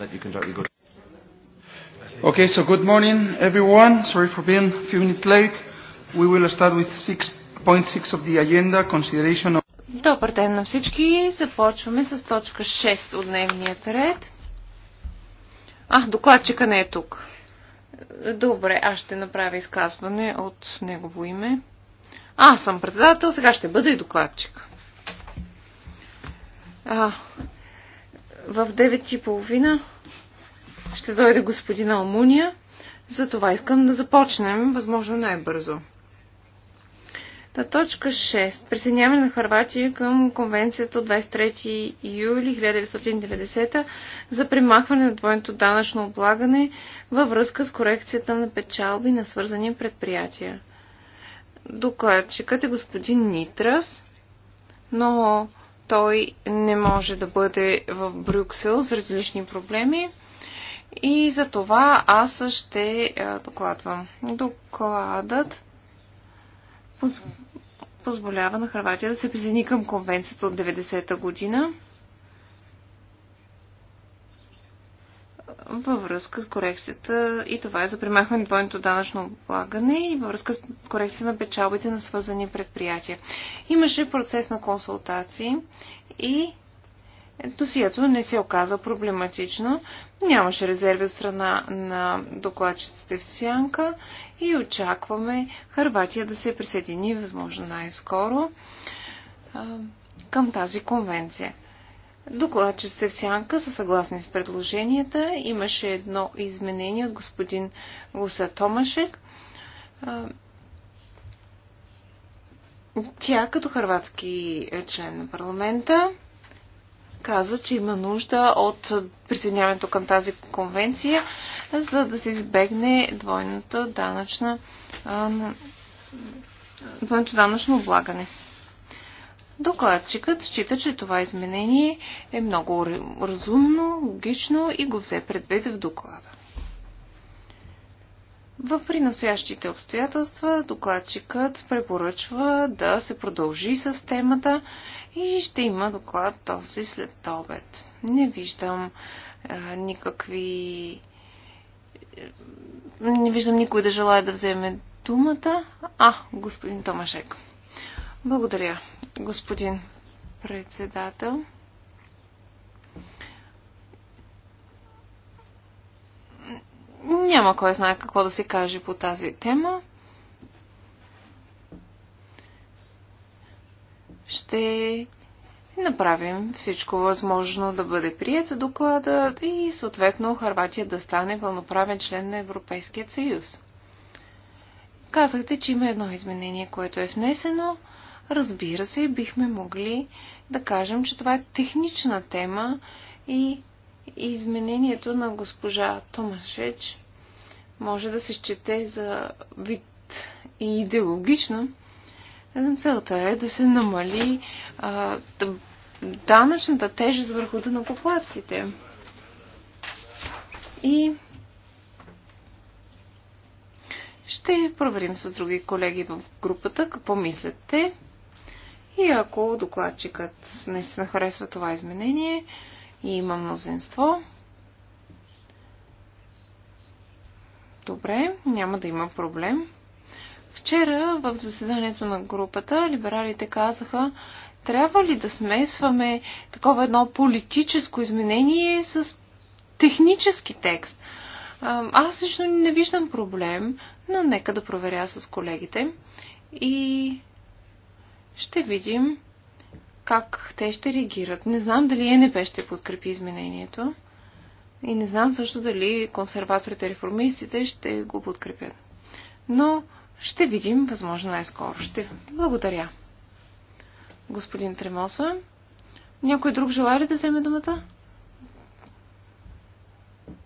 that you can directly go to. Okay, so good morning, everyone. Sorry for being a few minutes late. We will start with 6.6 .6 of the agenda, consideration of... Добър ден на всички. Започваме с точка 6 от дневният ред. А, докладчика не е тук. Добре, аз ще направя изказване от негово име. Аз съм председател, сега ще бъда и докладчик. А, в 9.30 ще дойде господина Алмуния. Затова искам да започнем, възможно най-бързо. На точка 6. Присъединяване на Харватия към конвенцията от 23 юли 1990 за примахване на двойното данъчно облагане във връзка с корекцията на печалби на свързани предприятия. Докладчикът е господин Нитрас, но той не може да бъде в Брюксел заради лични проблеми. И за това аз ще е, докладвам. Докладът позволява на Хрватия да се присъедини към конвенцията от 90-та година във връзка с корекцията и това е за примахване двойното данъчно облагане и във връзка с корекция на печалбите на свързани предприятия. Имаше процес на консултации и досието не се оказа проблематично. Нямаше резерви от страна на докладчиците в Сянка и очакваме Харватия да се присъедини възможно най-скоро към тази конвенция. Докладчиците в сянка са съгласни с предложенията. Имаше едно изменение от господин Гуса Томашек. Тя като харватски член на парламента каза, че има нужда от присъединяването към тази конвенция, за да се избегне двойното данъчно облагане. Докладчикът счита, че това изменение е много разумно, логично и го взе предвид в доклада. Въпри настоящите обстоятелства, докладчикът препоръчва да се продължи с темата и ще има доклад този след обед. Не виждам а, никакви. Е, не виждам никой да желая да вземе думата. А, господин Томашек. Благодаря, господин председател. Няма кой знае какво да се каже по тази тема. Ще направим всичко възможно да бъде прият доклада и съответно Харватия да стане пълноправен член на Европейския съюз. Казахте, че има едно изменение, което е внесено – Разбира се, бихме могли да кажем, че това е технична тема и изменението на госпожа Томашеч може да се счете за вид и идеологично. Целта е да се намали а, данъчната тежест върху дънакоплаците. И ще проверим с други колеги в групата какво мислят те. И ако докладчикът наистина харесва това изменение и има мнозинство, добре, няма да има проблем. Вчера в заседанието на групата либералите казаха, трябва ли да смесваме такова едно политическо изменение с технически текст? Аз лично не виждам проблем, но нека да проверя с колегите. И ще видим как те ще реагират. Не знам дали ЕНП ще подкрепи изменението и не знам също дали консерваторите и реформистите ще го подкрепят. Но ще видим, възможно най-скоро. Ще благодаря. Господин Тремоса, някой друг желая ли да вземе думата?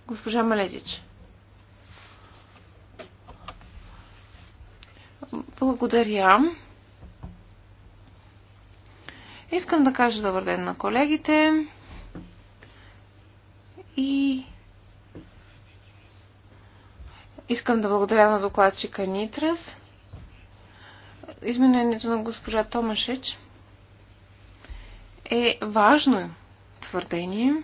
Госпожа Маледич. Благодаря. Искам да кажа добър ден на колегите и искам да благодаря на докладчика Нитрас. Изменението на госпожа Томашеч е важно твърдение.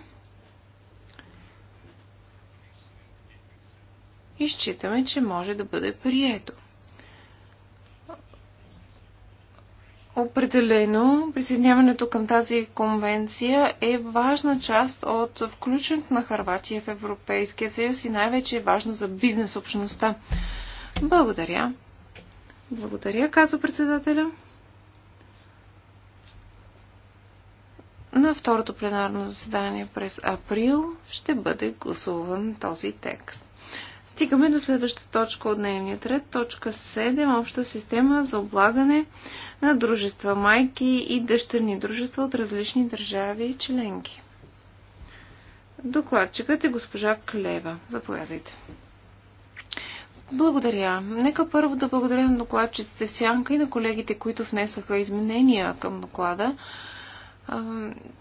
Изчитаме, че може да бъде прието. Определено, присъединяването към тази конвенция е важна част от включването на Харватия в Европейския съюз и най-вече е важна за бизнес общността. Благодаря. Благодаря, казва председателя. На второто пленарно заседание през април ще бъде гласуван този текст. Стигаме до следващата точка от дневния ред. Точка 7. Обща система за облагане на дружества, майки и дъщерни дружества от различни държави и членки. Докладчикът е госпожа Клева. Заповядайте. Благодаря. Нека първо да благодаря на докладчиците Сянка и на колегите, които внесаха изменения към доклада.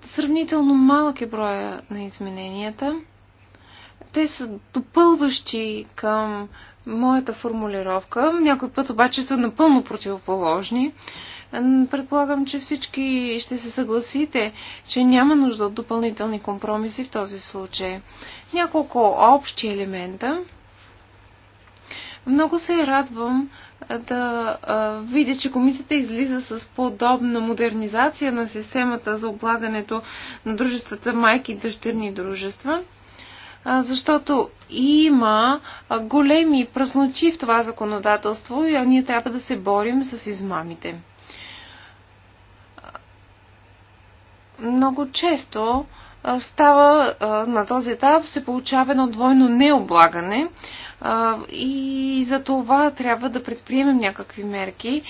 Сравнително малък е броя на измененията. Те са допълващи към моята формулировка. Някой път обаче са напълно противоположни. Предполагам, че всички ще се съгласите, че няма нужда от допълнителни компромиси в този случай. Няколко общи елемента. Много се радвам да видя, че комисията излиза с подобна модернизация на системата за облагането на дружествата майки и дъщерни дружества защото има големи празноти в това законодателство и ние трябва да се борим с измамите. Много често става на този етап се получава едно двойно необлагане и за това трябва да предприемем някакви мерки.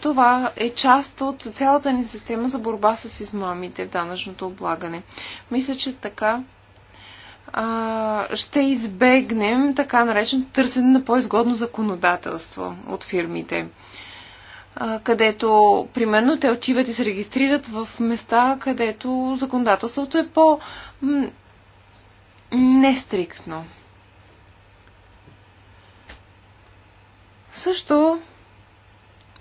Това е част от цялата ни система за борба с измамите в данъчното облагане. Мисля, че така а, ще избегнем така нареченото търсене на по-изгодно законодателство от фирмите. А, където, примерно, те отиват и се регистрират в места, където законодателството е по- нестриктно. Също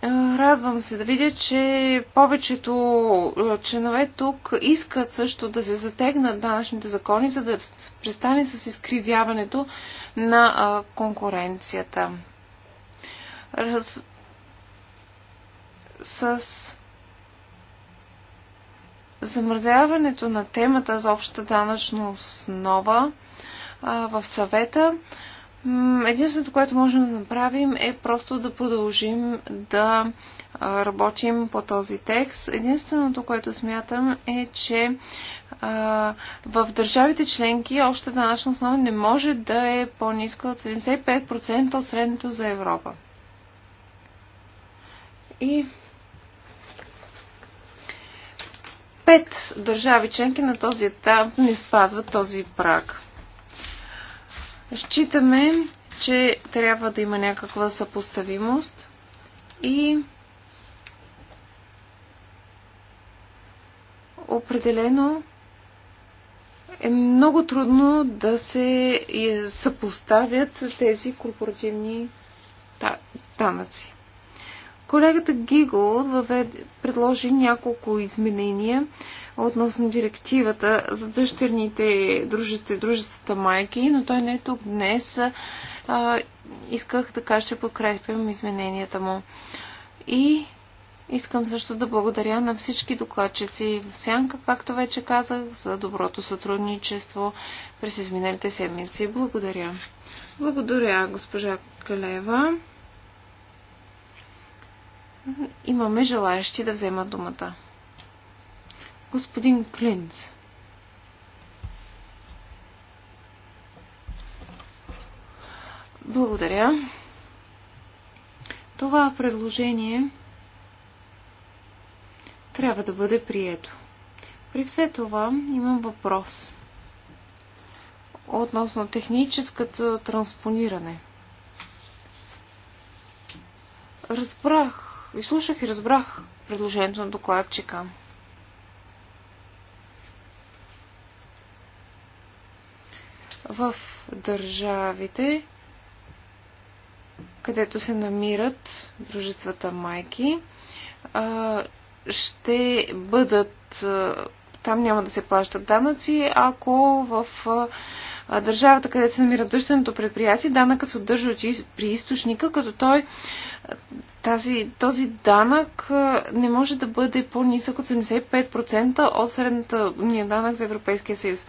е, радвам се да видя, че повечето е, членове тук искат също да се затегнат данъчните закони, за да престане с изкривяването на е, конкуренцията. Раз... С замразяването на темата за обща данъчна основа в съвета, Единственото, което можем да направим е просто да продължим да работим по този текст. Единственото, което смятам е, че в държавите членки общата данъчна основа не може да е по-ниска от 75% от средното за Европа. И пет държави членки на този етап не спазват този прак. Считаме, че трябва да има някаква съпоставимост и определено е много трудно да се съпоставят с тези корпоративни данъци. Колегата Гигъл въвед... предложи няколко изменения, относно директивата за дъщерните дружества и дружествата майки, но той не е тук днес. А, исках да кажа, че подкрепям измененията му. И искам също да благодаря на всички докладчици в Сянка, както вече казах, за доброто сътрудничество през изминалите седмици. Благодаря. Благодаря, госпожа Калева. Имаме желаящи да вземат думата. Господин Клинц. Благодаря. Това предложение трябва да бъде прието. При все това имам въпрос относно техническото транспониране. Разбрах, изслушах и разбрах предложението на докладчика. в държавите, където се намират дружествата майки, ще бъдат, там няма да се плащат данъци, ако в държавата, където се намира дъщерното предприятие, данъка се отдържа при източника, като той тази, този данък не може да бъде по-нисък от 75% от средната ния данък за Европейския съюз.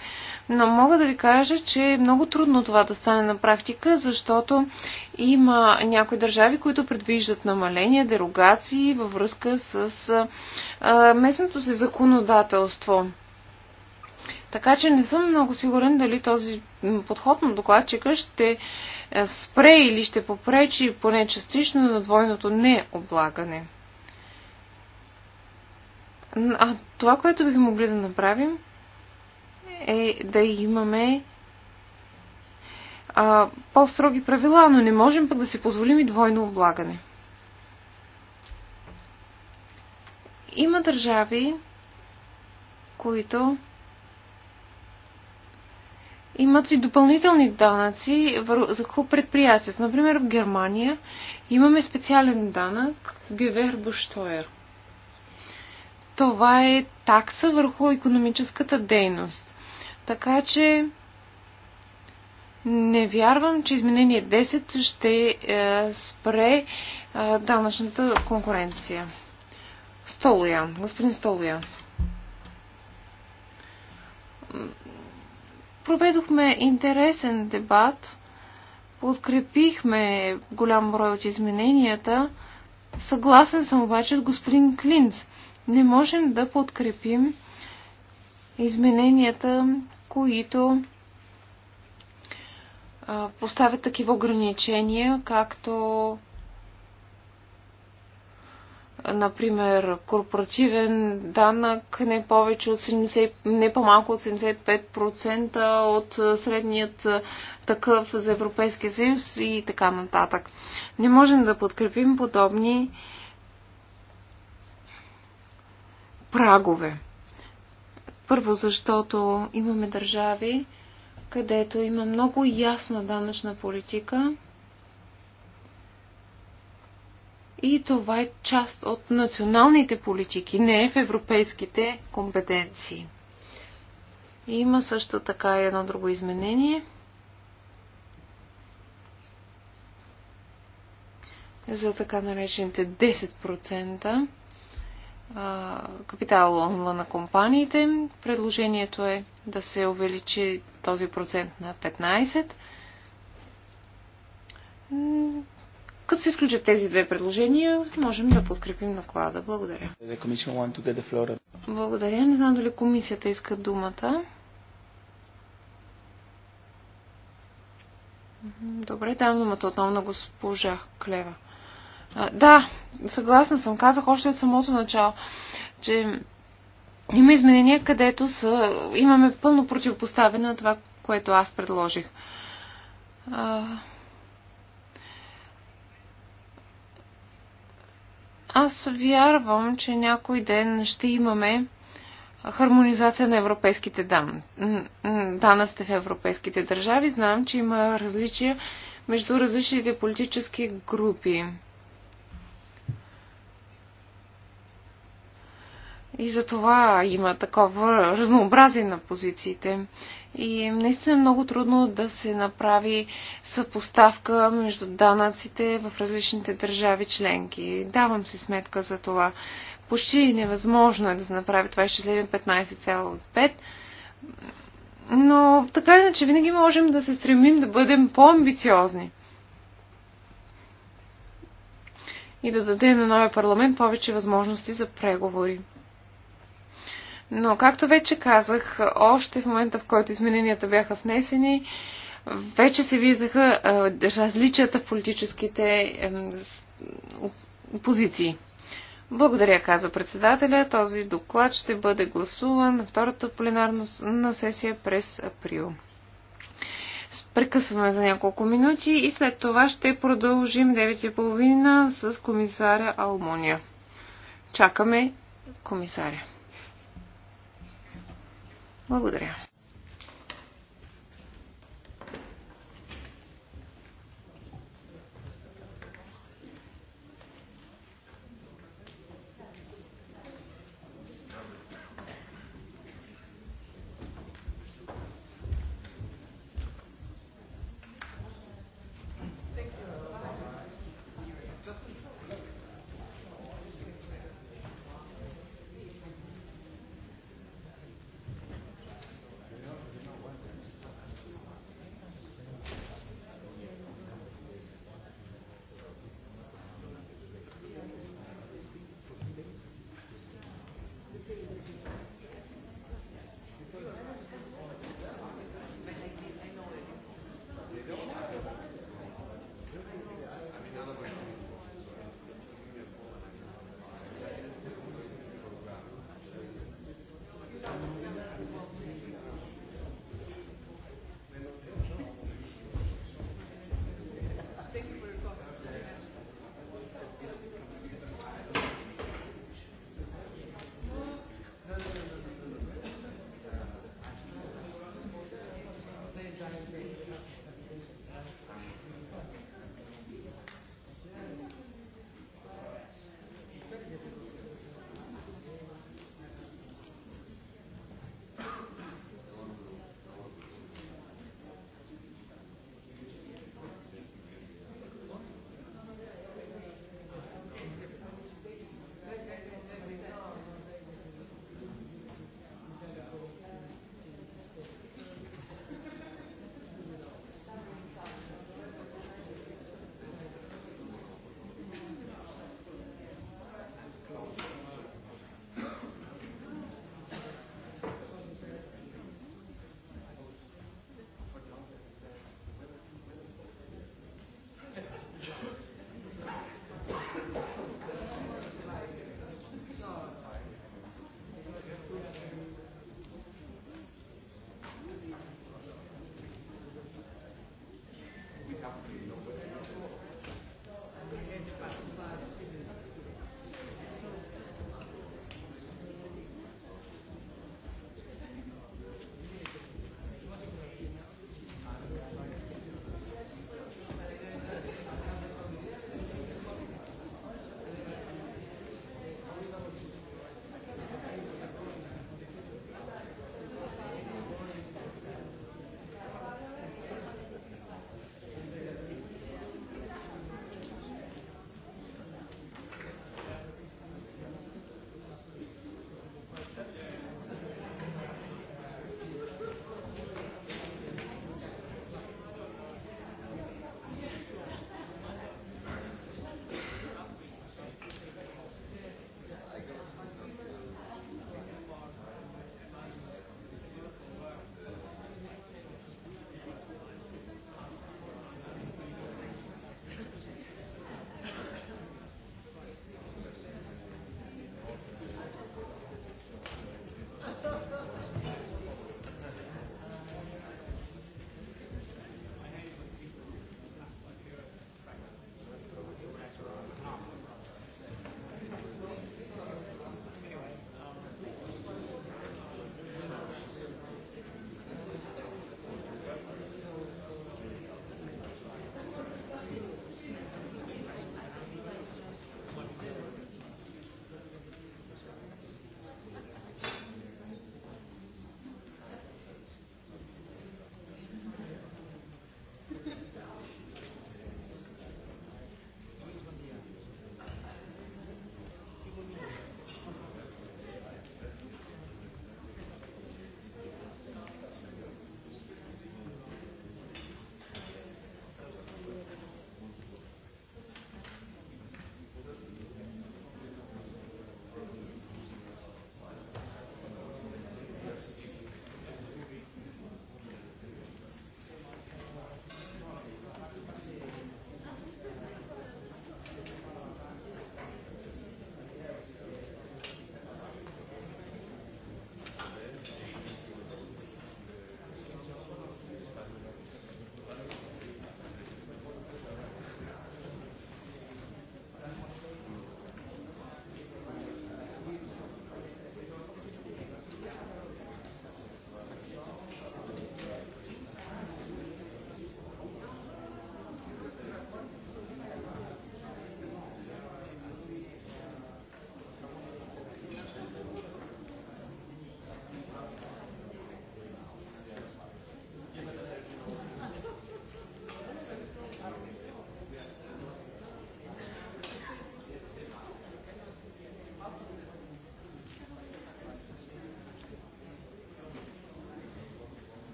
Но мога да ви кажа, че е много трудно това да стане на практика, защото има някои държави, които предвиждат намаления, дерогации във връзка с а, местното си законодателство. Така че не съм много сигурен дали този подход на докладчика ще е, спре или ще попречи поне частично на двойното необлагане. А това, което бихме могли да направим, е да имаме по-строги правила, но не можем пък да си позволим и двойно облагане. Има държави, които имат и допълнителни данъци върху предприятията. Например, в Германия имаме специален данък Гювербуштоер. Това е такса върху економическата дейност. Така че не вярвам, че изменение 10 ще е, спре е, данъчната конкуренция. Столуя, господин Столуя. Проведохме интересен дебат, подкрепихме голям брой от измененията. Съгласен съм обаче с господин Клинц. Не можем да подкрепим измененията, които поставят такива ограничения, както например, корпоративен данък не повече от 70, не по-малко от 75% от средният такъв за Европейския съюз и така нататък. Не можем да подкрепим подобни прагове. Първо, защото имаме държави, където има много ясна данъчна политика, И това е част от националните политики, не е в европейските компетенции. Има също така и едно друго изменение. За така наречените 10% онла на компаниите. Предложението е да се увеличи този процент на 15%. Като се изключат тези две предложения, можем да подкрепим доклада. Благодаря. Благодаря. Не знам дали комисията иска думата. Добре, давам думата отново на госпожа Клева. А, да, съгласна съм. Казах още от самото начало, че има изменения, където са, имаме пълно противопоставяне на това, което аз предложих. А, Аз вярвам, че някой ден ще имаме хармонизация на европейските дан... данъците в европейските държави. Знам, че има различия между различните политически групи. И за това има такова разнообразие на позициите. И наистина е много трудно да се направи съпоставка между данъците в различните държави членки. Давам си сметка за това. Почти невъзможно е да се направи това изчисление 15,5. Но така иначе винаги можем да се стремим да бъдем по-амбициозни. И да дадем на новия парламент повече възможности за преговори. Но, както вече казах, още в момента, в който измененията бяха внесени, вече се виждаха различията в политическите позиции. Благодаря, каза председателя. Този доклад ще бъде гласуван на втората пленарна сесия през април. Прекъсваме за няколко минути и след това ще продължим 9.30 с комисаря Алмония. Чакаме комисаря. Благодаря.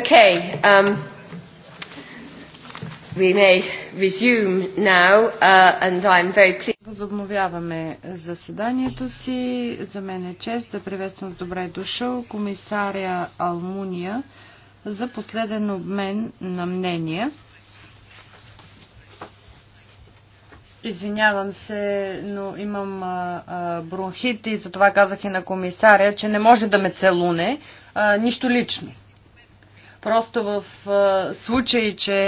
Okay, um, we may resume now, uh, and I'm very pleased. Възобновяваме заседанието си. За мен е чест да приветствам с добре дошъл комисаря Алмуния за последен обмен на мнения. Извинявам се, но имам а, а, бронхит и затова казах и на комисаря, че не може да ме целуне. А, нищо лично. Просто в а, случай, че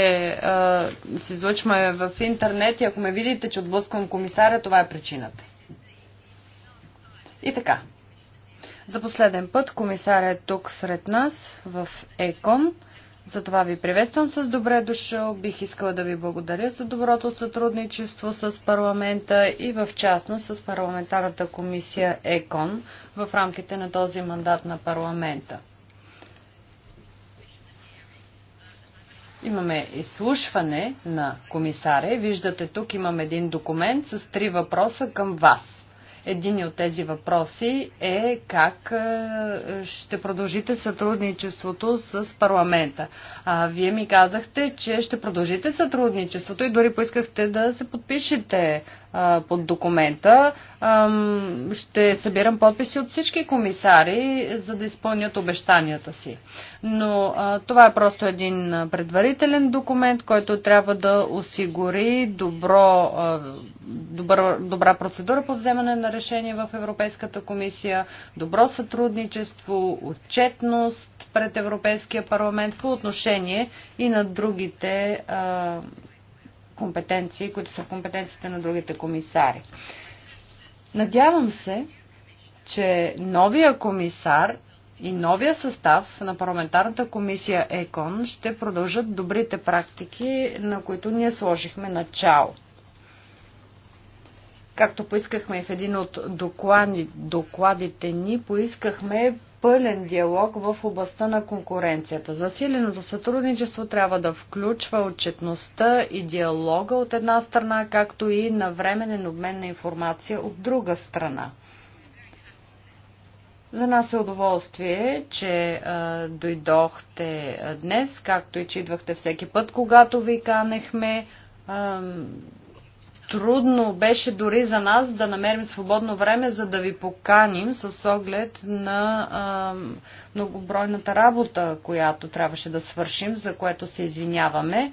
а, се излъчваме в интернет и ако ме видите, че отблъсквам комисаря, това е причината. И така. За последен път комисаря е тук сред нас в ЕКОН. Затова ви приветствам с добре дошъл. Бих искала да ви благодаря за доброто сътрудничество с парламента и в частност с парламентарната комисия ЕКОН в рамките на този мандат на парламента. имаме изслушване на комисаря. Виждате тук имам един документ с три въпроса към вас. Един от тези въпроси е как е, ще продължите сътрудничеството с парламента. А, вие ми казахте, че ще продължите сътрудничеството и дори поискахте да се подпишете под документа. Ще събирам подписи от всички комисари, за да изпълнят обещанията си. Но това е просто един предварителен документ, който трябва да осигури добро, добър, добра процедура по вземане на решение в Европейската комисия, добро сътрудничество, отчетност пред Европейския парламент по отношение и на другите компетенции, които са в компетенциите на другите комисари. Надявам се, че новия комисар и новия състав на парламентарната комисия ЕКОН ще продължат добрите практики, на които ние сложихме начало. Както поискахме в един от докладите ни, поискахме пълен диалог в областта на конкуренцията. Засиленото сътрудничество трябва да включва отчетността и диалога от една страна, както и навременен обмен на информация от друга страна. За нас е удоволствие, че а, дойдохте днес, както и че идвахте всеки път, когато ви канехме. А, трудно беше дори за нас да намерим свободно време, за да ви поканим с оглед на а, многобройната работа, която трябваше да свършим, за което се извиняваме.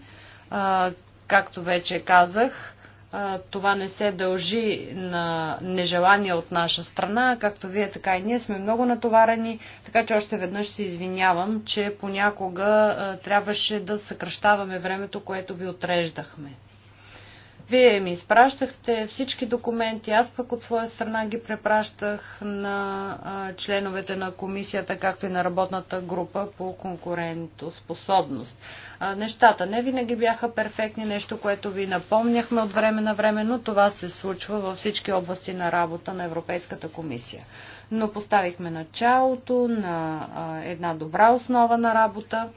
А, както вече казах, а, това не се дължи на нежелание от наша страна, както вие, така и ние сме много натоварени, така че още веднъж се извинявам, че понякога а, трябваше да съкръщаваме времето, което ви отреждахме. Вие ми изпращахте всички документи, аз пък от своя страна ги препращах на а, членовете на комисията, както и на работната група по конкурентоспособност. А, нещата не винаги бяха перфектни, нещо, което ви напомняхме от време на време, но това се случва във всички области на работа на Европейската комисия. Но поставихме началото на а, една добра основа на работа.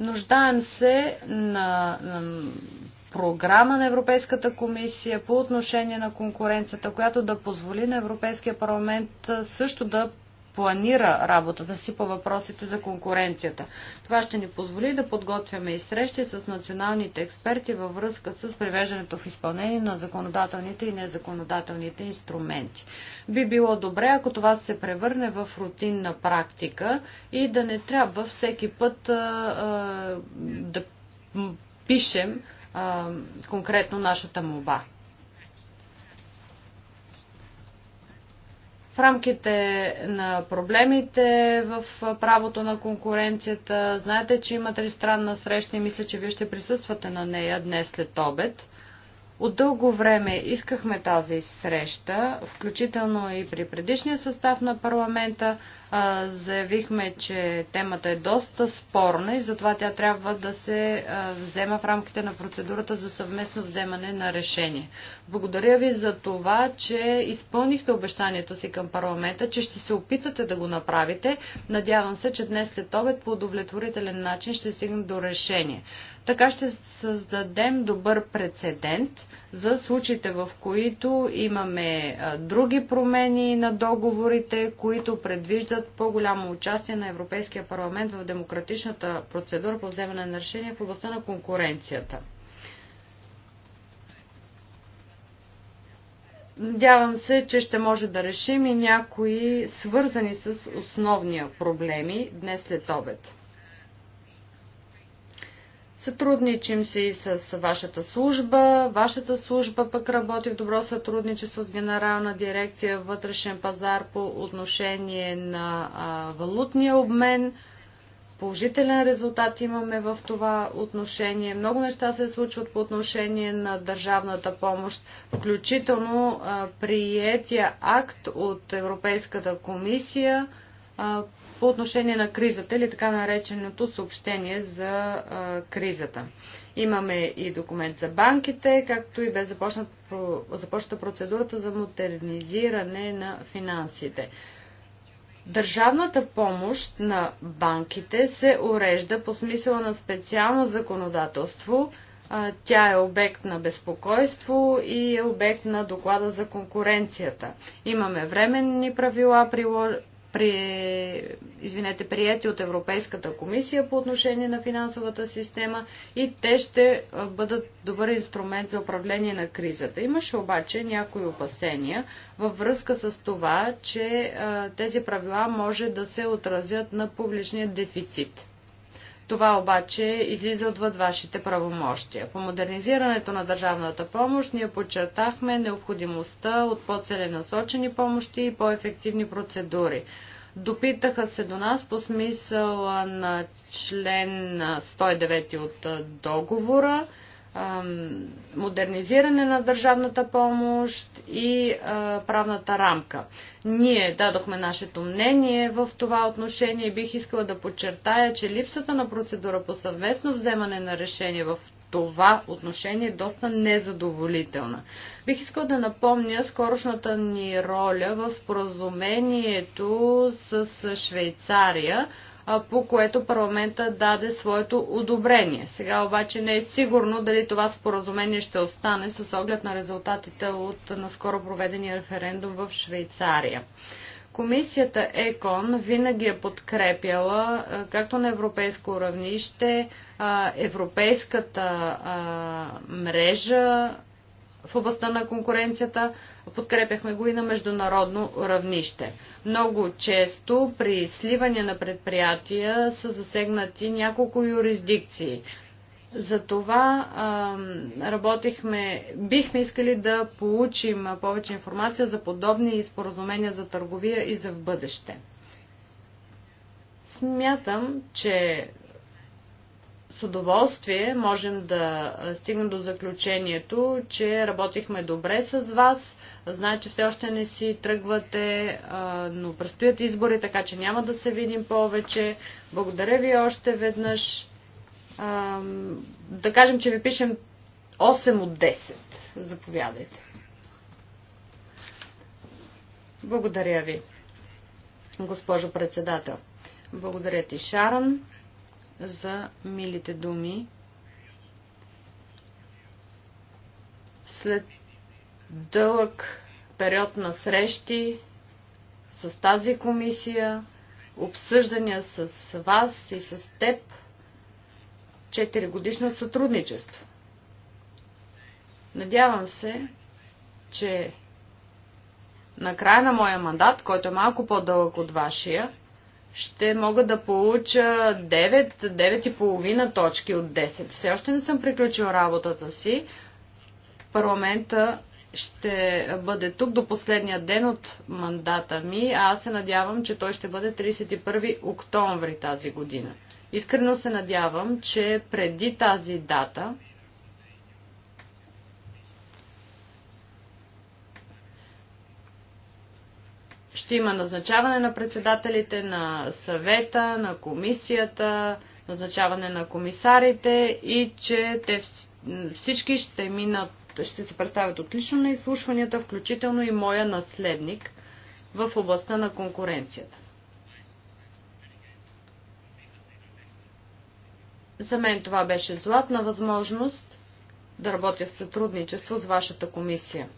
Нуждаем се на, на програма на Европейската комисия по отношение на конкуренцията, която да позволи на Европейския парламент също да планира работата си по въпросите за конкуренцията. Това ще ни позволи да подготвяме и срещи с националните експерти във връзка с привеждането в изпълнение на законодателните и незаконодателните инструменти. Би било добре, ако това се превърне в рутинна практика и да не трябва всеки път а, а, да пишем а, конкретно нашата молба. В рамките на проблемите в правото на конкуренцията, знаете, че има тристранна среща и мисля, че вие ще присъствате на нея днес след обед. От дълго време искахме тази среща, включително и при предишния състав на парламента заявихме, че темата е доста спорна и затова тя трябва да се взема в рамките на процедурата за съвместно вземане на решение. Благодаря ви за това, че изпълнихте обещанието си към парламента, че ще се опитате да го направите. Надявам се, че днес след обед по удовлетворителен начин ще стигнем до решение. Така ще създадем добър прецедент за случаите, в които имаме други промени на договорите, които предвиждат по-голямо участие на Европейския парламент в демократичната процедура по вземане на решение в областта на конкуренцията. Надявам се, че ще може да решим и някои свързани с основния проблеми днес след обед. Сътрудничим се и с вашата служба. Вашата служба пък работи в добро сътрудничество с Генерална дирекция вътрешен пазар по отношение на а, валутния обмен. Положителен резултат имаме в това отношение. Много неща се случват по отношение на държавната помощ, включително а, акт от Европейската комисия а, по отношение на кризата или така нареченото съобщение за а, кризата. Имаме и документ за банките, както и бе започната процедурата за модернизиране на финансите. Държавната помощ на банките се урежда по смисъла на специално законодателство. Тя е обект на безпокойство и е обект на доклада за конкуренцията. Имаме временни правила, при, извинете, прияти от Европейската комисия по отношение на финансовата система и те ще бъдат добър инструмент за управление на кризата. Имаше обаче някои опасения във връзка с това, че тези правила може да се отразят на публичния дефицит. Това обаче излиза отвъд вашите правомощия. По модернизирането на държавната помощ ние подчертахме необходимостта от по-целенасочени помощи и по-ефективни процедури. Допитаха се до нас по смисъл на член 109 от договора модернизиране на държавната помощ и правната рамка. Ние дадохме нашето мнение в това отношение и бих искала да подчертая, че липсата на процедура по съвместно вземане на решение в това отношение е доста незадоволителна. Бих искала да напомня скорошната ни роля в споразумението с Швейцария, по което парламента даде своето одобрение. Сега обаче не е сигурно дали това споразумение ще остане с оглед на резултатите от наскоро проведения референдум в Швейцария. Комисията ЕКОН винаги е подкрепяла, както на европейско равнище, европейската мрежа в областта на конкуренцията. Подкрепяхме го и на международно равнище. Много често при сливане на предприятия са засегнати няколко юрисдикции. Затова а, работихме, бихме искали да получим повече информация за подобни споразумения за търговия и за в бъдеще. Смятам, че с удоволствие можем да стигнем до заключението, че работихме добре с вас. Знае, че все още не си тръгвате, но предстоят избори, така че няма да се видим повече. Благодаря ви още веднъж. Да кажем, че ви пишем 8 от 10. Заповядайте. Благодаря ви, госпожо председател. Благодаря ти, Шаран за милите думи. След дълъг период на срещи с тази комисия, обсъждания с вас и с теб, 4 годишно сътрудничество. Надявам се, че на края на моя мандат, който е малко по-дълъг от вашия, ще мога да получа 9-9,5 точки от 10. Все още не съм приключил работата си. Парламента ще бъде тук до последния ден от мандата ми, а аз се надявам, че той ще бъде 31 октомври тази година. Искрено се надявам, че преди тази дата Ще има назначаване на председателите, на съвета, на комисията, назначаване на комисарите и че те всички ще минат, ще се представят отлично на изслушванията, включително и моя наследник в областта на конкуренцията. За мен това беше златна възможност да работя в сътрудничество с вашата комисия.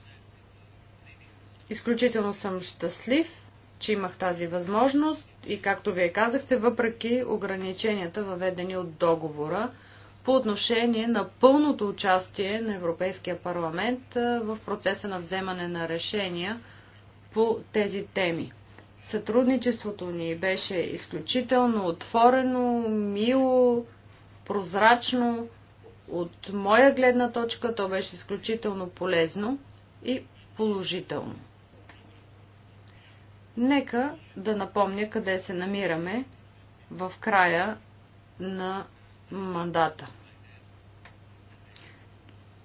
Изключително съм щастлив, че имах тази възможност и, както вие казахте, въпреки ограниченията, въведени от договора по отношение на пълното участие на Европейския парламент в процеса на вземане на решения по тези теми. Сътрудничеството ни беше изключително отворено, мило, прозрачно. От моя гледна точка то беше изключително полезно и положително. Нека да напомня къде се намираме в края на мандата.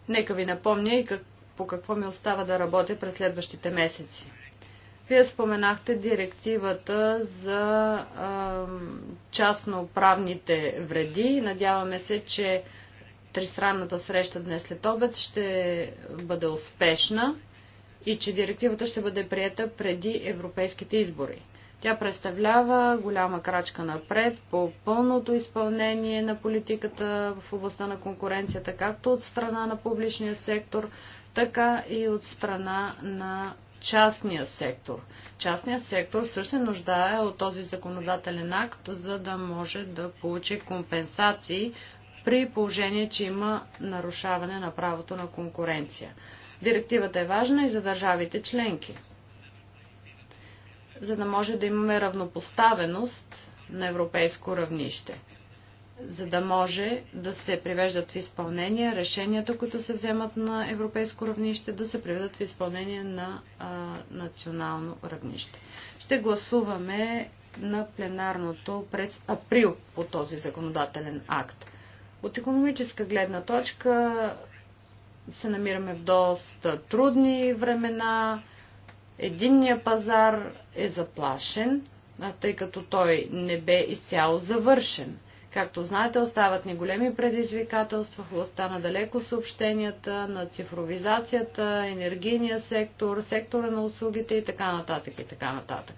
Нека ви напомня и как, по какво ми остава да работя през следващите месеци. Вие споменахте директивата за а, частноправните вреди. Надяваме се, че тристранната среща днес след обед ще бъде успешна и че директивата ще бъде приета преди европейските избори. Тя представлява голяма крачка напред по пълното изпълнение на политиката в областта на конкуренцията, както от страна на публичния сектор, така и от страна на частния сектор. Частният сектор също се нуждае от този законодателен акт, за да може да получи компенсации при положение, че има нарушаване на правото на конкуренция. Директивата е важна и за държавите членки, за да може да имаме равнопоставеност на европейско равнище, за да може да се привеждат в изпълнение решенията, които се вземат на европейско равнище, да се приведат в изпълнение на а, национално равнище. Ще гласуваме на пленарното през април по този законодателен акт. От економическа гледна точка се намираме в доста трудни времена. Единния пазар е заплашен, тъй като той не бе изцяло завършен. Както знаете, остават ни големи предизвикателства властта на далеко съобщенията, на цифровизацията, енергийния сектор, сектора на услугите и така нататък и така нататък.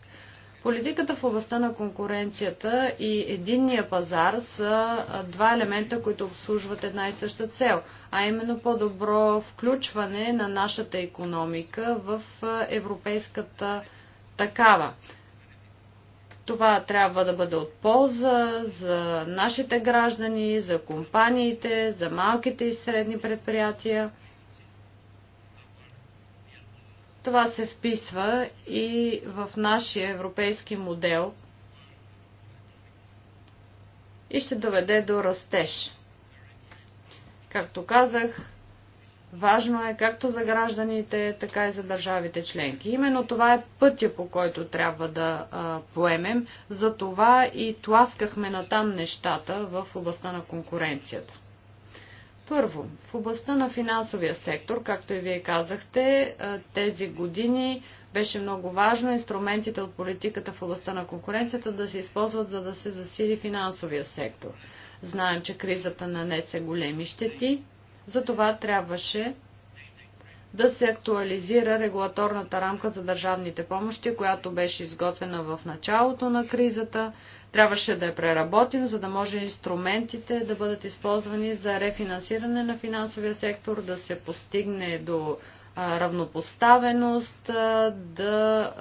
Политиката в областта на конкуренцията и единния пазар са два елемента, които обслужват една и съща цел, а именно по-добро включване на нашата економика в европейската такава. Това трябва да бъде от полза за нашите граждани, за компаниите, за малките и средни предприятия. Това се вписва и в нашия европейски модел и ще доведе до растеж. Както казах, важно е както за гражданите, така и за държавите членки. Именно това е пътя, по който трябва да а, поемем. За това и тласкахме натам нещата в областта на конкуренцията. Първо, в областта на финансовия сектор, както и вие казахте, тези години беше много важно инструментите от политиката в областта на конкуренцията да се използват, за да се засили финансовия сектор. Знаем, че кризата нанесе големи щети, затова трябваше да се актуализира регулаторната рамка за държавните помощи, която беше изготвена в началото на кризата. Трябваше да я преработим, за да може инструментите да бъдат използвани за рефинансиране на финансовия сектор, да се постигне до равнопоставеност, да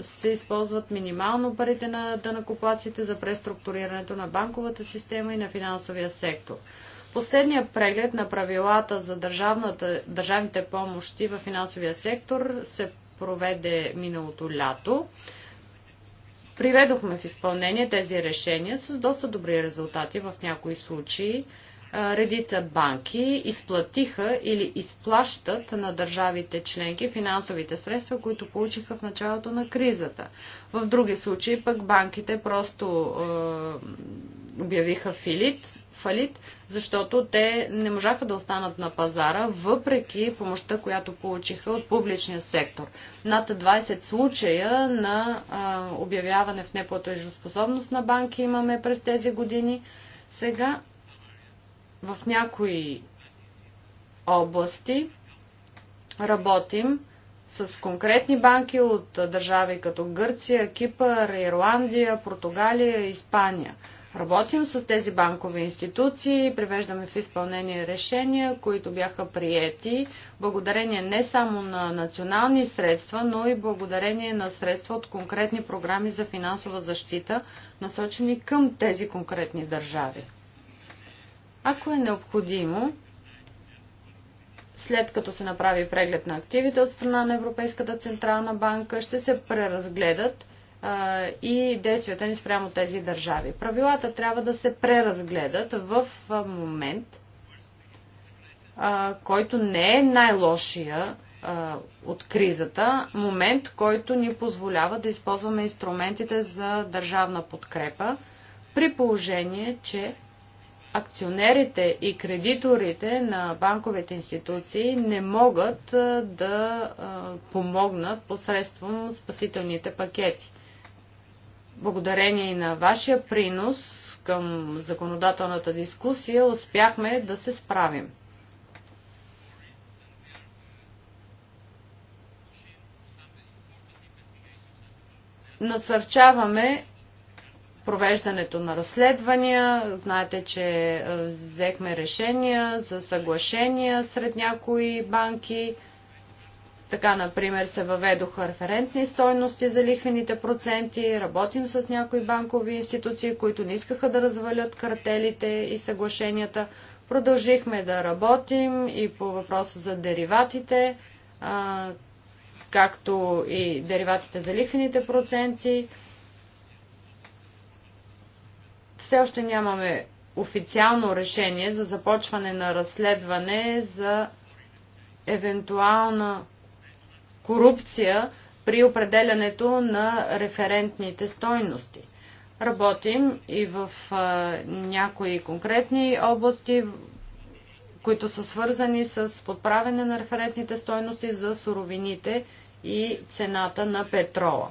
се използват минимално парите на данакоплаците за преструктурирането на банковата система и на финансовия сектор. Последният преглед на правилата за държавните помощи в финансовия сектор се проведе миналото лято. Приведохме в изпълнение тези решения с доста добри резултати в някои случаи. Редица банки изплатиха или изплащат на държавите членки финансовите средства, които получиха в началото на кризата. В други случаи пък банките просто е, обявиха филит, фалит, защото те не можаха да останат на пазара, въпреки помощта, която получиха от публичния сектор. Над 20 случая на а, обявяване в неплатежоспособност на банки имаме през тези години. Сега в някои области работим с конкретни банки от държави като Гърция, Кипър, Ирландия, Португалия, Испания – Работим с тези банкови институции, привеждаме в изпълнение решения, които бяха приети, благодарение не само на национални средства, но и благодарение на средства от конкретни програми за финансова защита, насочени към тези конкретни държави. Ако е необходимо, след като се направи преглед на активите от страна на Европейската централна банка, ще се преразгледат и действията ни спрямо тези държави. Правилата трябва да се преразгледат в момент, който не е най-лошия от кризата, момент, който ни позволява да използваме инструментите за държавна подкрепа, при положение, че акционерите и кредиторите на банковите институции не могат да помогнат посредством спасителните пакети благодарение и на вашия принос към законодателната дискусия, успяхме да се справим. Насърчаваме провеждането на разследвания. Знаете, че е, взехме решения за съглашения сред някои банки. Така, например, се въведоха референтни стойности за лихвените проценти, работим с някои банкови институции, които не искаха да развалят картелите и съглашенията. Продължихме да работим и по въпроса за дериватите, както и дериватите за лихвените проценти. Все още нямаме официално решение за започване на разследване за евентуална корупция при определянето на референтните стойности. Работим и в а, някои конкретни области, които са свързани с подправяне на референтните стойности за суровините и цената на петрола.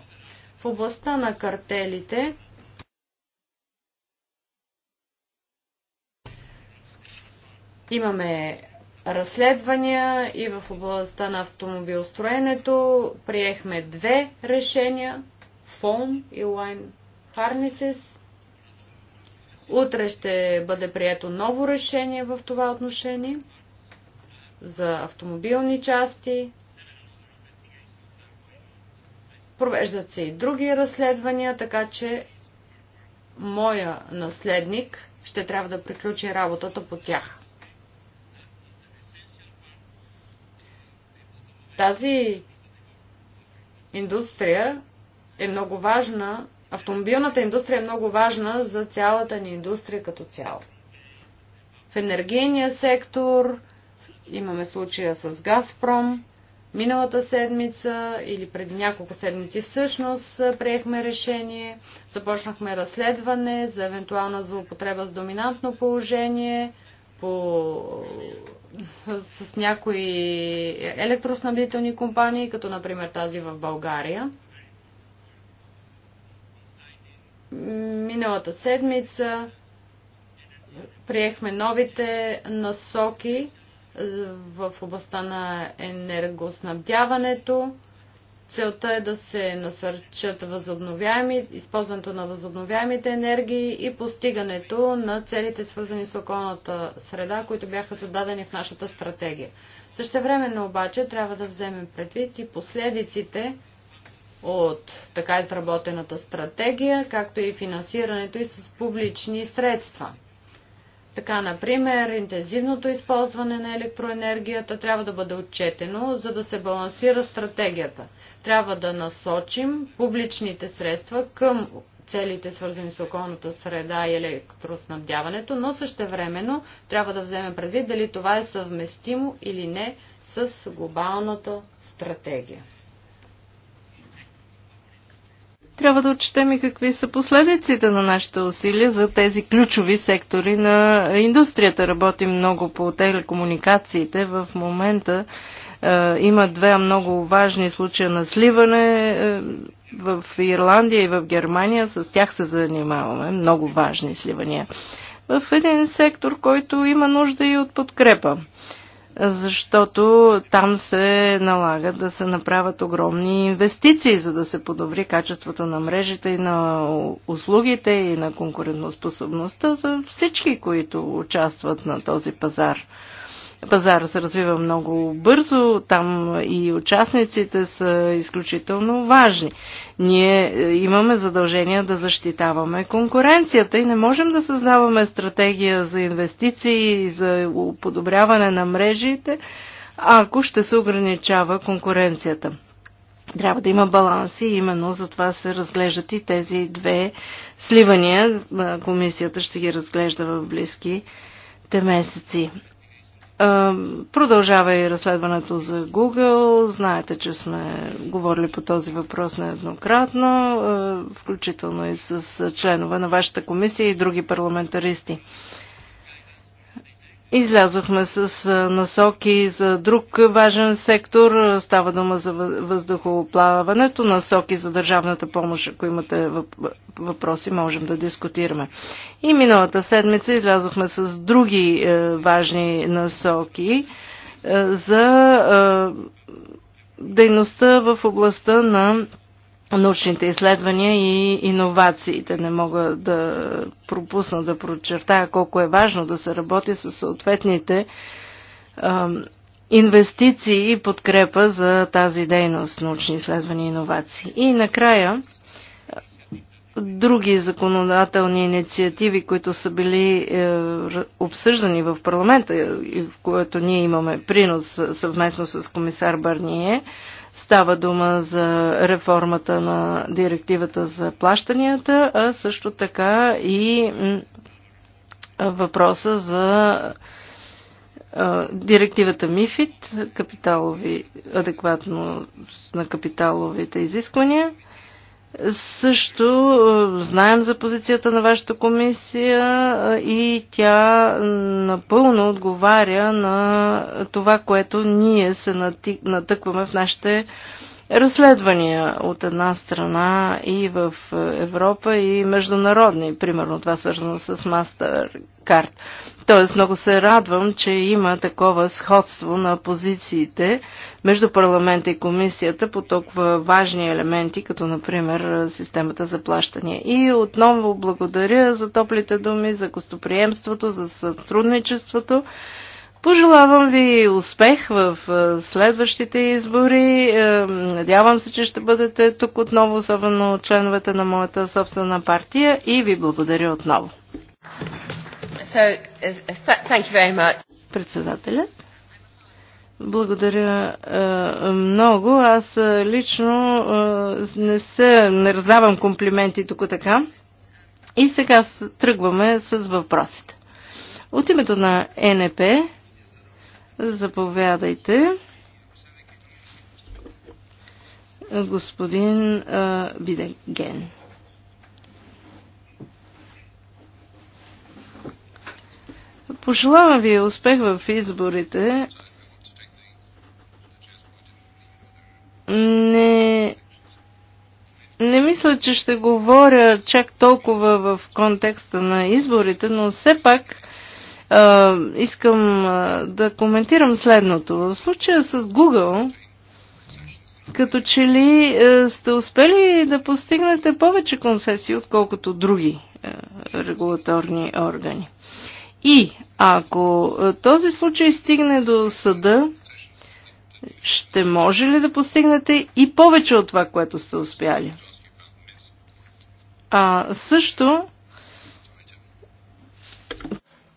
В областта на картелите имаме разследвания и в областта на автомобилстроенето. Приехме две решения Фон и Лайн Харнисес. Утре ще бъде прието ново решение в това отношение за автомобилни части. Провеждат се и други разследвания, така че моя наследник ще трябва да приключи работата по тях. Тази индустрия е много важна, автомобилната индустрия е много важна за цялата ни индустрия като цяло. В енергийния сектор имаме случая с Газпром. Миналата седмица или преди няколко седмици всъщност приехме решение, започнахме разследване за евентуална злоупотреба с доминантно положение – по, с някои електроснабдителни компании, като например тази в България. Миналата седмица приехме новите насоки в областта на енергоснабдяването. Целта е да се насърчат възобновяеми, използването на възобновяемите енергии и постигането на целите, свързани с околната среда, които бяха зададени в нашата стратегия. Същевременно обаче трябва да вземем предвид и последиците от така изработената стратегия, както и финансирането и с публични средства – така, например, интензивното използване на електроенергията трябва да бъде отчетено, за да се балансира стратегията. Трябва да насочим публичните средства към целите, свързани с околната среда и електроснабдяването, но същевременно трябва да вземем предвид дали това е съвместимо или не с глобалната стратегия трябва да отчетем и какви са последиците на нашите усилия за тези ключови сектори на индустрията. Работим много по телекомуникациите. В момента е, има две много важни случая на сливане е, в Ирландия и в Германия. С тях се занимаваме. Много важни сливания. В един сектор, който има нужда и от подкрепа. Е, защото там се налага да се направят огромни инвестиции, за да се подобри качеството на мрежите и на услугите и на конкурентоспособността за всички, които участват на този пазар. Пазара се развива много бързо, там и участниците са изключително важни. Ние е, имаме задължение да защитаваме конкуренцията и не можем да създаваме стратегия за инвестиции и за подобряване на мрежите, ако ще се ограничава конкуренцията. Трябва да има баланси и именно за това се разглеждат и тези две сливания. Е, комисията ще ги разглежда в близки месеци. Продължава и разследването за Google. Знаете, че сме говорили по този въпрос нееднократно, включително и с членове на вашата комисия и други парламентаристи. Излязохме с насоки за друг важен сектор. Става дума за въздухоплаването, насоки за държавната помощ. Ако имате въпроси, можем да дискутираме. И миналата седмица излязохме с други е, важни насоки е, за е, дейността в областта на научните изследвания и иновациите. Не мога да пропусна да прочертая колко е важно да се работи с съответните а, инвестиции и подкрепа за тази дейност научни изследвания и иновации. И накрая други законодателни инициативи, които са били е, обсъждани в парламента и в което ние имаме принос съвместно с комисар Барние, Става дума за реформата на директивата за плащанията, а също така и въпроса за директивата Мифит капиталови, адекватно на капиталовите изисквания – също е, знаем за позицията на вашата комисия е, и тя напълно отговаря на това, което ние се натъкваме в нашите разследвания от една страна и в Европа и международни, примерно това свързано с MasterCard. Тоест много се радвам, че има такова сходство на позициите между парламента и комисията по толкова важни елементи, като например системата за плащания. И отново благодаря за топлите думи, за гостоприемството, за сътрудничеството. Пожелавам ви успех в следващите избори. Е, надявам се, че ще бъдете тук отново, особено членовете на моята собствена партия и ви благодаря отново. So, uh, thank you very much. Председателят. Благодаря е, много. Аз е, лично е, не, се, не раздавам комплименти тук така. И сега тръгваме с въпросите. От името на НП Заповядайте. Господин Бидеген. Пожелавам ви успех в изборите. Не, не мисля, че ще говоря чак толкова в контекста на изборите, но все пак искам да коментирам следното. В случая с Google, като че ли сте успели да постигнете повече концесии, отколкото други регулаторни органи. И ако този случай стигне до съда, ще може ли да постигнете и повече от това, което сте успяли? А също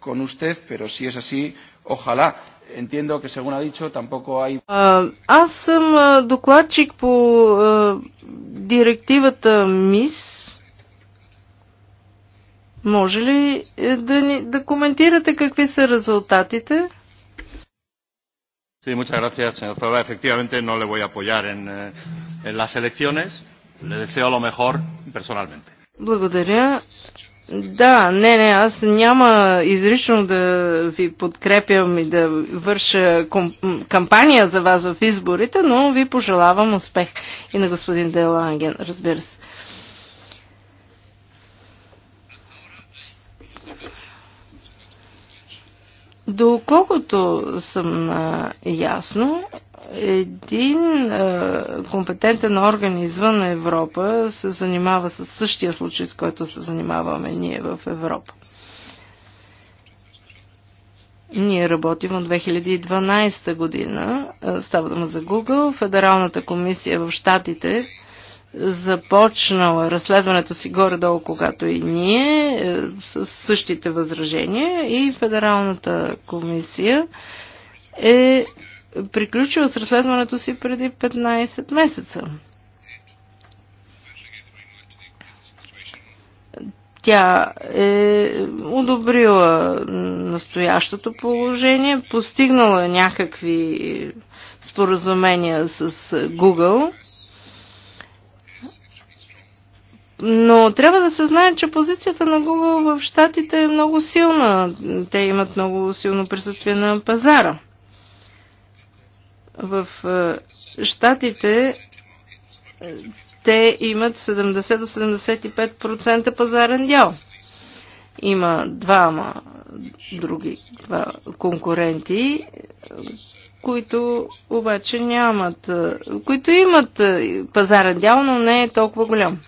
con usted, pero si es así, ojalá. Entiendo que, según ha dicho, tampoco hay. Uh, Аз съм uh, докладчик по uh, директивата МИС. Може ли uh, да, ни, да коментирате какви са резултатите? Sí, muchas gracias, señor Zola. Efectivamente, no le voy a apoyar en, en las elecciones. Le deseo lo mejor personalmente. Благодаря. Да, не, не, аз няма изрично да ви подкрепям и да върша кампания за вас в изборите, но ви пожелавам успех и на господин Деланген, разбира се. Доколкото съм ясно, един е, компетентен орган извън Европа се занимава с същия случай, с който се занимаваме ние в Европа. Ние работим от 2012 година. Е, става дума за Google. Федералната комисия в Штатите започнала разследването си горе-долу, когато и ние, е, с същите възражения и Федералната комисия е приключила с разследването си преди 15 месеца. Тя е одобрила настоящото положение, постигнала някакви споразумения с Google, но трябва да се знае, че позицията на Google в Штатите е много силна. Те имат много силно присъствие на пазара. В е, Штатите е, те имат 70 75% пазарен дял. Има двама други два конкуренти, е, които обаче нямат, които имат пазарен дял, но не е толкова голям.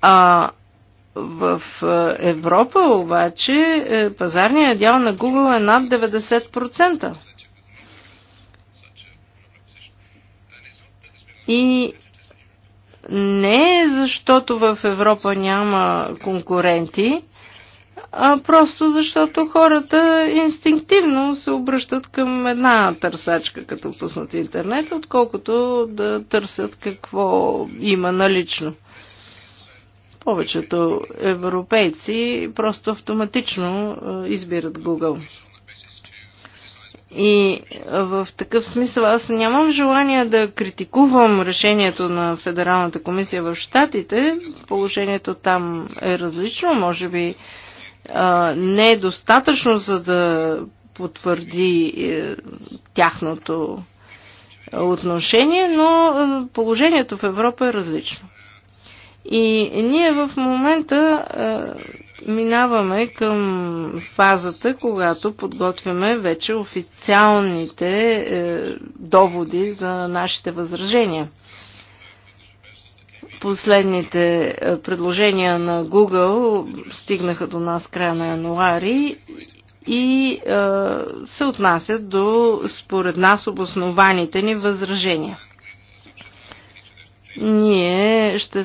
А в Европа обаче пазарният дял на Google е над 90%. И не е защото в Европа няма конкуренти, а просто защото хората инстинктивно се обръщат към една търсачка, като пуснат интернет, отколкото да търсят какво има налично. Повечето европейци просто автоматично избират Google. И в такъв смисъл аз нямам желание да критикувам решението на Федералната комисия в Штатите. Положението там е различно, може би не е достатъчно, за да потвърди е, тяхното отношение, но е, положението в Европа е различно. И ние в момента е, минаваме към фазата, когато подготвяме вече официалните е, доводи за нашите възражения. Последните е, предложения на Google стигнаха до нас края на януари и е, се отнасят до, според нас, обоснованите ни възражения. Ние ще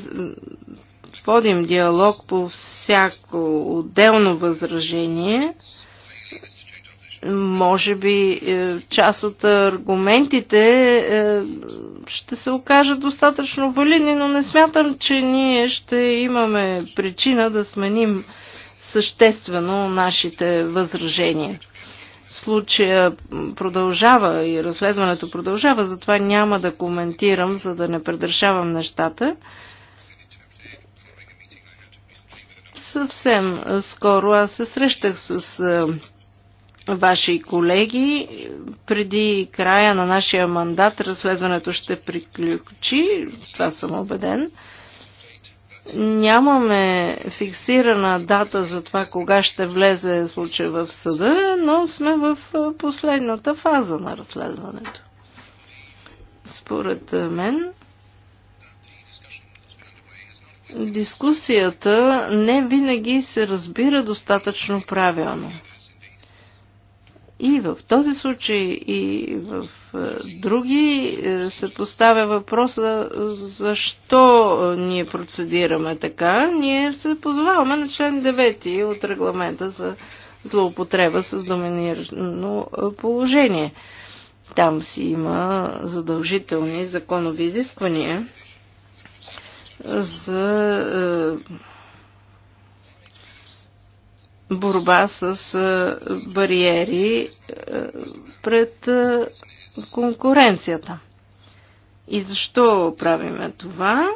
водим диалог по всяко отделно възражение, може би е, част от аргументите е, ще се окажат достатъчно валидни, но не смятам, че ние ще имаме причина да сменим съществено нашите възражения. Случая продължава и разследването продължава, затова няма да коментирам, за да не предрешавам нещата. Съвсем скоро аз се срещах с ваши колеги. Преди края на нашия мандат разследването ще приключи, това съм убеден. Нямаме фиксирана дата за това кога ще влезе случай в съда, но сме в последната фаза на разследването. Според мен, дискусията не винаги се разбира достатъчно правилно. И в този случай, и в е, други е, се поставя въпроса е, защо ние процедираме така. Ние се позоваваме на член 9 от регламента за злоупотреба с доминирано положение. Там си има задължителни законови изисквания за е, борба с е, бариери е, пред конкуренцията. И защо правиме това?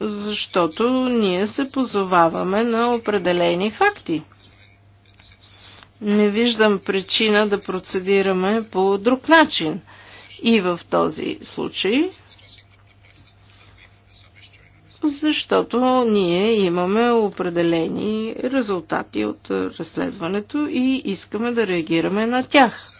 Защото ние се позоваваме на определени факти. Не виждам причина да процедираме по друг начин. И в този случай защото ние имаме определени резултати от разследването и искаме да реагираме на тях.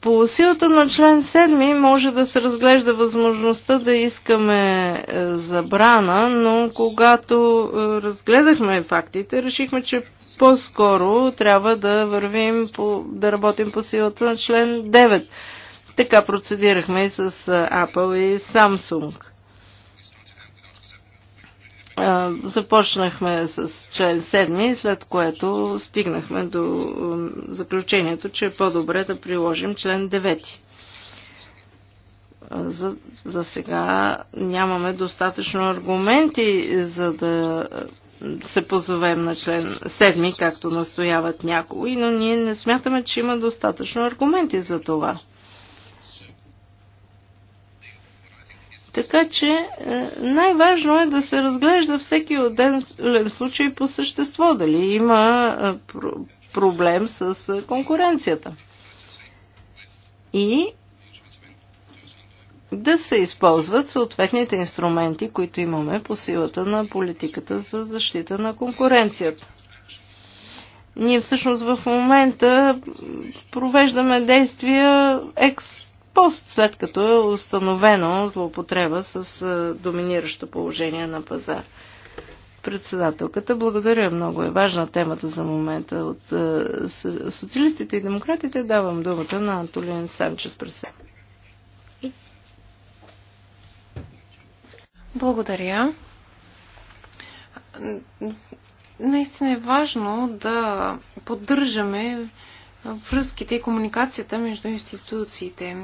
По силата на член 7 може да се разглежда възможността да искаме е, забрана, но когато е, разгледахме фактите, решихме, че по-скоро трябва да вървим, по, да работим по силата на член 9 така процедирахме и с Apple и Samsung. Започнахме с член 7, след което стигнахме до заключението, че е по-добре да приложим член 9. За, за сега нямаме достатъчно аргументи, за да се позовем на член 7, както настояват някои, но ние не смятаме, че има достатъчно аргументи за това. Така че е, най-важно е да се разглежда всеки отделен случай по същество, дали има е, проблем с е, конкуренцията. И да се използват съответните инструменти, които имаме по силата на политиката за защита на конкуренцията. Ние всъщност в момента провеждаме действия екс пост, след като е установено злоупотреба с е, доминиращо положение на пазар. Председателката, благодаря много. Е важна темата за момента. От е, социалистите и демократите давам думата на Антолин Санчес Пресе. Благодаря. Наистина е важно да поддържаме връзките и комуникацията между институциите.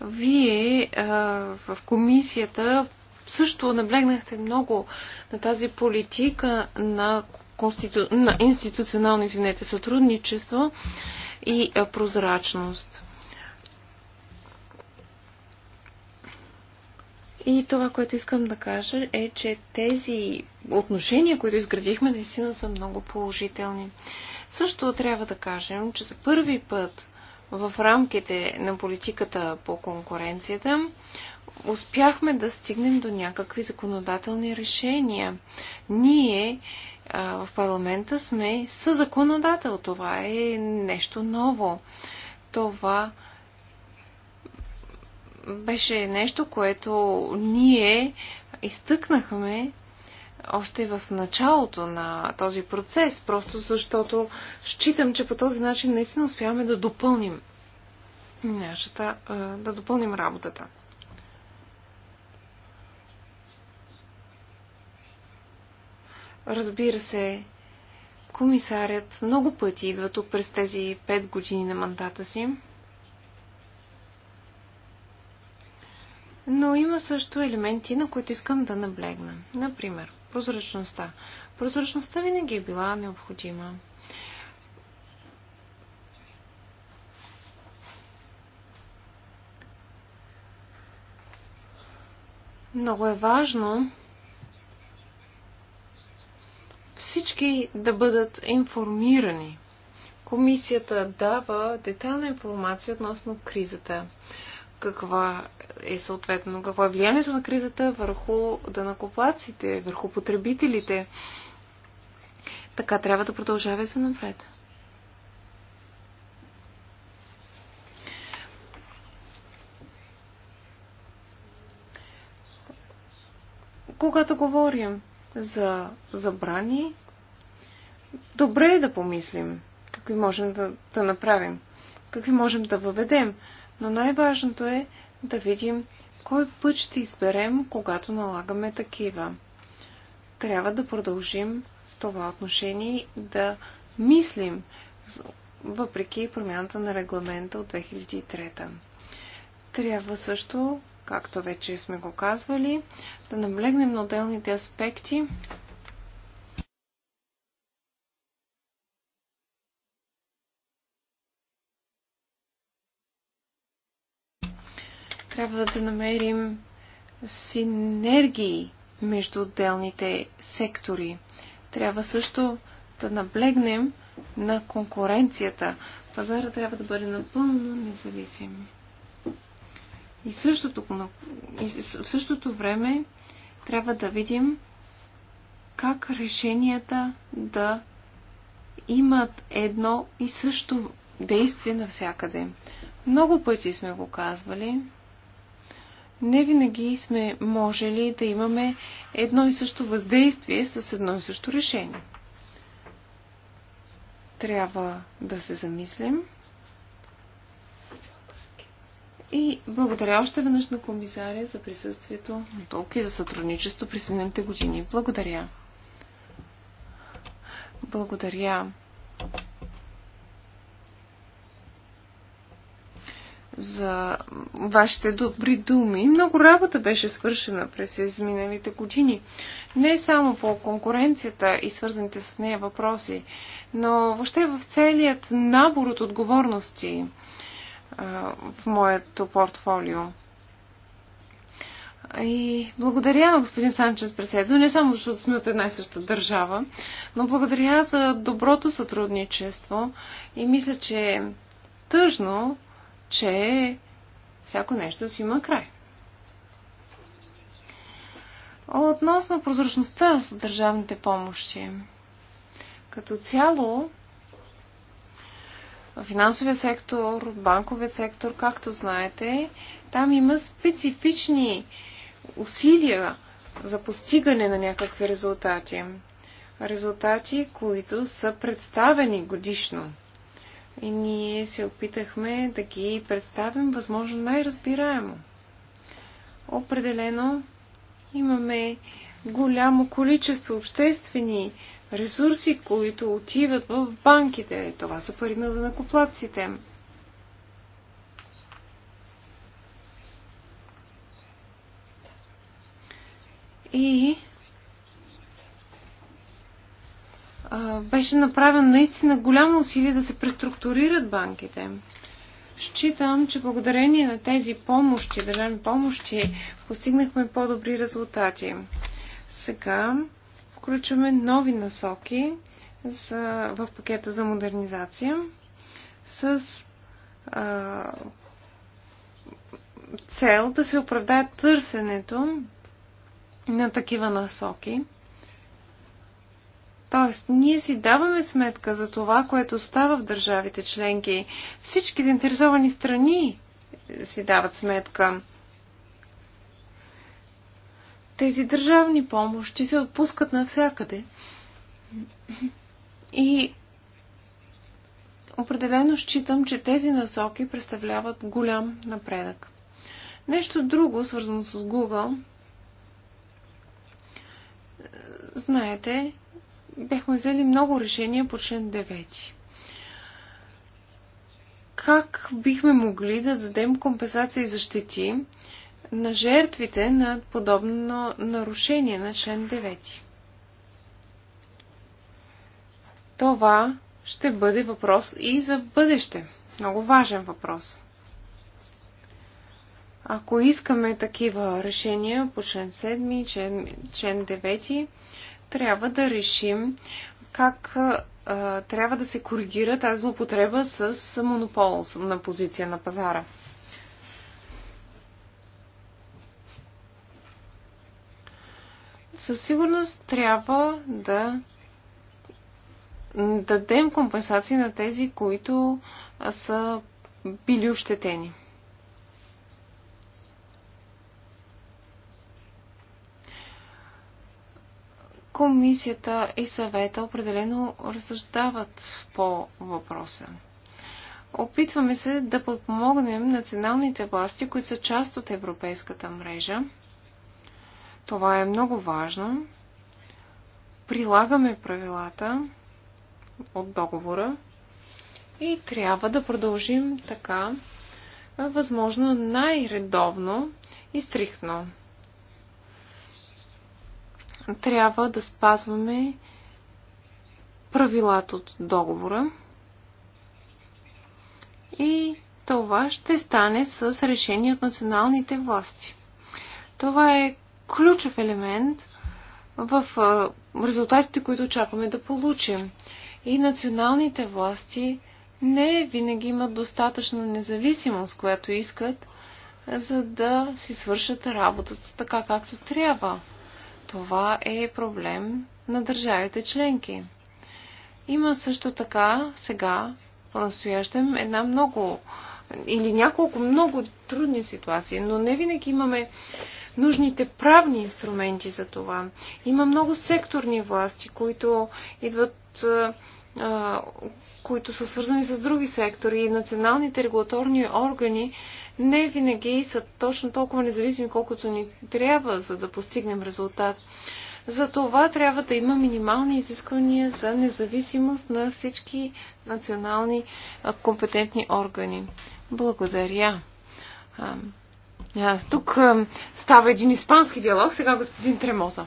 Вие в комисията също наблегнахте много на тази политика на, конститу... на институционално извинете, сътрудничество и прозрачност. И това, което искам да кажа е, че тези отношения, които изградихме, наистина са много положителни. Също трябва да кажем, че за първи път в рамките на политиката по конкуренцията успяхме да стигнем до някакви законодателни решения. Ние а, в парламента сме законодател. Това е нещо ново. Това беше нещо, което ние изтъкнахме още в началото на този процес, просто защото считам, че по този начин наистина успяваме да допълним нашата, да допълним работата. Разбира се, комисарят много пъти идва тук през тези 5 години на мандата си. Но има също елементи, на които искам да наблегна. Например, прозрачността. Прозрачността винаги е била необходима. Много е важно всички да бъдат информирани. Комисията дава детална информация относно кризата каква е съответно, какво е влиянието на кризата върху дънакоплаците, върху потребителите. Така трябва да продължава и за напред. Когато говорим за забрани, добре е да помислим какви можем да, да направим, какви можем да въведем но най-важното е да видим кой път ще изберем, когато налагаме такива. Трябва да продължим в това отношение да мислим, въпреки промяната на регламента от 2003. Трябва също, както вече сме го казвали, да наблегнем на отделните аспекти Трябва да намерим синергии между отделните сектори. Трябва също да наблегнем на конкуренцията. Пазара трябва да бъде напълно независим. И, същото, и в същото време трябва да видим как решенията да имат едно и също действие навсякъде. Много пъти сме го казвали не винаги сме можели да имаме едно и също въздействие с едно и също решение. Трябва да се замислим. И благодаря още веднъж на комисаря за присъствието, на толкова и за сътрудничество през миналите години. Благодаря. Благодаря за вашите добри думи. Много работа беше свършена през изминалите години. Не само по конкуренцията и свързаните с нея въпроси, но въобще в целият набор от отговорности в моето портфолио. И благодаря на господин Санчес председател, не само защото сме от една и съща държава, но благодаря за доброто сътрудничество и мисля, че е тъжно, че всяко нещо си има край. Относно прозрачността с държавните помощи. Като цяло, финансовия сектор, банковия сектор, както знаете, там има специфични усилия за постигане на някакви резултати. Резултати, които са представени годишно. И ние се опитахме да ги представим възможно най-разбираемо. Определено имаме голямо количество обществени ресурси, които отиват в банките. Това са пари на накоплаците. И беше направено наистина голямо усилие да се преструктурират банките. Считам, че благодарение на тези помощи, държавни помощи, постигнахме по-добри резултати. Сега включваме нови насоки за, в пакета за модернизация с а, цел да се оправдае търсенето на такива насоки. Тоест, ние си даваме сметка за това, което става в държавите членки. Всички заинтересовани страни си дават сметка. Тези държавни помощи се отпускат навсякъде. И определено считам, че тези насоки представляват голям напредък. Нещо друго, свързано с Google, знаете, бяхме взели много решения по член 9. Как бихме могли да дадем компенсация за щети на жертвите на подобно нарушение на член 9? Това ще бъде въпрос и за бъдеще. Много важен въпрос. Ако искаме такива решения по член 7, член, член 9, трябва да решим как а, трябва да се коригира тази злоупотреба с монопол на позиция на пазара. Със сигурност трябва да дадем компенсации на тези, които са били ощетени. Комисията и съвета определено разсъждават по въпроса. Опитваме се да подпомогнем националните власти, които са част от европейската мрежа. Това е много важно. Прилагаме правилата от договора и трябва да продължим така, възможно най-редовно и стрихно трябва да спазваме правилата от договора. И това ще стане с решение от националните власти. Това е ключов елемент в резултатите, които очакваме да получим. И националните власти не винаги имат достатъчна независимост, която искат, за да си свършат работата така, както трябва. Това е проблем на държавите членки. Има също така сега, по-настоящем, една много или няколко много трудни ситуации, но не винаги имаме нужните правни инструменти за това. Има много секторни власти, които идват, които са свързани с други сектори и националните регулаторни органи не винаги са точно толкова независими, колкото ни трябва, за да постигнем резултат. За това трябва да има минимални изисквания за независимост на всички национални компетентни органи. Благодаря. А, тук става един испански диалог, сега господин Тремоза.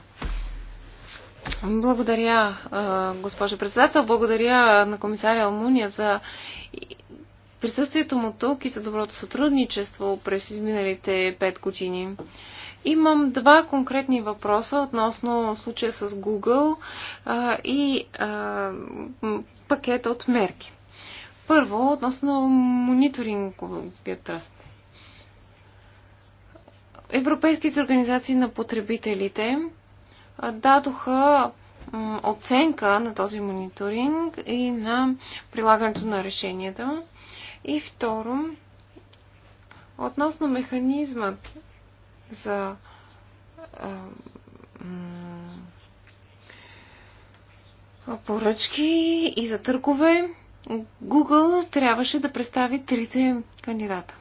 Благодаря, госпожа председател. Благодаря на комисаря Алмуния за присъствието му тук и за доброто сътрудничество през изминалите 5 години. Имам два конкретни въпроса относно случая с Google а, и а, пакета от мерки. Първо, относно мониторинговия тръст. Европейските организации на потребителите дадоха оценка на този мониторинг и на прилагането на решенията. И второ, относно механизмът за поръчки и за търгове, Google трябваше да представи трите кандидата.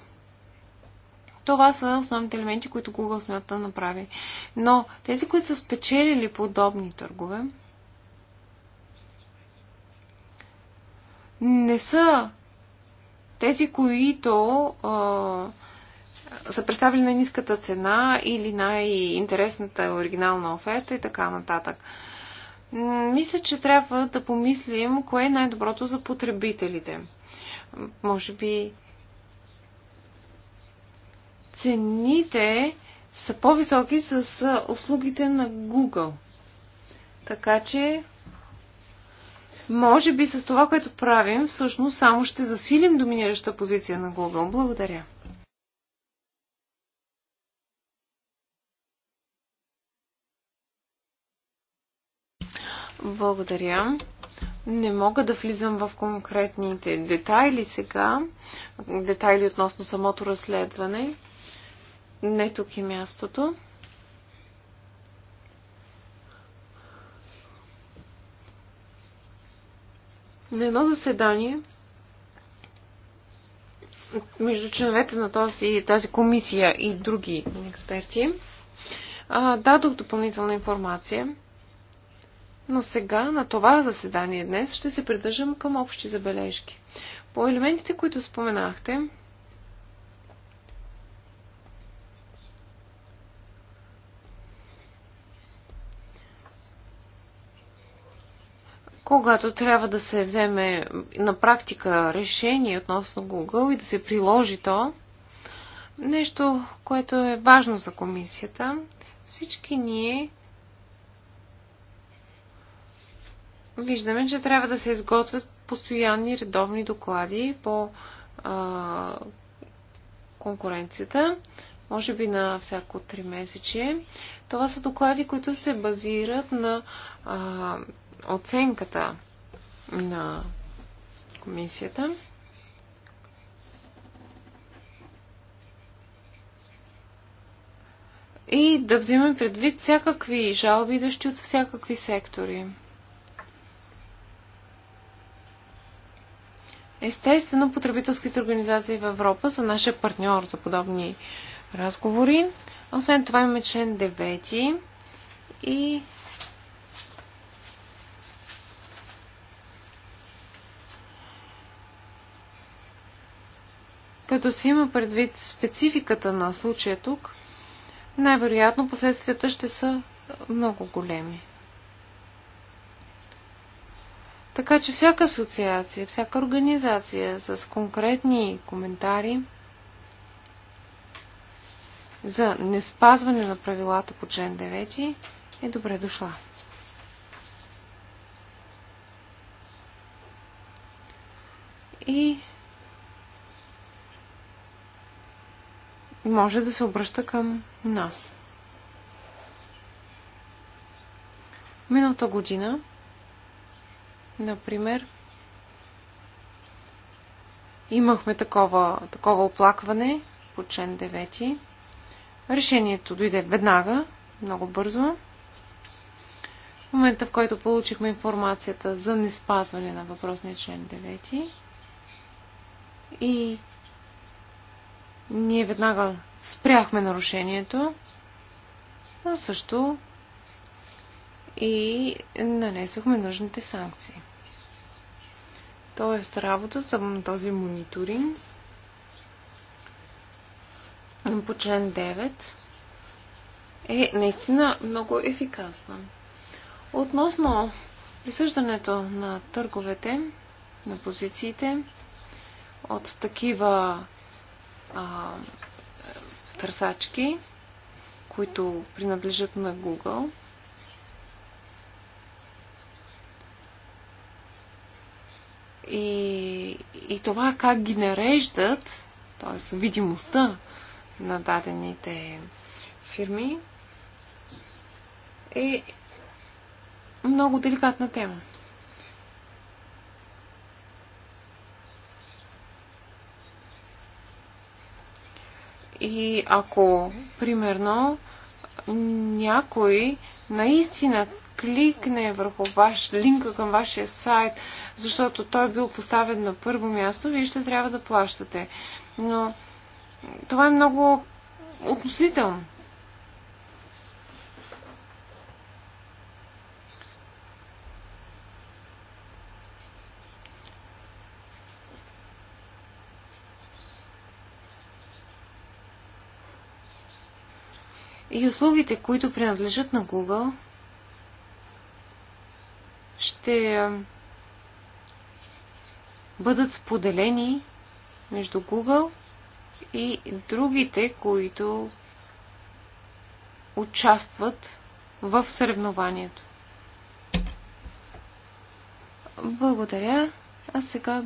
Това са основните елементи, които Google смята да направи. Но тези, които са спечелили подобни търгове, не са тези, които са представили на ниската цена или най-интересната оригинална оферта и така нататък. Мисля, че трябва да помислим кое е най-доброто за потребителите. Може би цените са по-високи с услугите на Google. Така че може би с това, което правим, всъщност само ще засилим доминираща позиция на Google. Благодаря. Благодаря. Не мога да влизам в конкретните детайли сега, детайли относно самото разследване. Не тук е мястото. на едно заседание между членовете на този, тази комисия и други експерти а, дадох допълнителна информация, но сега на това заседание днес ще се придържам към общи забележки. По елементите, които споменахте, когато трябва да се вземе на практика решение относно Google и да се приложи то, нещо, което е важно за комисията, всички ние виждаме, че трябва да се изготвят постоянни редовни доклади по а, конкуренцията, може би на всяко 3 месече. Това са доклади, които се базират на а, оценката на комисията. И да взимаме предвид всякакви жалби, идващи от всякакви сектори. Естествено, потребителските организации в Европа са нашия партньор за подобни разговори. Освен това имаме член 9 и Като се има предвид спецификата на случая тук, най-вероятно последствията ще са много големи. Така че всяка асоциация, всяка организация с конкретни коментари за неспазване на правилата по член 9 е добре дошла. И може да се обръща към нас. Миналата година, например, имахме такова, такова оплакване по член 9. Решението дойде веднага, много бързо. В момента, в който получихме информацията за неспазване на въпросния член 9 и ние веднага спряхме нарушението, а също и нанесохме нужните санкции. Тоест, работата на този мониторинг по член 9 е наистина много ефикасна. Относно присъждането на търговете, на позициите от такива а, търсачки, които принадлежат на Google. И, и това как ги нареждат, т.е. видимостта на дадените фирми, е много деликатна тема. И ако, примерно, някой наистина кликне върху ваш, линка към вашия сайт, защото той е бил поставен на първо място, вие ще трябва да плащате. Но това е много относително. и услугите, които принадлежат на Google, ще бъдат споделени между Google и другите, които участват в съревнованието. Благодаря. А сега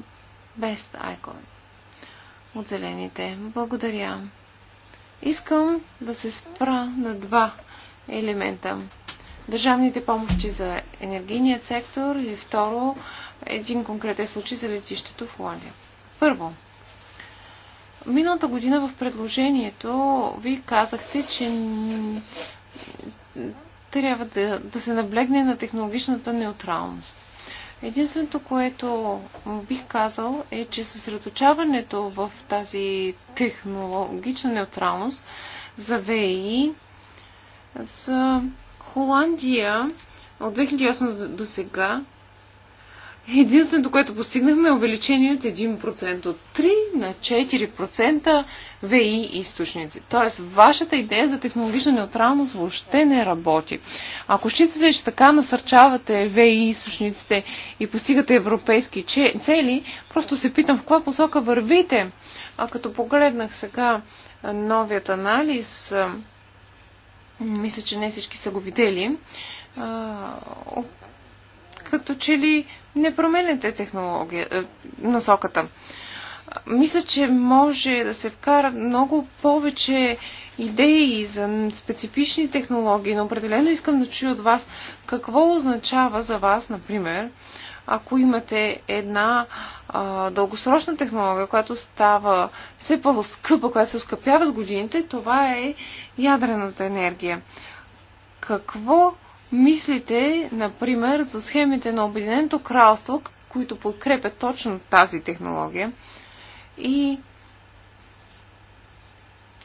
Best Icon от зелените. Благодаря. Искам да се спра на два елемента. Държавните помощи за енергийният сектор и второ един конкретен случай за летището в Холандия. Първо, миналата година в предложението ви казахте, че трябва да, да се наблегне на технологичната неутралност. Единственото, което бих казал е, че съсредоточаването в тази технологична неутралност за ВИ за Холандия от 2008 до сега Единственото, което постигнахме е увеличение от 1% от 3 на 4% ВИ източници. Тоест, вашата идея за технологична неутралност въобще не работи. Ако считате, че така насърчавате ВИ източниците и постигате европейски цели, просто се питам в каква посока вървите. А като погледнах сега новият анализ, мисля, че не всички са го видели, като че ли не променяте технология, е, насоката. Мисля, че може да се вкарат много повече идеи за специфични технологии, но определено искам да чуя от вас какво означава за вас, например, ако имате една а, дългосрочна технология, която става все по-скъпа, която се ускъпява с годините, това е ядрената енергия. Какво мислите, например, за схемите на Обединеното кралство, които подкрепят точно тази технология? И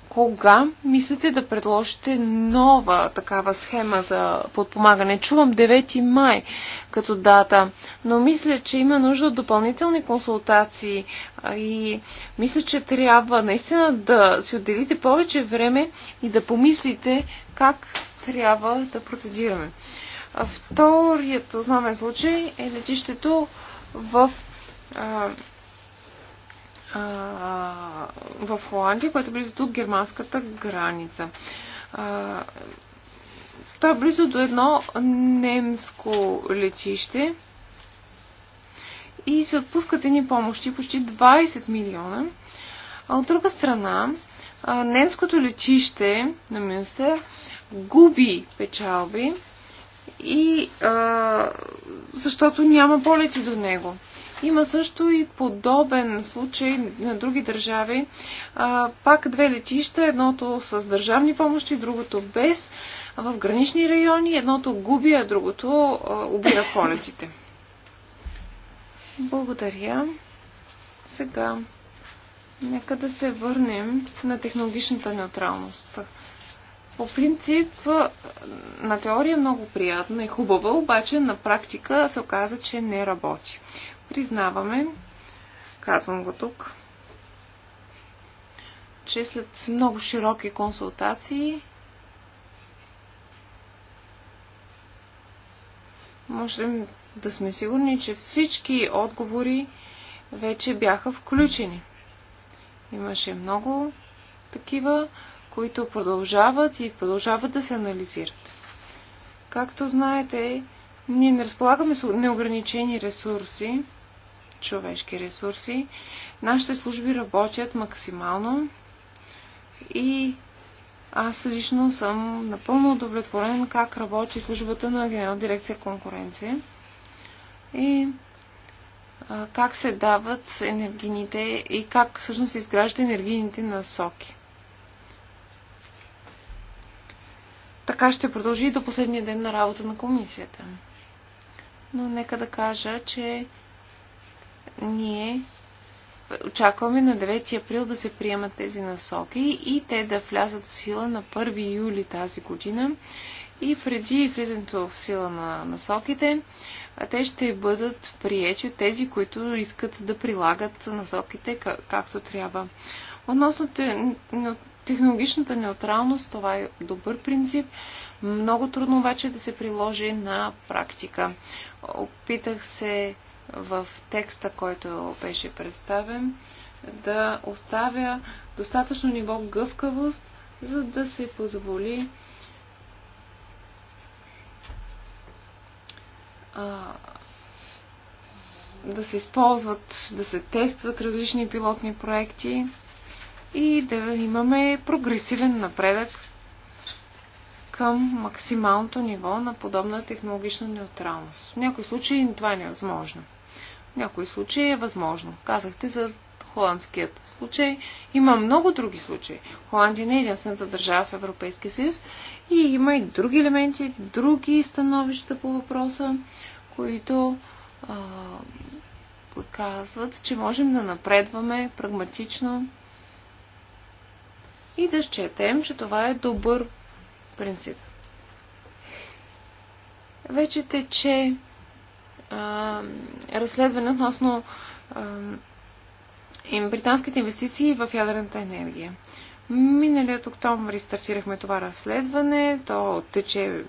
кога мислите да предложите нова такава схема за подпомагане? Чувам 9 май като дата, но мисля, че има нужда от допълнителни консултации и мисля, че трябва наистина да си отделите повече време и да помислите как трябва да процедираме. Вторият основен случай е летището в, а, а, в Холандия, което е близо до германската граница. А, то е близо до едно немско летище и се отпускат едни помощи, почти 20 милиона. А от друга страна, немското летище на Мюнстер губи печалби и а, защото няма полети до него. Има също и подобен случай на други държави. А, пак две летища, едното с държавни помощи, другото без. В гранични райони едното губи, а другото а, убира полетите. Благодаря. Сега нека да се върнем на технологичната неутралност по принцип на теория е много приятна и хубава, обаче на практика се оказа, че не работи. Признаваме, казвам го тук, че след много широки консултации можем да сме сигурни, че всички отговори вече бяха включени. Имаше много такива, които продължават и продължават да се анализират. Както знаете, ние не разполагаме с неограничени ресурси, човешки ресурси. Нашите служби работят максимално и аз лично съм напълно удовлетворен как работи службата на Генерал дирекция конкуренция и как се дават енергийните и как всъщност изгражда енергийните насоки. Така ще продължи и до последния ден на работа на комисията. Но нека да кажа, че ние очакваме на 9 април да се приемат тези насоки и те да влязат в сила на 1 юли тази година. И преди влизането в сила на насоките, те ще бъдат приечи от тези, които искат да прилагат насоките както трябва. Относно технологичната неутралност, това е добър принцип. Много трудно обаче е да се приложи на практика. Опитах се в текста, който беше представен, да оставя достатъчно ниво гъвкавост, за да се позволи а, да се използват, да се тестват различни пилотни проекти и да имаме прогресивен напредък към максималното ниво на подобна технологична неутралност. В някои случаи това е невъзможно. В някои случаи е възможно. Казахте за холандският случай. Има много други случаи. Холандия не е единствената държава в Европейския съюз и има и други елементи, други становища по въпроса, които а, показват, че можем да напредваме прагматично и да счетем, че това е добър принцип. Вече тече а, разследване относно а, британските инвестиции в ядрената енергия. Миналият октомври стартирахме това разследване, то тече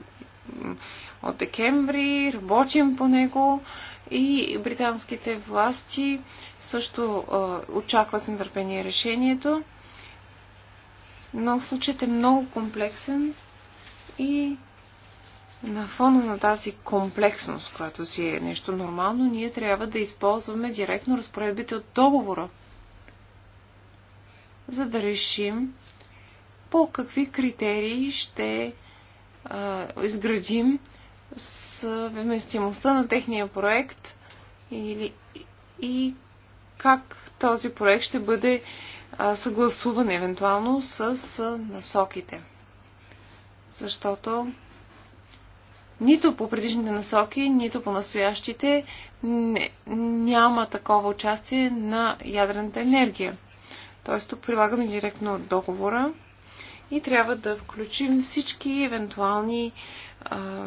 от декември, работим по него и британските власти също а, очакват с нетърпение решението но случаят е много комплексен и на фона на тази комплексност, която си е нещо нормално, ние трябва да използваме директно разпоредбите от договора, за да решим по какви критерии ще а, изградим съвместимостта на техния проект или, и как този проект ще бъде съгласуване евентуално с насоките. Защото нито по предишните насоки, нито по настоящите не, няма такова участие на ядрената енергия. Тоест тук прилагаме директно договора и трябва да включим всички евентуални а,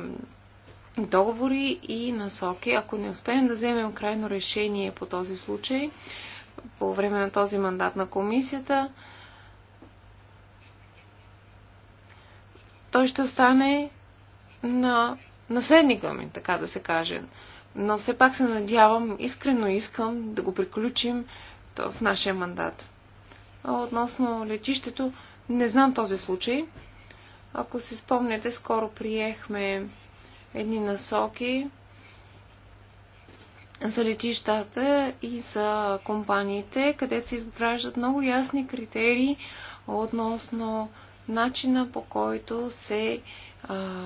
договори и насоки. Ако не успеем да вземем крайно решение по този случай, по време на този мандат на комисията. Той ще остане на наследника ми, така да се каже. Но все пак се надявам, искрено искам да го приключим в нашия мандат. Относно летището, не знам този случай. Ако си спомняте, скоро приехме едни насоки за летищата и за компаниите, където се изграждат много ясни критерии относно начина по който се а,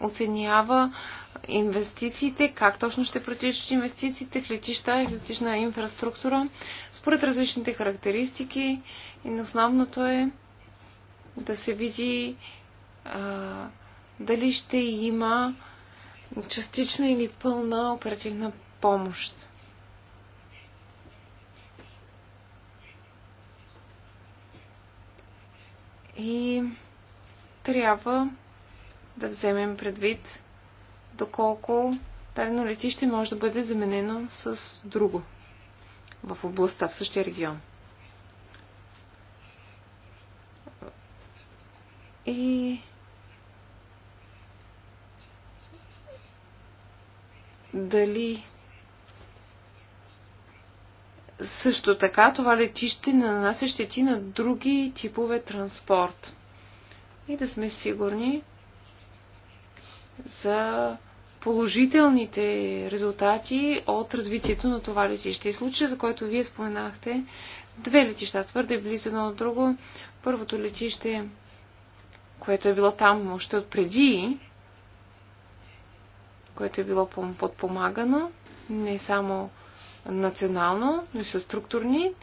оценява инвестициите, как точно ще протичат инвестициите в летища и летищна инфраструктура, според различните характеристики. И основното е да се види а, дали ще има частична или пълна оперативна помощ. И трябва да вземем предвид доколко тайно летище може да бъде заменено с друго в областта, в същия регион. И дали също така това летище нанася щети на други типове транспорт. И да сме сигурни за положителните резултати от развитието на това летище. И случая, за който вие споменахте, две летища твърде близо едно от друго. Първото летище, което е било там още от преди, което е било подпомагано, не само национално, но и са структурни.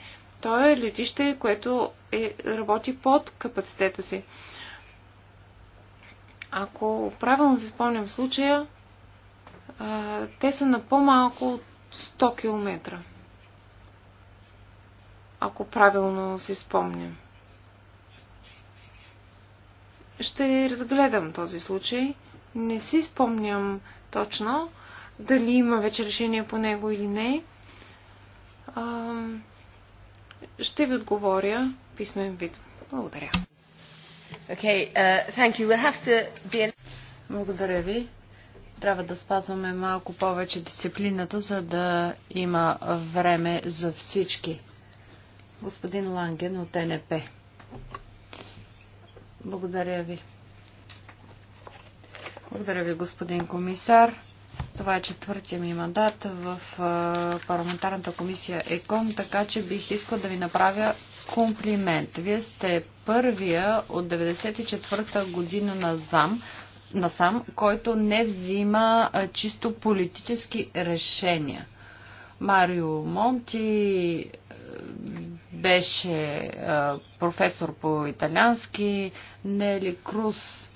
То е летище, което е, работи под капацитета си. Ако правилно си спомням случая, а, те са на по-малко от 100 км. Ако правилно си спомням. Ще разгледам този случай. Не си спомням точно дали има вече решение по него или не. А, ще ви отговоря писмен вид. Благодаря. Okay, uh, thank you. We'll have to be... Благодаря ви. Трябва да спазваме малко повече дисциплината, за да има време за всички. Господин Ланген от НП. Благодаря ви. Благодаря ви, господин комисар. Това е четвъртия ми мандат в парламентарната комисия ЕКОН, така че бих искал да ви направя комплимент. Вие сте първия от 94-та година на насам, който не взима чисто политически решения. Марио Монти беше професор по италиански, Нели Круз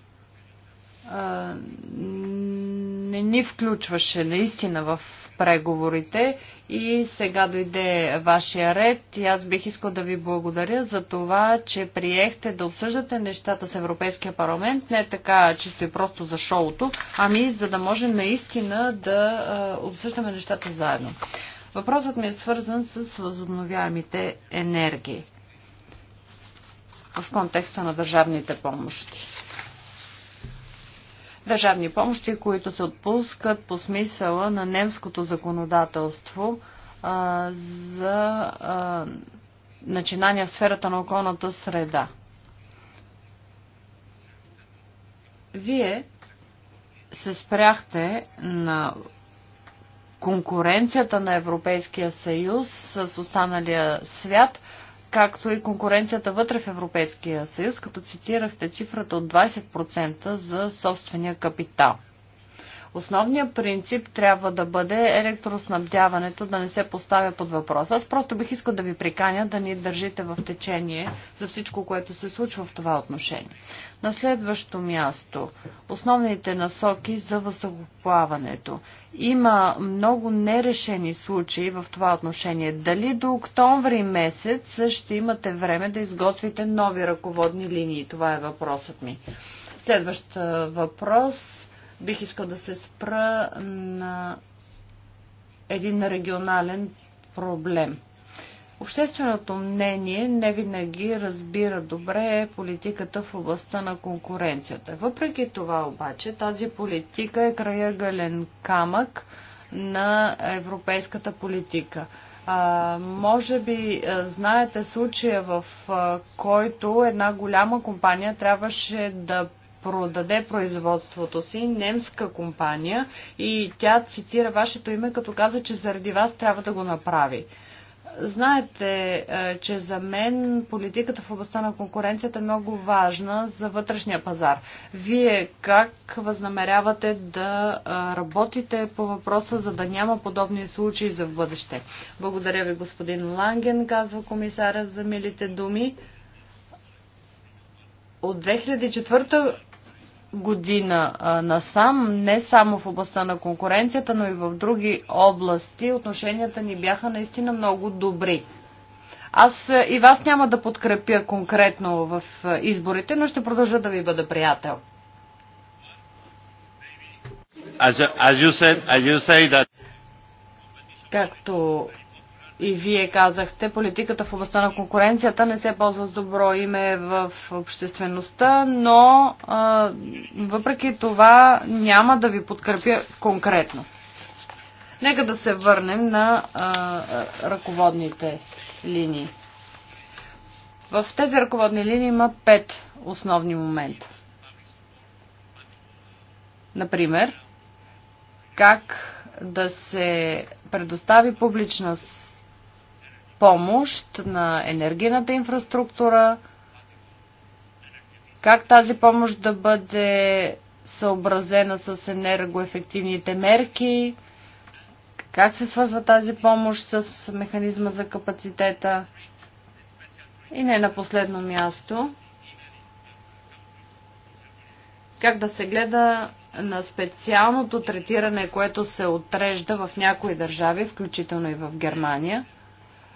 не ни включваше наистина в преговорите и сега дойде вашия ред и аз бих искал да ви благодаря за това, че приехте да обсъждате нещата с Европейския парламент, не така чисто и просто за шоуто, ами за да можем наистина да обсъждаме нещата заедно. Въпросът ми е свързан с възобновяемите енергии в контекста на държавните помощи държавни помощи, които се отпускат по смисъла на немското законодателство а, за а, начинания в сферата на околната среда. Вие се спряхте на конкуренцията на Европейския съюз с останалия свят – както и конкуренцията вътре в Европейския съюз, като цитирахте цифрата от 20% за собствения капитал – Основният принцип трябва да бъде електроснабдяването да не се поставя под въпрос. Аз просто бих искал да ви приканя да ни държите в течение за всичко, което се случва в това отношение. На следващо място, основните насоки за въздухоплаването. Има много нерешени случаи в това отношение. Дали до октомври месец ще имате време да изготвите нови ръководни линии? Това е въпросът ми. Следващ въпрос Бих искал да се спра на един регионален проблем. Общественото мнение не винаги разбира добре политиката в областта на конкуренцията. Въпреки това обаче тази политика е краягален камък на европейската политика. А, може би а, знаете случая, в а, който една голяма компания трябваше да продаде производството си, немска компания, и тя цитира вашето име, като каза, че заради вас трябва да го направи. Знаете, е, че за мен политиката в областта на конкуренцията е много важна за вътрешния пазар. Вие как възнамерявате да е, работите по въпроса, за да няма подобни случаи за в бъдеще? Благодаря ви, господин Ланген, казва комисаря за милите думи. От 2004 година насам, не само в областта на конкуренцията, но и в други области, отношенията ни бяха наистина много добри. Аз и вас няма да подкрепя конкретно в изборите, но ще продължа да ви бъда приятел. As as you said, as you that... Както и вие казахте, политиката в областта на конкуренцията не се ползва с добро име в обществеността, но а, въпреки това няма да ви подкрепя конкретно. Нека да се върнем на а, ръководните линии. В тези ръководни линии има пет основни момента. Например, как да се предостави публичност помощ на енергийната инфраструктура, как тази помощ да бъде съобразена с енергоефективните мерки, как се свързва тази помощ с механизма за капацитета и не на последно място, как да се гледа на специалното третиране, което се отрежда в някои държави, включително и в Германия –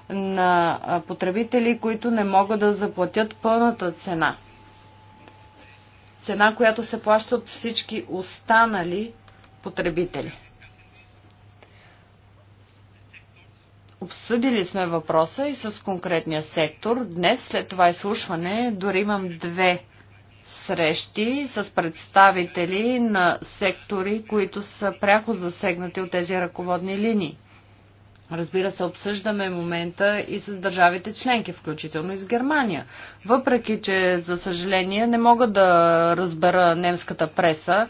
на потребители, които не могат да заплатят пълната цена. Цена, която се плаща от всички останали потребители. Обсъдили сме въпроса и с конкретния сектор. Днес, след това изслушване, дори имам две срещи с представители на сектори, които са пряко засегнати от тези ръководни линии. Разбира се, обсъждаме момента и с държавите членки, включително и с Германия. Въпреки, че за съжаление не мога да разбера немската преса,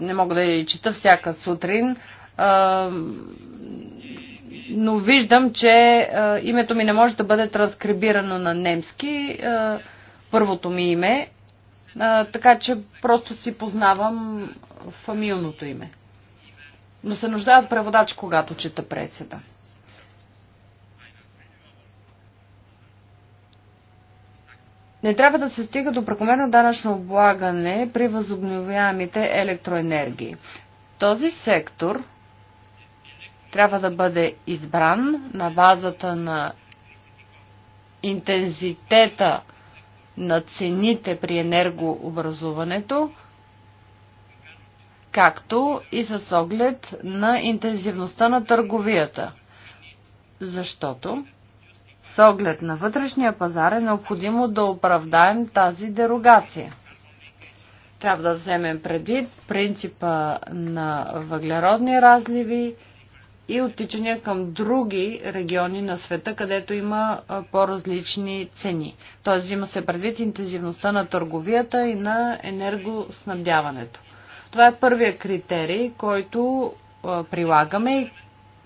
не мога да я чета всяка сутрин, но виждам, че името ми не може да бъде транскрибирано на немски, първото ми име, така че просто си познавам фамилното име но се нуждаят преводач, когато чета преседа. Не трябва да се стига до прекомерно данъчно облагане при възобновяемите електроенергии. Този сектор трябва да бъде избран на базата на интензитета на цените при енергообразуването, както и с оглед на интензивността на търговията. Защото с оглед на вътрешния пазар е необходимо да оправдаем тази дерогация. Трябва да вземем предвид принципа на въглеродни разливи и оттичания към други региони на света, където има по-различни цени. Тоест взима се предвид интензивността на търговията и на енергоснабдяването. Това е първия критерий, който прилагаме и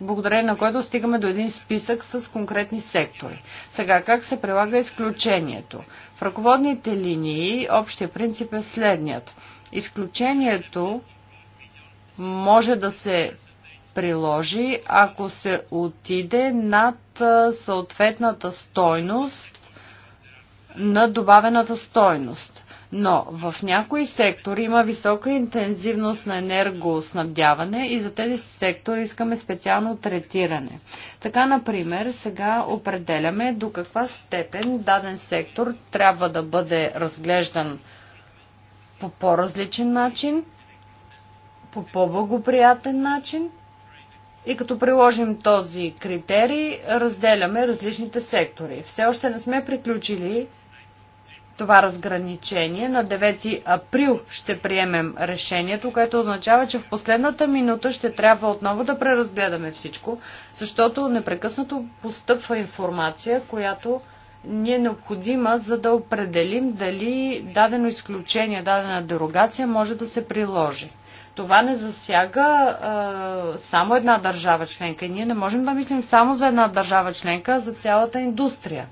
благодарение на който стигаме до един списък с конкретни сектори. Сега, как се прилага изключението? В ръководните линии общия принцип е следният. Изключението може да се приложи, ако се отиде над съответната стойност на добавената стойност. Но в някои сектори има висока интензивност на енергоснабдяване и за тези сектори искаме специално третиране. Така, например, сега определяме до каква степен даден сектор трябва да бъде разглеждан по по-различен начин, по по-благоприятен начин и като приложим този критерий, разделяме различните сектори. Все още не сме приключили това разграничение. На 9 април ще приемем решението, което означава, че в последната минута ще трябва отново да преразгледаме всичко, защото непрекъснато постъпва информация, която ни е необходима, за да определим дали дадено изключение, дадена дерогация може да се приложи. Това не засяга е, само една държава членка и ние не можем да мислим само за една държава членка, а за цялата индустрия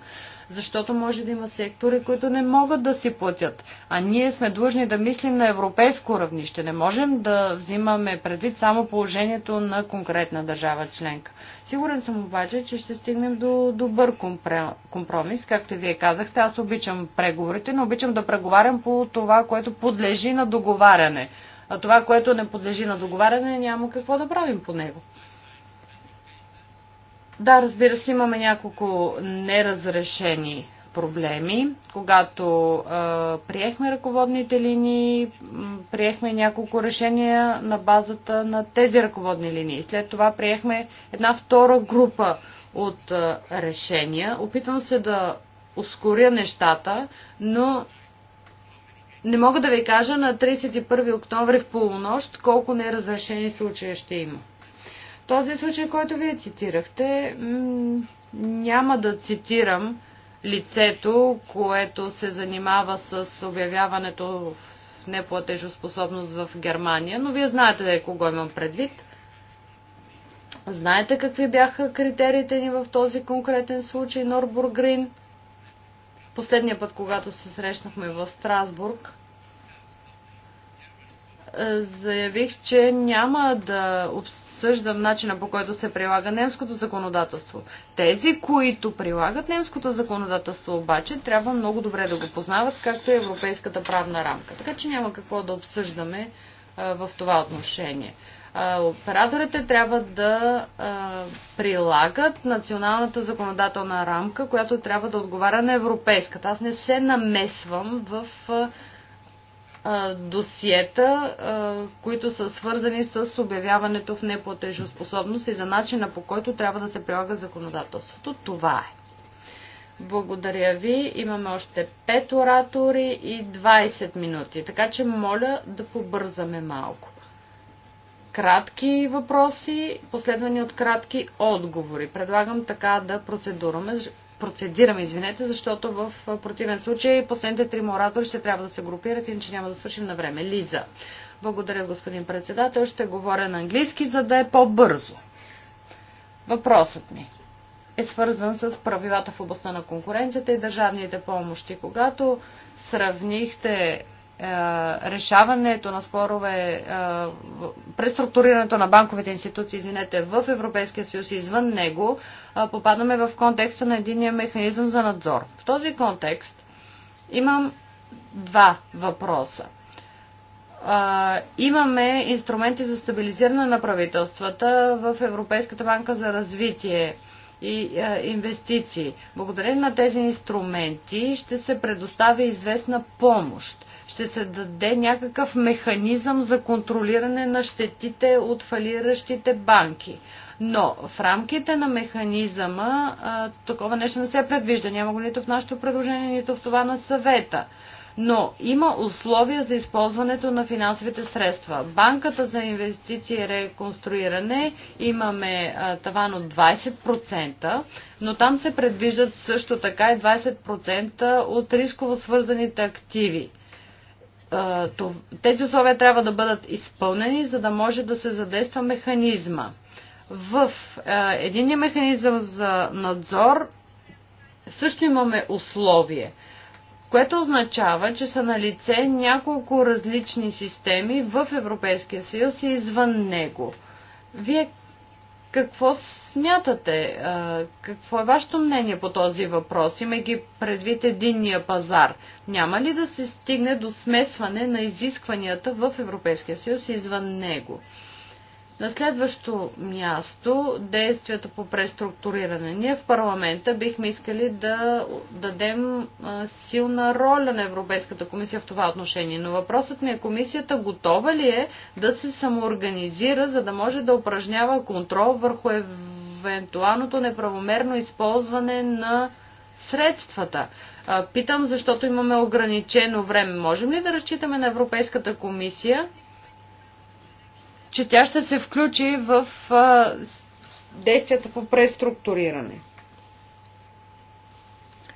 защото може да има сектори, които не могат да си платят. А ние сме длъжни да мислим на европейско равнище. Не можем да взимаме предвид само положението на конкретна държава членка. Сигурен съм обаче, че ще стигнем до добър компромис. Както и вие казахте, аз обичам преговорите, но обичам да преговарям по това, което подлежи на договаряне. А това, което не подлежи на договаряне, няма какво да правим по него. Да, разбира се, имаме няколко неразрешени проблеми. Когато а, приехме ръководните линии, приехме няколко решения на базата на тези ръководни линии. След това приехме една втора група от а, решения. Опитвам се да ускоря нещата, но не мога да ви кажа на 31 октомври в полунощ колко неразрешени случаи ще има. Този случай, който вие цитирахте, няма да цитирам лицето, което се занимава с обявяването в неплатежоспособност в Германия, но вие знаете да е кого имам предвид. Знаете какви бяха критериите ни в този конкретен случай, Норбургрин? Грин. Последния път, когато се срещнахме в Страсбург, заявих, че няма да обсъждам начина по който се прилага немското законодателство. Тези, които прилагат немското законодателство обаче, трябва много добре да го познават, както и европейската правна рамка. Така че няма какво да обсъждаме в това отношение. Операторите трябва да прилагат националната законодателна рамка, която трябва да отговаря на европейската. Аз не се намесвам в досиета, които са свързани с обявяването в неплатежоспособност и за начина по който трябва да се прилага законодателството. Това е. Благодаря ви. Имаме още 5 оратори и 20 минути, така че моля да побързаме малко. Кратки въпроси, последвани от кратки отговори. Предлагам така да процедураме, процедираме, извинете, защото в противен случай последните три моратори ще трябва да се групират, иначе няма да свършим на време. Лиза. Благодаря, господин председател. Ще говоря на английски, за да е по-бързо. Въпросът ми е свързан с правилата в областта на конкуренцията и държавните помощи. Когато сравнихте е, решаването на спорове, е, преструктурирането на банковите институции, извинете, в Европейския съюз и извън него, е, попадаме в контекста на единия механизъм за надзор. В този контекст имам два въпроса. Имаме инструменти за стабилизиране на правителствата в Европейската банка за развитие и инвестиции. Благодарение на тези инструменти ще се предоставя известна помощ ще се даде някакъв механизъм за контролиране на щетите от фалиращите банки. Но в рамките на механизъма а, такова нещо не се предвижда. Няма го нито в нашето предложение, нито в това на съвета. Но има условия за използването на финансовите средства. Банката за инвестиции и реконструиране имаме а, таван от 20%, но там се предвиждат също така и 20% от рисково свързаните активи тези условия трябва да бъдат изпълнени, за да може да се задейства механизма. В един механизъм за надзор също имаме условие, което означава, че са на лице няколко различни системи в Европейския съюз и извън него. Вие какво смятате? Какво е вашето мнение по този въпрос? Имайки предвид единния пазар, няма ли да се стигне до смесване на изискванията в Европейския съюз и извън него? На следващо място, действията по преструктуриране. Ние в парламента бихме искали да дадем силна роля на Европейската комисия в това отношение, но въпросът ми е комисията готова ли е да се самоорганизира, за да може да упражнява контрол върху евентуалното неправомерно използване на средствата. Питам, защото имаме ограничено време. Можем ли да разчитаме на Европейската комисия че тя ще се включи в действията по преструктуриране.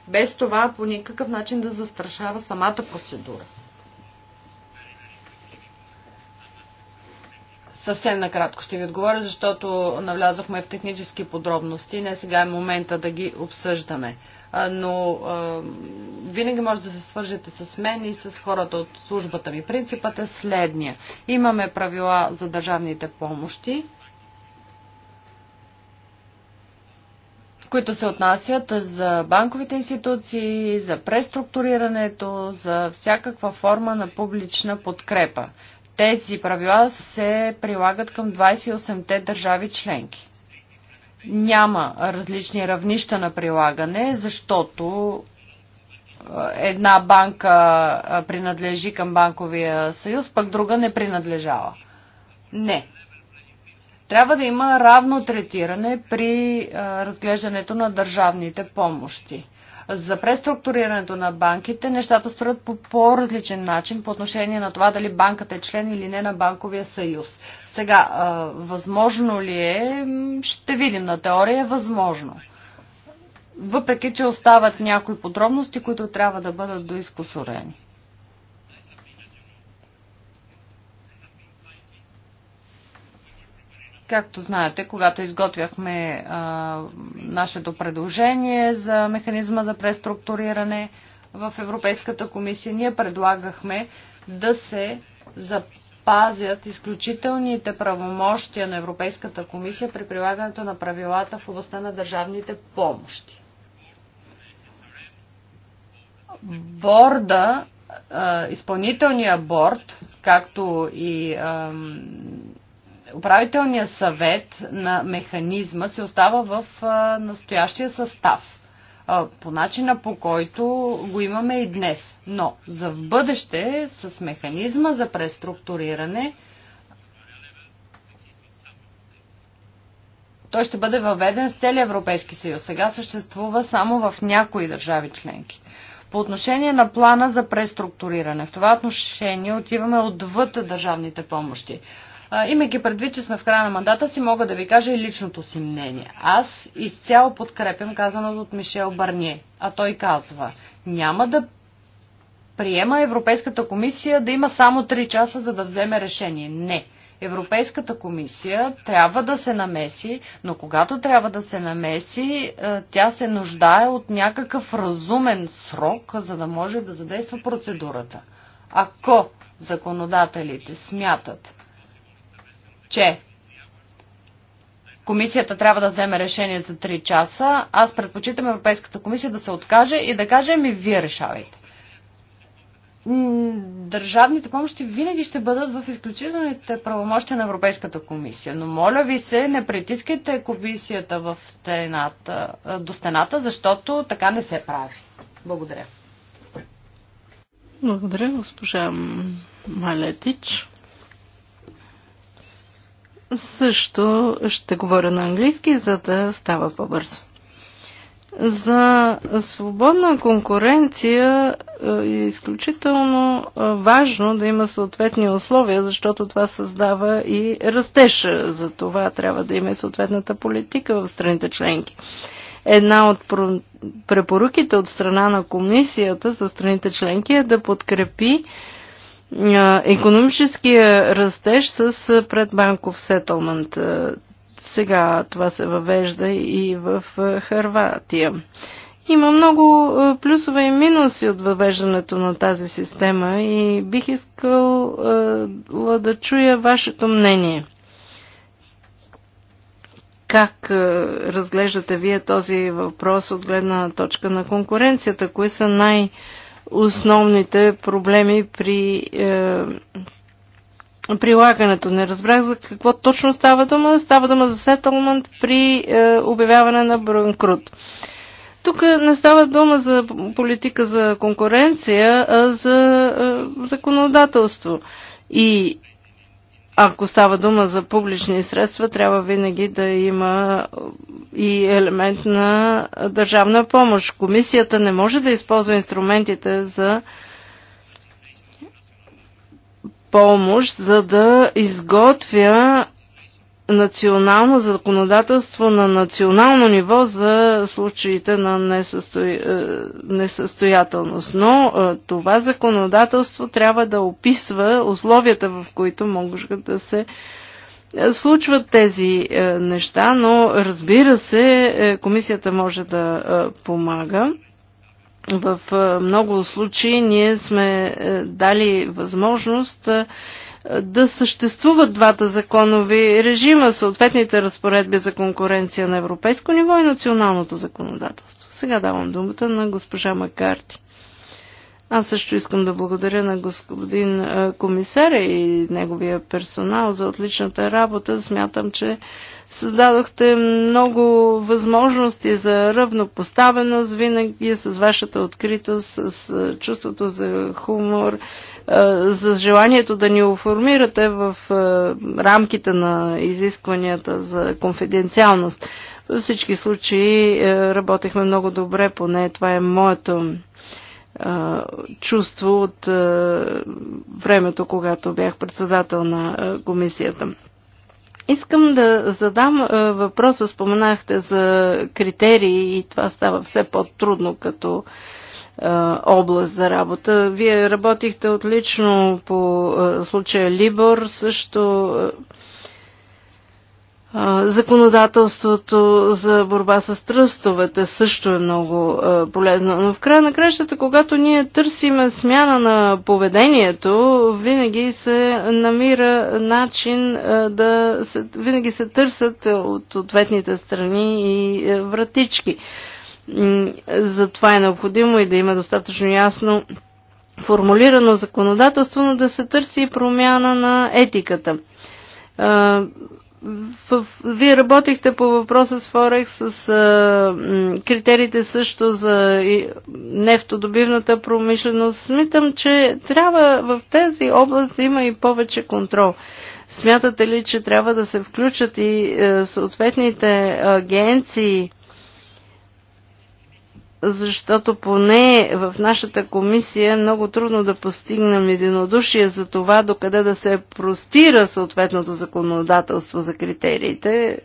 Без това по никакъв начин да застрашава самата процедура. Съвсем накратко ще ви отговоря, защото навлязохме в технически подробности. Не сега е момента да ги обсъждаме но винаги може да се свържете с мен и с хората от службата ми. Принципът е следния. Имаме правила за държавните помощи, които се отнасят за банковите институции, за преструктурирането, за всякаква форма на публична подкрепа. Тези правила се прилагат към 28-те държави членки няма различни равнища на прилагане, защото една банка принадлежи към банковия съюз, пък друга не принадлежава. Не. Трябва да има равно третиране при разглеждането на държавните помощи за преструктурирането на банките, нещата строят по по-различен начин по отношение на това дали банката е член или не на банковия съюз. Сега, възможно ли е? Ще видим на теория, е възможно. Въпреки, че остават някои подробности, които трябва да бъдат доискусорени. Както знаете, когато изготвяхме а, нашето предложение за механизма за преструктуриране в Европейската комисия, ние предлагахме да се запазят изключителните правомощия на Европейската комисия при прилагането на правилата в областта на държавните помощи. Борда, изпълнителния борд, както и управителният съвет на механизма се остава в настоящия състав. По начина по който го имаме и днес. Но за в бъдеще с механизма за преструктуриране той ще бъде въведен в целия Европейски съюз. Сега съществува само в някои държави членки. По отношение на плана за преструктуриране, в това отношение отиваме отвъд държавните помощи. Имайки предвид, че сме в края на мандата си, мога да ви кажа и личното си мнение. Аз изцяло подкрепям казаното от Мишел Барние, а той казва, няма да приема Европейската комисия да има само 3 часа, за да вземе решение. Не. Европейската комисия трябва да се намеси, но когато трябва да се намеси, е, тя се нуждае от някакъв разумен срок, за да може да задейства процедурата. Ако законодателите смятат, че комисията трябва да вземе решение за 3 часа, аз предпочитам Европейската комисия да се откаже и да каже, ми вие решавайте. Държавните помощи винаги ще бъдат в изключителните правомощия на Европейската комисия. Но моля ви се, не притискайте комисията в стената, до стената, защото така не се прави. Благодаря. Благодаря, госпожа Малетич. Също ще говоря на английски, за да става по-бързо. За свободна конкуренция е, е изключително е, важно да има съответни условия, защото това създава и растеж. За това трябва да има съответната политика в страните членки. Една от препоръките от страна на комисията за страните членки е да подкрепи економическия растеж с предбанков сетълмент. Сега това се въвежда и в Харватия. Има много плюсове и минуси от въвеждането на тази система и бих искал да чуя вашето мнение. Как разглеждате вие този въпрос от гледна точка на конкуренцията? Кои са най- основните проблеми при е, прилагането. Не разбрах за какво точно става дума. Става дума за сетълмент при е, обявяване на банкрут. Тук не става дума за политика за конкуренция, а за е, законодателство. И ако става дума за публични средства, трябва винаги да има е, и елемент на държавна помощ. Комисията не може да използва инструментите за помощ, за да изготвя национално законодателство на национално ниво за случаите на несъстои... Е, несъстоятелност. Но е, това законодателство трябва да описва условията, в които могат да се е, случват тези неща, но разбира се, комисията може да помага. В много случаи ние сме дали възможност да съществуват двата законови режима, съответните разпоредби за конкуренция на европейско ниво и националното законодателство. Сега давам думата на госпожа Макарти. Аз също искам да благодаря на господин комисаря и неговия персонал за отличната работа. Смятам, че създадохте много възможности за равнопоставеност винаги с вашата откритост, с чувството за хумор за желанието да ни оформирате в рамките на изискванията за конфиденциалност. Във всички случаи работехме много добре, поне това е моето чувство от времето, когато бях председател на комисията. Искам да задам въпроса, споменахте за критерии и това става все по-трудно като област за работа. Вие работихте отлично по случая Либор, също законодателството за борба с тръстовете също е много полезно. Но в края на кращата, когато ние търсиме смяна на поведението, винаги се намира начин да се, винаги се търсят от ответните страни и вратички. Затова е необходимо и да има достатъчно ясно формулирано законодателство, но да се търси и промяна на етиката. Вие работихте по въпроса с Форекс, с а, критериите също за нефтодобивната промишленост. Смитам, че трябва в тези области има и повече контрол. Смятате ли, че трябва да се включат и а, е, съответните агенции защото поне в нашата комисия е много трудно да постигнем единодушие за това докъде да се простира съответното законодателство за критериите.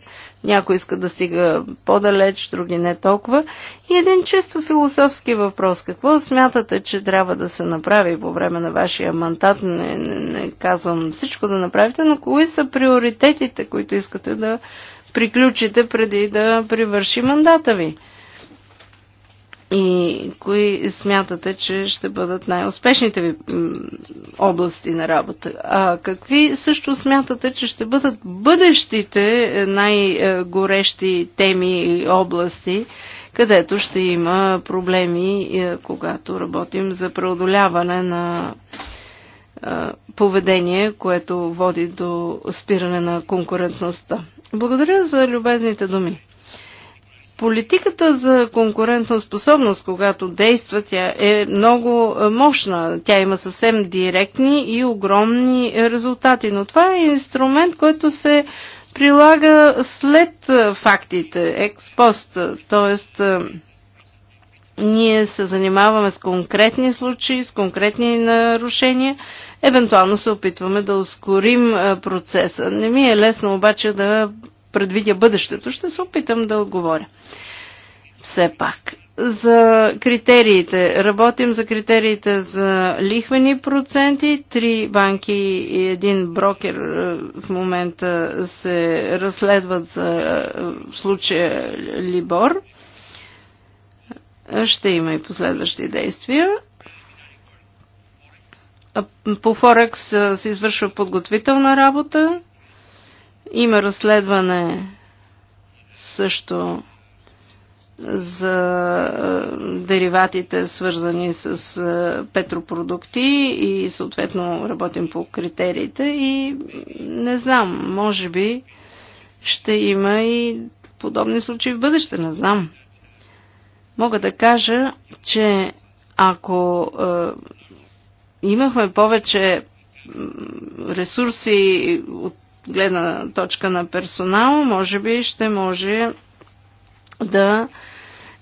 Някой иска да стига по-далеч, други не толкова. И един чисто философски въпрос. Какво смятате, че трябва да се направи по време на вашия мандат? Не, не, не казвам всичко да направите, но кои са приоритетите, които искате да приключите преди да привърши мандата ви? и кои смятате, че ще бъдат най-успешните ви области на работа? А какви също смятате, че ще бъдат бъдещите е, най-горещи теми и области, където ще има проблеми, е, когато работим за преодоляване на е, поведение, което води до спиране на конкурентността? Благодаря за любезните думи. Политиката за конкурентна способност, когато действа, тя е много е, мощна. Тя има съвсем директни и огромни резултати, но това е инструмент, който се прилага след е, фактите, експост, т.е. ние се занимаваме с конкретни случаи, с конкретни нарушения, евентуално се опитваме да ускорим е, процеса. Не ми е лесно обаче да предвидя бъдещето, ще се опитам да отговоря. Все пак. За критериите. Работим за критериите за лихвени проценти. Три банки и един брокер е, в момента се разследват за е, случая Либор. Ще има и последващи действия. По Форекс е, се извършва подготвителна работа. Има разследване също за дериватите, свързани с петропродукти и съответно работим по критериите и не знам, може би ще има и подобни случаи в бъдеще, не знам. Мога да кажа, че ако е, имахме повече ресурси от гледна точка на персонал, може би ще може да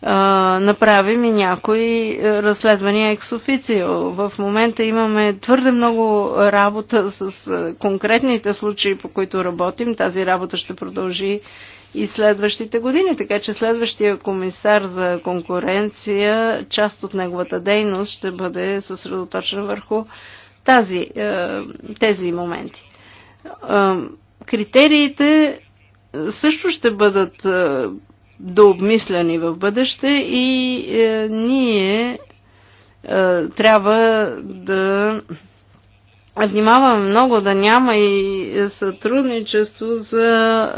а, направим и някои разследвания екс-официо. В момента имаме твърде много работа с конкретните случаи, по които работим. Тази работа ще продължи и следващите години, така че следващия комисар за конкуренция, част от неговата дейност ще бъде съсредоточен върху тази, тези моменти. Критериите също ще бъдат дообмисляни в бъдеще и е, ние трябва да внимаваме много да няма и сътрудничество за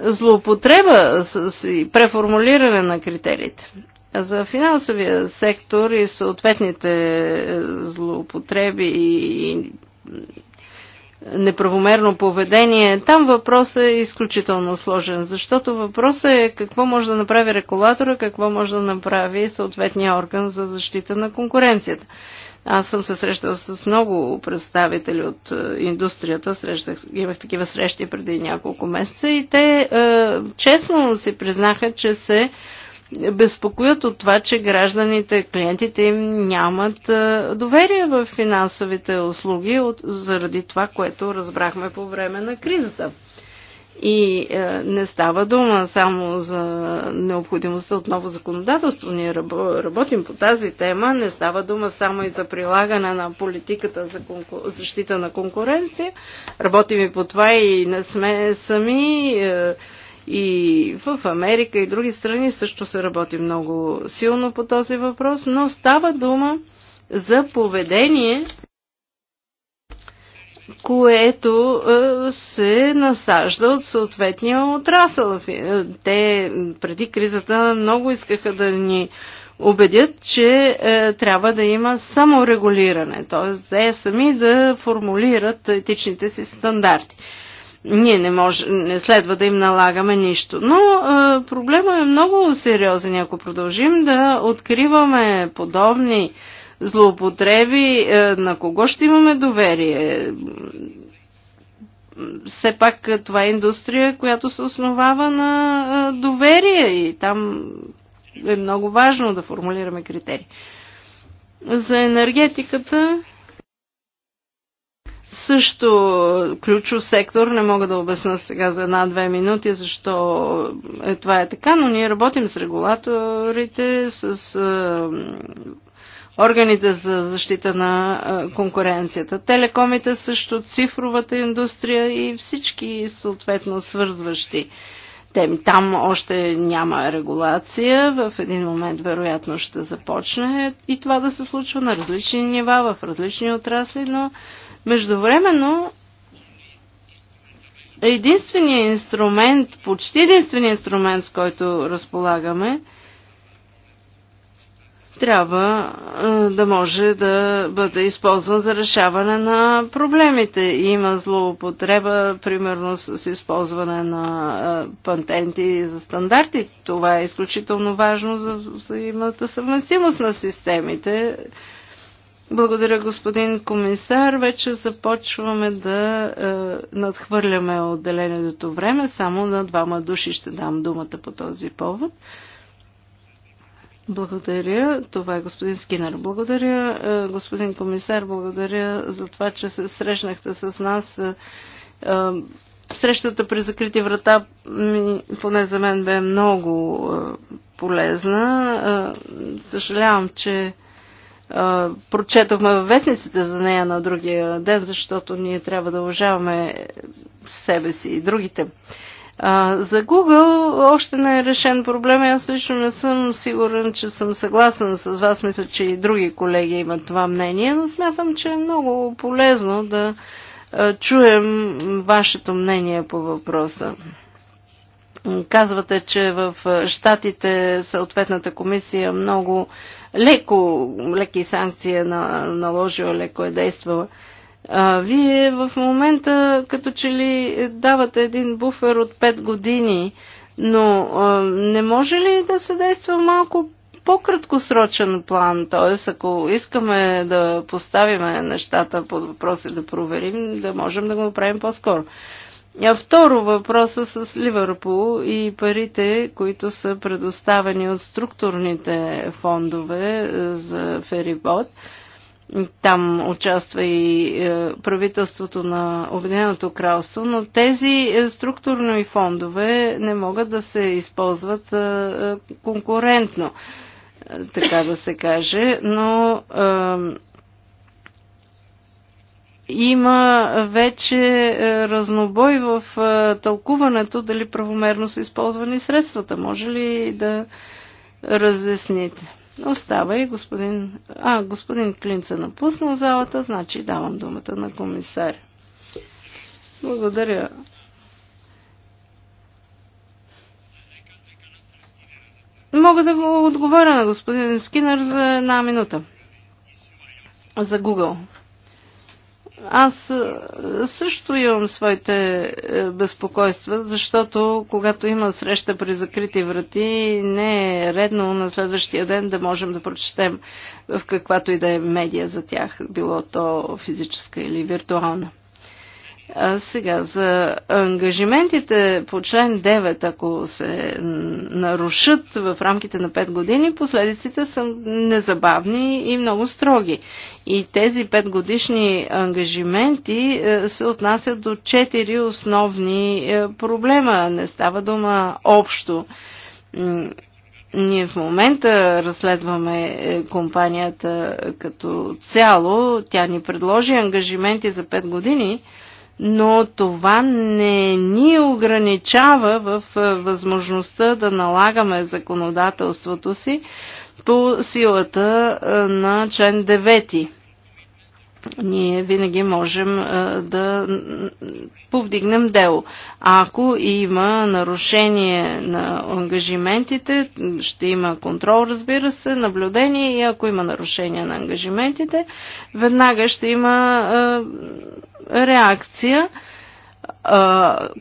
злоупотреба с преформулиране на критериите. За финансовия сектор и съответните е, злоупотреби и неправомерно поведение. Там въпросът е изключително сложен, защото въпросът е какво може да направи регулатора, какво може да направи съответния орган за защита на конкуренцията. Аз съм се срещал с много представители от е, индустрията, срещах, имах такива срещи преди няколко месеца и те е, честно си признаха, че се безпокоят от това, че гражданите, клиентите им нямат доверие в финансовите услуги от, заради това, което разбрахме по време на кризата. И е, не става дума само за необходимостта от ново законодателство. Ние работим по тази тема. Не става дума само и за прилагане на политиката за конкур... защита на конкуренция. Работим и по това и не сме сами. Е, и в Америка и други страни също се работи много силно по този въпрос, но става дума за поведение, което е, се насажда от съответния отрасъл. Е, те преди кризата много искаха да ни убедят, че е, трябва да има саморегулиране, т.е. те сами да формулират етичните си стандарти ние не, може, не следва да им налагаме нищо. Но е, проблема е много сериозен. Ако продължим да откриваме подобни злоупотреби, е, на кого ще имаме доверие? Все пак това е индустрия, която се основава на е, доверие и там е много важно да формулираме критерии. За енергетиката също ключов сектор, не мога да обясна сега за една-две минути защо е, това е така, но ние работим с регулаторите, с е, органите за защита на е, конкуренцията, телекомите също, цифровата индустрия и всички съответно свързващи теми. Там още няма регулация, в един момент вероятно ще започне и това да се случва на различни нива, в различни отрасли, но Междувременно единственият инструмент, почти единственият инструмент, с който разполагаме, трябва да може да бъде използван за решаване на проблемите. Има злоупотреба, примерно с използване на патенти за стандарти. Това е изключително важно за взаимната съвместимост на системите. Благодаря, господин комисар. Вече започваме да е, надхвърляме отделението време. Само на двама души ще дам думата по този повод. Благодаря. Това е господин Скинер. Благодаря, е, господин комисар. Благодаря за това, че се срещнахте с нас. Е, е, срещата при закрити врата, ми, поне за мен, бе много е, полезна. Е, съжалявам, че прочетохме във вестниците за нея на другия ден, защото ние трябва да уважаваме себе си и другите. А, за Google още не е решен проблем. Аз лично не съм сигурен, че съм съгласен с вас. Мисля, че и други колеги имат това мнение, но смятам, че е много полезно да чуем вашето мнение по въпроса. Казвате, че в Штатите съответната комисия много леко, леки санкции е наложила, леко е действала. А, вие в момента като че ли давате един буфер от 5 години, но а, не може ли да се действа малко по-краткосрочен план? Т.е. ако искаме да поставим нещата под въпрос и да проверим, да можем да го направим по-скоро. А второ въпроса с Ливърпул и парите, които са предоставени от структурните фондове е, за Ферибот. Там участва и е, правителството на Обединеното кралство, но тези е, структурни фондове не могат да се използват конкурентно, така да се каже, но има вече е, разнобой в е, тълкуването дали правомерно са използвани средствата. Може ли да разясните? Остава и господин... А, господин Клинца напуснал залата, значи давам думата на комисаря. Благодаря. Мога да го отговоря на господин Скинър за една минута. За Google. Аз е, също имам своите е, безпокойства, защото когато има среща при закрити врати, не е редно на следващия ден да можем да прочетем в каквато и да е медия за тях, било то физическа или виртуална. А сега за ангажиментите по член 9, ако се нарушат в рамките на 5 години, последиците са незабавни и много строги. И тези 5 годишни ангажименти е, се отнасят до 4 основни е, проблема. Не става дума общо. Ние в момента разследваме е, компанията като цяло. Тя ни предложи ангажименти за 5 години – но това не ни ограничава в е, възможността да налагаме законодателството си по силата е, на член 9. Ние винаги можем е, да повдигнем дело. Ако има нарушение на ангажиментите, ще има контрол, разбира се, наблюдение и ако има нарушение на ангажиментите, веднага ще има реакция,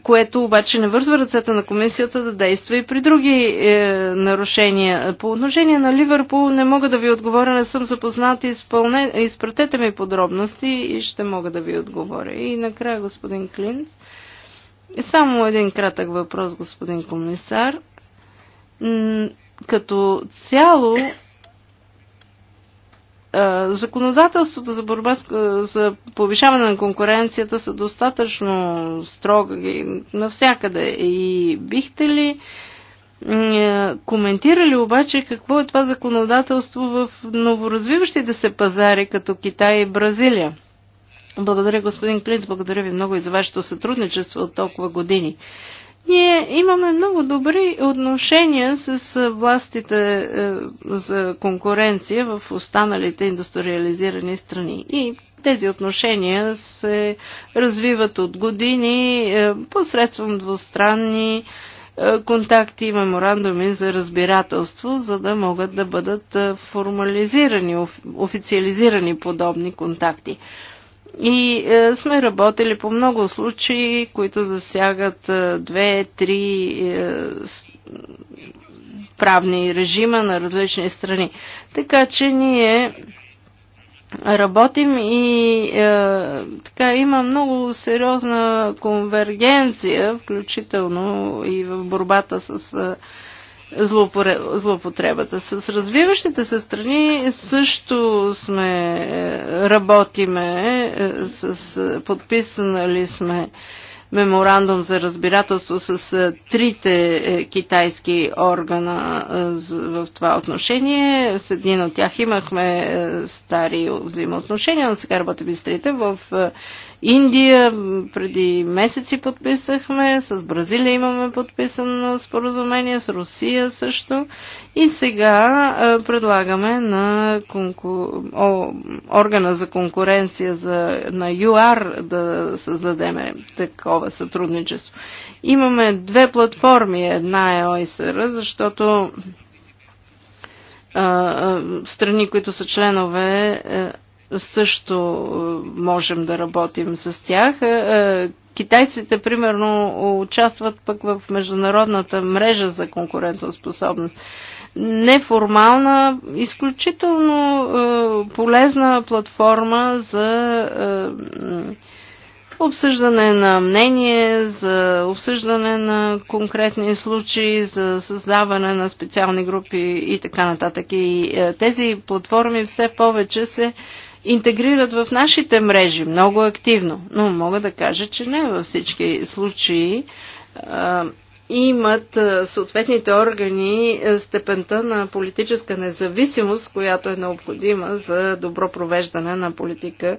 което обаче не вързва ръцете на комисията да действа и при други е, нарушения. По отношение на Ливърпул не мога да ви отговоря, не съм запознат. Изпълне... Изпратете ми подробности и ще мога да ви отговоря. И накрая, господин Клинц. Само един кратък въпрос, господин комисар. Като цяло, е, законодателството за борба е, за повишаване на конкуренцията са достатъчно строги навсякъде. И бихте ли е, коментирали обаче какво е това законодателство в новоразвиващите се пазари, като Китай и Бразилия? Благодаря, господин Клинц, благодаря ви много и за вашето сътрудничество от толкова години. Ние имаме много добри отношения с властите е, за конкуренция в останалите индустриализирани страни. И тези отношения се развиват от години е, посредством двустранни е, контакти и меморандуми за разбирателство, за да могат да бъдат формализирани, официализирани подобни контакти. И е, сме работили по много случаи, които засягат е, две-три е, правни режима на различни страни. Така че ние работим и е, така има много сериозна конвергенция, включително и в борбата с. Е, злоупотребата. С развиващите се страни също сме, е, работиме, е, с, е, подписали сме меморандум за разбирателство с трите китайски органа в това отношение. С един от тях имахме стари взаимоотношения, но сега работим с трите. В Индия преди месеци подписахме, с Бразилия имаме подписано споразумение, с Русия също. И сега предлагаме на конку... О, органа за конкуренция за... на ЮАР да създадеме такова сътрудничество. Имаме две платформи. Една е ОИСР, защото страни, които са членове е, също е, можем да работим с тях. Е, е, китайците, примерно, участват пък в международната мрежа за конкурентоспособност. Неформална, изключително полезна платформа за обсъждане на мнение, за обсъждане на конкретни случаи, за създаване на специални групи и така нататък. И тези платформи все повече се интегрират в нашите мрежи много активно. Но мога да кажа, че не във всички случаи имат съответните органи степента на политическа независимост, която е необходима за добро провеждане на политика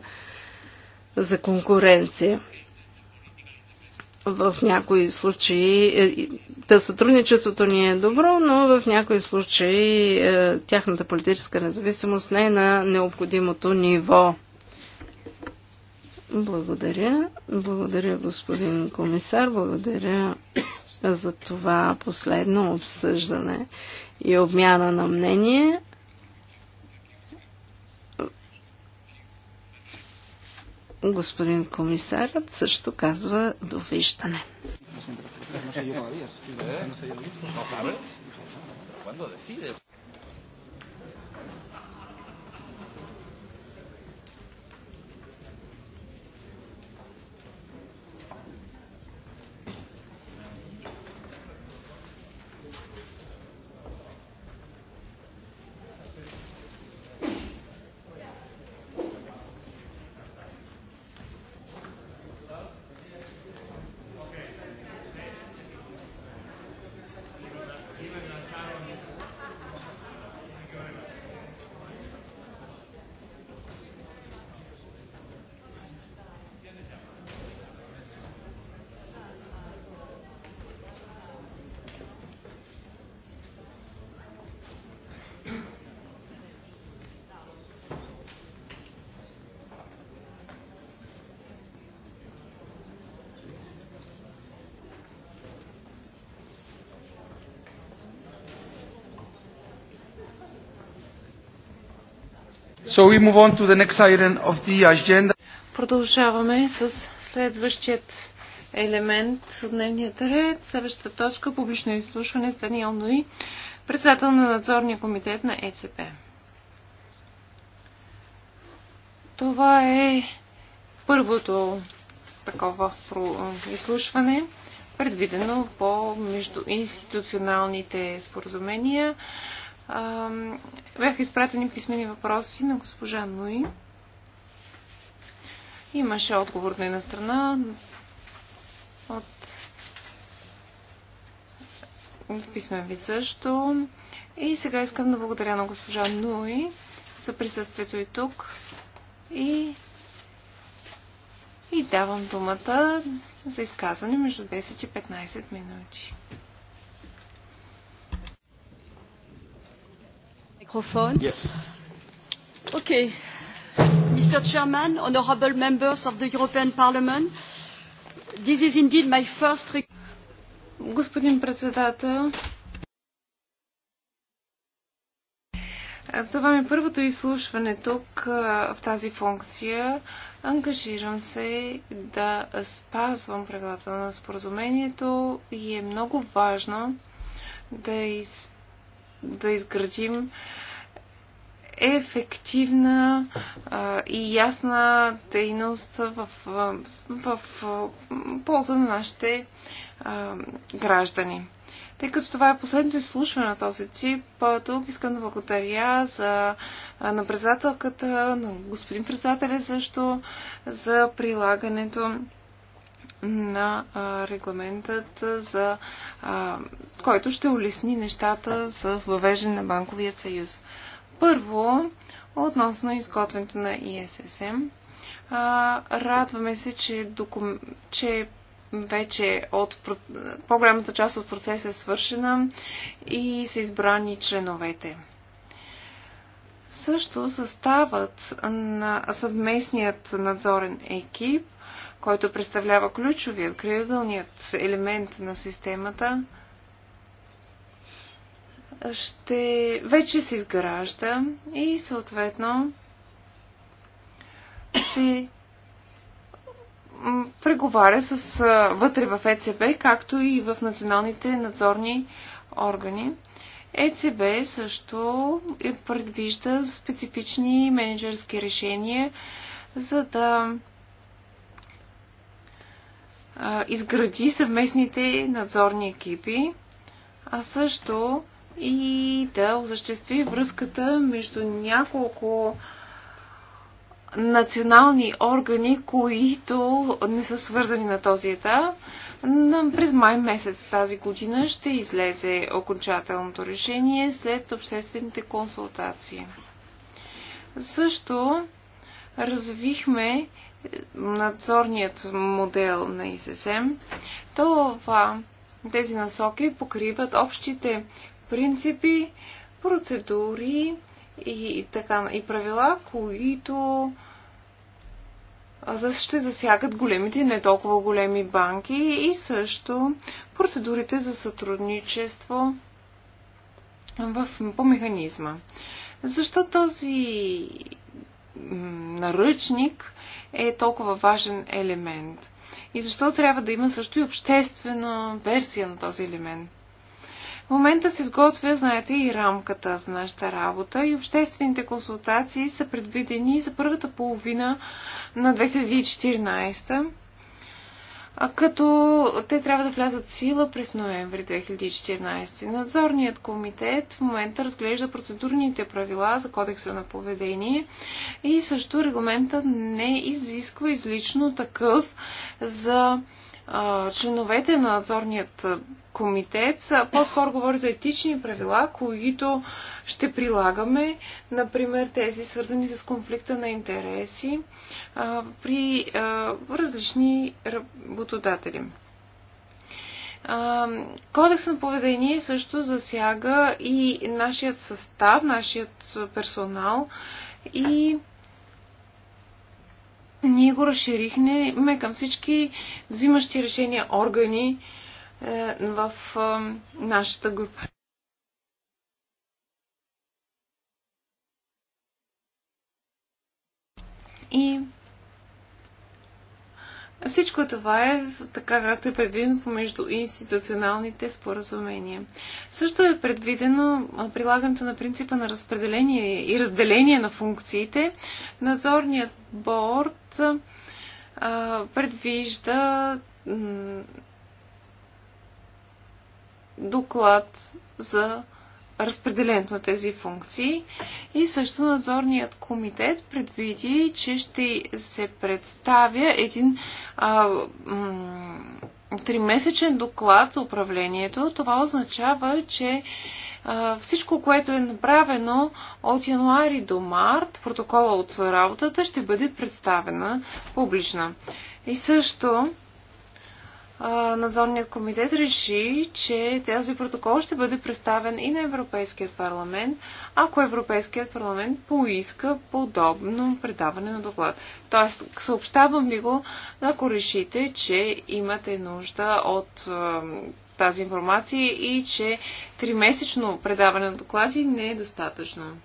за конкуренция в някои случаи е, да сътрудничеството ни е добро, но в някои случаи е, тяхната политическа независимост не е на необходимото ниво. Благодаря. Благодаря, господин комисар. Благодаря за това последно обсъждане и обмяна на мнение. господин комисарът също казва довиждане. So we move on to the next item of the agenda. Продължаваме с следващият елемент от дневния ред. Следващата точка – публично изслушване с Даниел Нуи, председател на надзорния комитет на ЕЦП. Това е първото такова изслушване, предвидено по междуинституционалните споразумения бяха изпратени писмени въпроси на госпожа Нуи. Имаше отговор на една страна от писмен вид също. И сега искам да благодаря на госпожа Нуи за присъствието и тук. И, и давам думата за изказване между 10 и 15 минути. microphone. Yes. Okay. Mr. Chairman, honorable members of the European Parliament, this is indeed my first. Господин председател, това ми е първото изслушване тук в тази функция. Ангажирам се да спазвам правилата на споразумението и е много важно да изпълнявам да изградим ефективна а, и ясна дейност в, в, в, в полза на нашите а, граждани. Тъй като това е последното изслушване на този тип, тук искам да благодаря за, на председателката, на господин председателя също, за прилагането на регламентът, за, който ще улесни нещата за въвеждане на банковият съюз. Първо, относно изготвянето на ИССМ, радваме се, че, докум... че вече от по-голямата част от процеса е свършена и са избрани членовете. Също съставът на съвместният надзорен екип който представлява ключовият, крайъгълният елемент на системата, ще вече се изгражда и съответно се преговаря с, вътре в ЕЦБ, както и в националните надзорни органи. ЕЦБ също е, предвижда специфични менеджерски решения, за да изгради съвместните надзорни екипи, а също и да осъществи връзката между няколко национални органи, които не са свързани на този етап. През май месец тази година ще излезе окончателното решение след обществените консултации. Също развихме надзорният модел на ИССМ, това, тези насоки покриват общите принципи, процедури и, така, и правила, които ще засягат големите и не толкова големи банки и също процедурите за сътрудничество в, по механизма. Защо този наръчник е толкова важен елемент? И защо трябва да има също и обществена версия на този елемент? В момента се изготвя, знаете, и рамката за нашата работа и обществените консултации са предвидени за първата половина на 2014 а като те трябва да влязат в сила през ноември 2014. Надзорният комитет в момента разглежда процедурните правила за кодекса на поведение и също регламента не изисква излично такъв за членовете на надзорният комитет по-скоро говори за етични правила, които ще прилагаме, например тези свързани с конфликта на интереси при различни работодатели. Кодекс на поведение също засяга и нашият състав, нашият персонал и ние го разширихме към всички взимащи решения органи е, в е, нашата група. И всичко това е така, както е предвидено помежду институционалните споразумения. Също е предвидено прилагането на принципа на разпределение и разделение на функциите. Надзорният борт а, предвижда доклад за разпределението на тези функции. И също надзорният комитет предвиди, че ще се представя един а, м- тримесечен доклад за управлението. Това означава, че всичко, което е направено от януари до март, протокола от работата ще бъде представена публична. И също надзорният комитет реши, че този протокол ще бъде представен и на Европейският парламент, ако Европейският парламент поиска подобно предаване на доклад. Тоест, съобщавам ви го, ако решите, че имате нужда от тази информация и че тримесечно предаване на доклади не е достатъчно.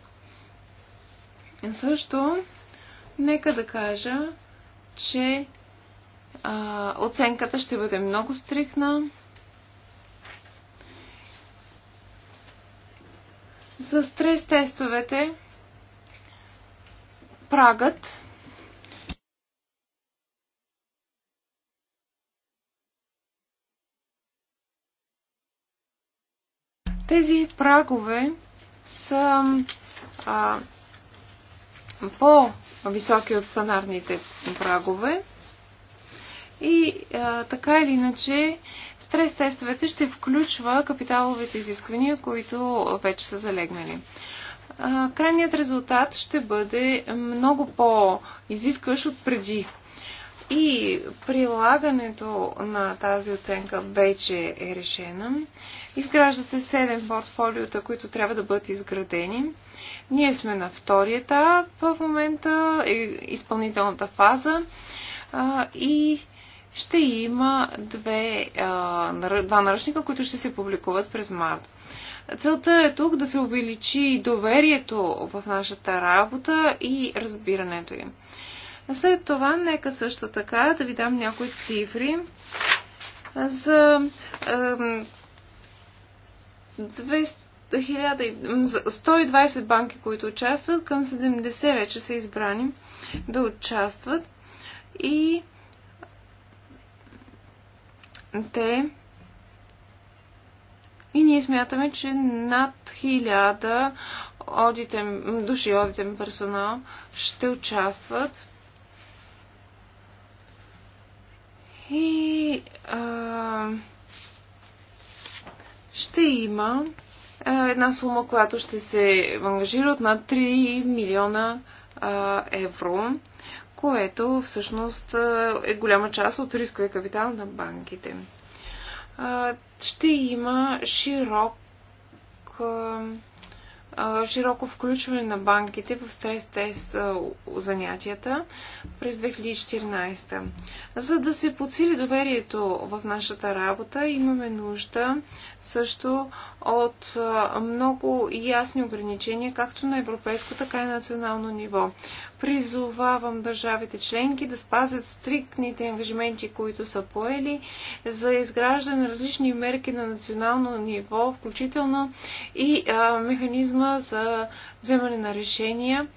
Също, нека да кажа, че а, оценката ще бъде много стрикна. За стрес тестовете прагът Тези прагове са по-високи от стандартните прагове. И а, така или иначе, стрес тестовете ще включва капиталовите изисквания, които вече са залегнали. А, крайният резултат ще бъде много по-изискващ от преди. И прилагането на тази оценка вече е решена. Изграждат се 7 портфолиота, които трябва да бъдат изградени. Ние сме на втори етап в момента, е изпълнителната фаза и ще има две, два наръчника, които ще се публикуват през март. Целта е тук да се увеличи доверието в нашата работа и разбирането им. След това, нека също така да ви дам някои цифри за 120 банки, които участват, към 70 вече са избрани да участват и те и ние смятаме, че над хиляда одитен, души одитен персонал ще участват. И а, ще има а, една сума, която ще се ангажира от над 3 милиона а, евро, което всъщност е голяма част от рисковия капитал на банките. Ще има широк, широко включване на банките в стрес-тест занятията през 2014. За да се подсили доверието в нашата работа, имаме нужда също от много ясни ограничения, както на европейско, така и национално ниво. Призовавам държавите членки да спазят стриктните ангажименти, които са поели за изграждане на различни мерки на национално ниво, включително и а, механизма за вземане на решения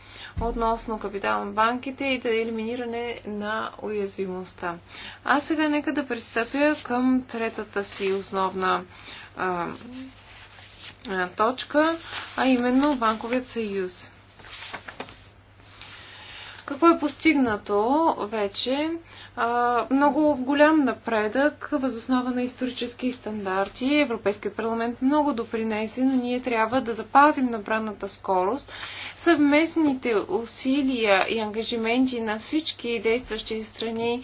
относно капитал на банките и да елиминиране на уязвимостта. А сега нека да пристъпя към третата си основна а, точка, а именно Банковият съюз. Какво е постигнато вече? Много голям напредък, възоснова на исторически стандарти. Европейският парламент много допринесе, но ние трябва да запазим набраната скорост. Съвместните усилия и ангажименти на всички действащи страни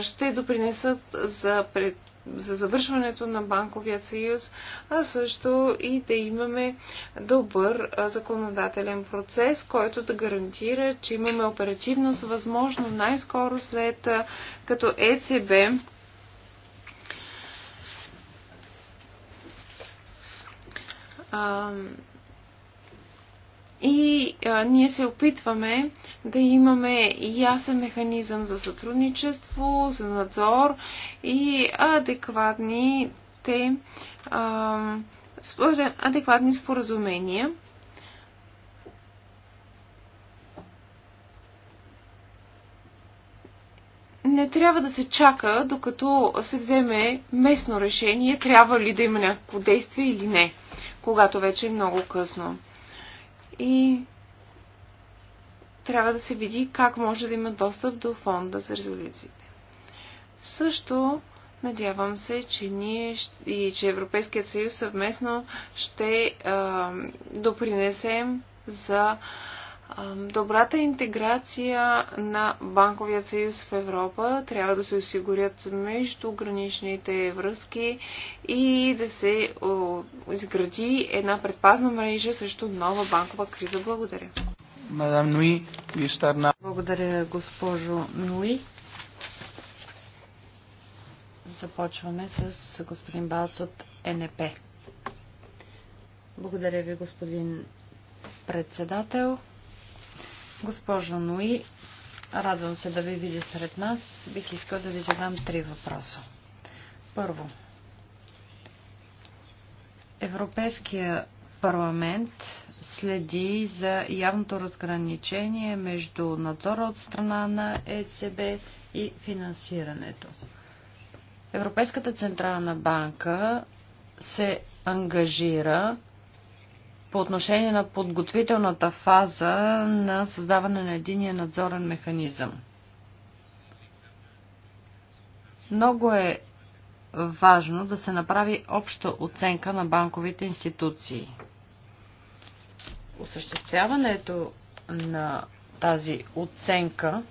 ще допринесат за пред за завършването на банковият съюз, а също и да имаме добър законодателен процес, който да гарантира, че имаме оперативност възможно най-скоро след като ЕЦБ и а, ние се опитваме да имаме ясен механизъм за сътрудничество, за надзор и адекватни те а, адекватни споразумения. Не трябва да се чака, докато се вземе местно решение, трябва ли да има някакво действие или не, когато вече е много късно и трябва да се види как може да има достъп до фонда за резолюциите. Също надявам се, че ние и че Европейският съюз съвместно ще а, допринесем за а, Добрата интеграция на банковия съюз в Европа трябва да се осигурят между граничните връзки и да се изгради една предпазна мрежа срещу нова банкова криза. Благодаря. Мадам Нуи, ви старна. Благодаря, госпожо Нуи. Започваме с господин Балц от НП. Благодаря ви, господин председател. Госпожо Нуи, радвам се да ви видя сред нас. Бих искал да ви задам три въпроса. Първо, Европейския парламент следи за явното разграничение между надзора от страна на ЕЦБ и финансирането. Европейската централна банка се ангажира по отношение на подготвителната фаза на създаване на единия надзорен механизъм. Много е важно да се направи обща оценка на банковите институции. Осъществяването на тази оценка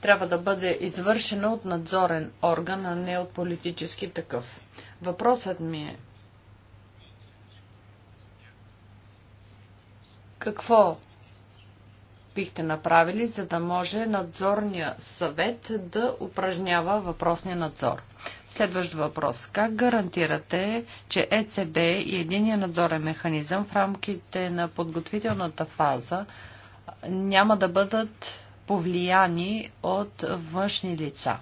трябва да бъде извършена от надзорен орган, а не от политически такъв. Въпросът ми е, Какво бихте направили, за да може надзорния съвет да упражнява въпросния надзор? Следващ въпрос. Как гарантирате, че ЕЦБ и единия надзорен механизъм в рамките на подготвителната фаза няма да бъдат повлияни от външни лица?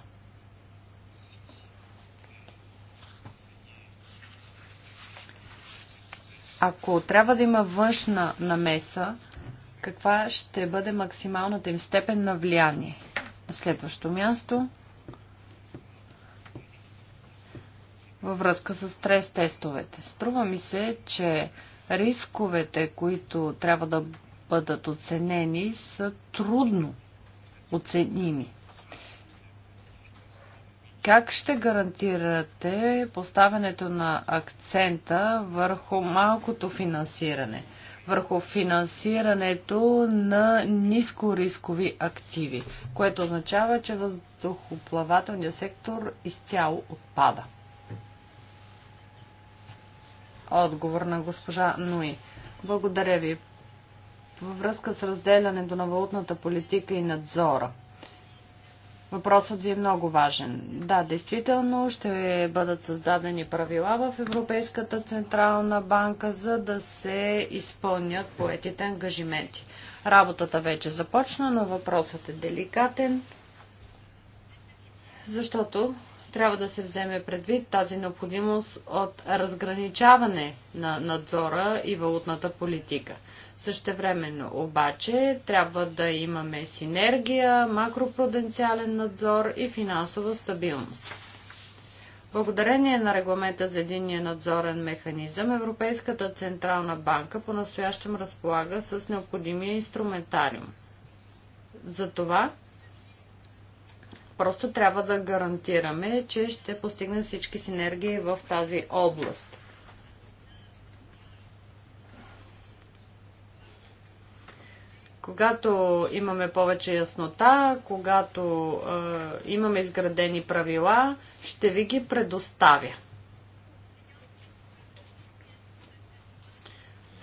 Ако трябва да има външна намеса, каква ще бъде максималната им степен на влияние? На следващо място, във връзка с стрес тестовете. Струва ми се, че рисковете, които трябва да бъдат оценени, са трудно оценими. Как ще гарантирате поставянето на акцента върху малкото финансиране, върху финансирането на нискорискови активи, което означава, че въздухоплавателният сектор изцяло отпада? Отговор на госпожа Нуи. Благодаря ви. Във връзка с разделянето на валутната политика и надзора – Въпросът ви е много важен. Да, действително ще бъдат създадени правила в Европейската централна банка, за да се изпълнят поетите ангажименти. Работата вече започна, но въпросът е деликатен, защото трябва да се вземе предвид тази необходимост от разграничаване на надзора и валутната политика. Същевременно обаче трябва да имаме синергия, макропруденциален надзор и финансова стабилност. Благодарение на регламента за единния надзорен механизъм, Европейската Централна банка по-настоящем разполага с необходимия инструментариум. Затова просто трябва да гарантираме, че ще постигнем всички синергии в тази област. Когато имаме повече яснота, когато е, имаме изградени правила, ще ви ги предоставя.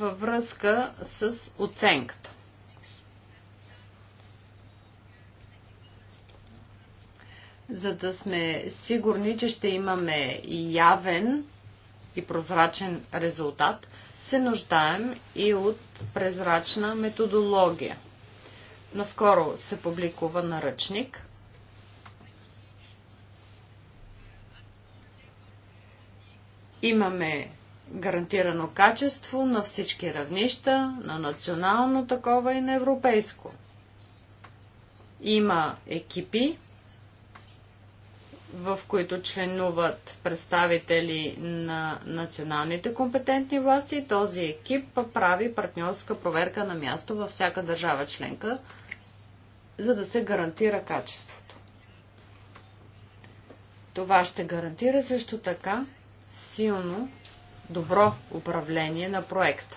Във връзка с оценката. За да сме сигурни, че ще имаме явен и прозрачен резултат, се нуждаем и от прозрачна методология. Наскоро се публикува наръчник. Имаме гарантирано качество на всички равнища, на национално такова и на европейско. Има екипи, в които членуват представители на националните компетентни власти и този екип прави партньорска проверка на място във всяка държава членка, за да се гарантира качеството. Това ще гарантира също така силно добро управление на проекта.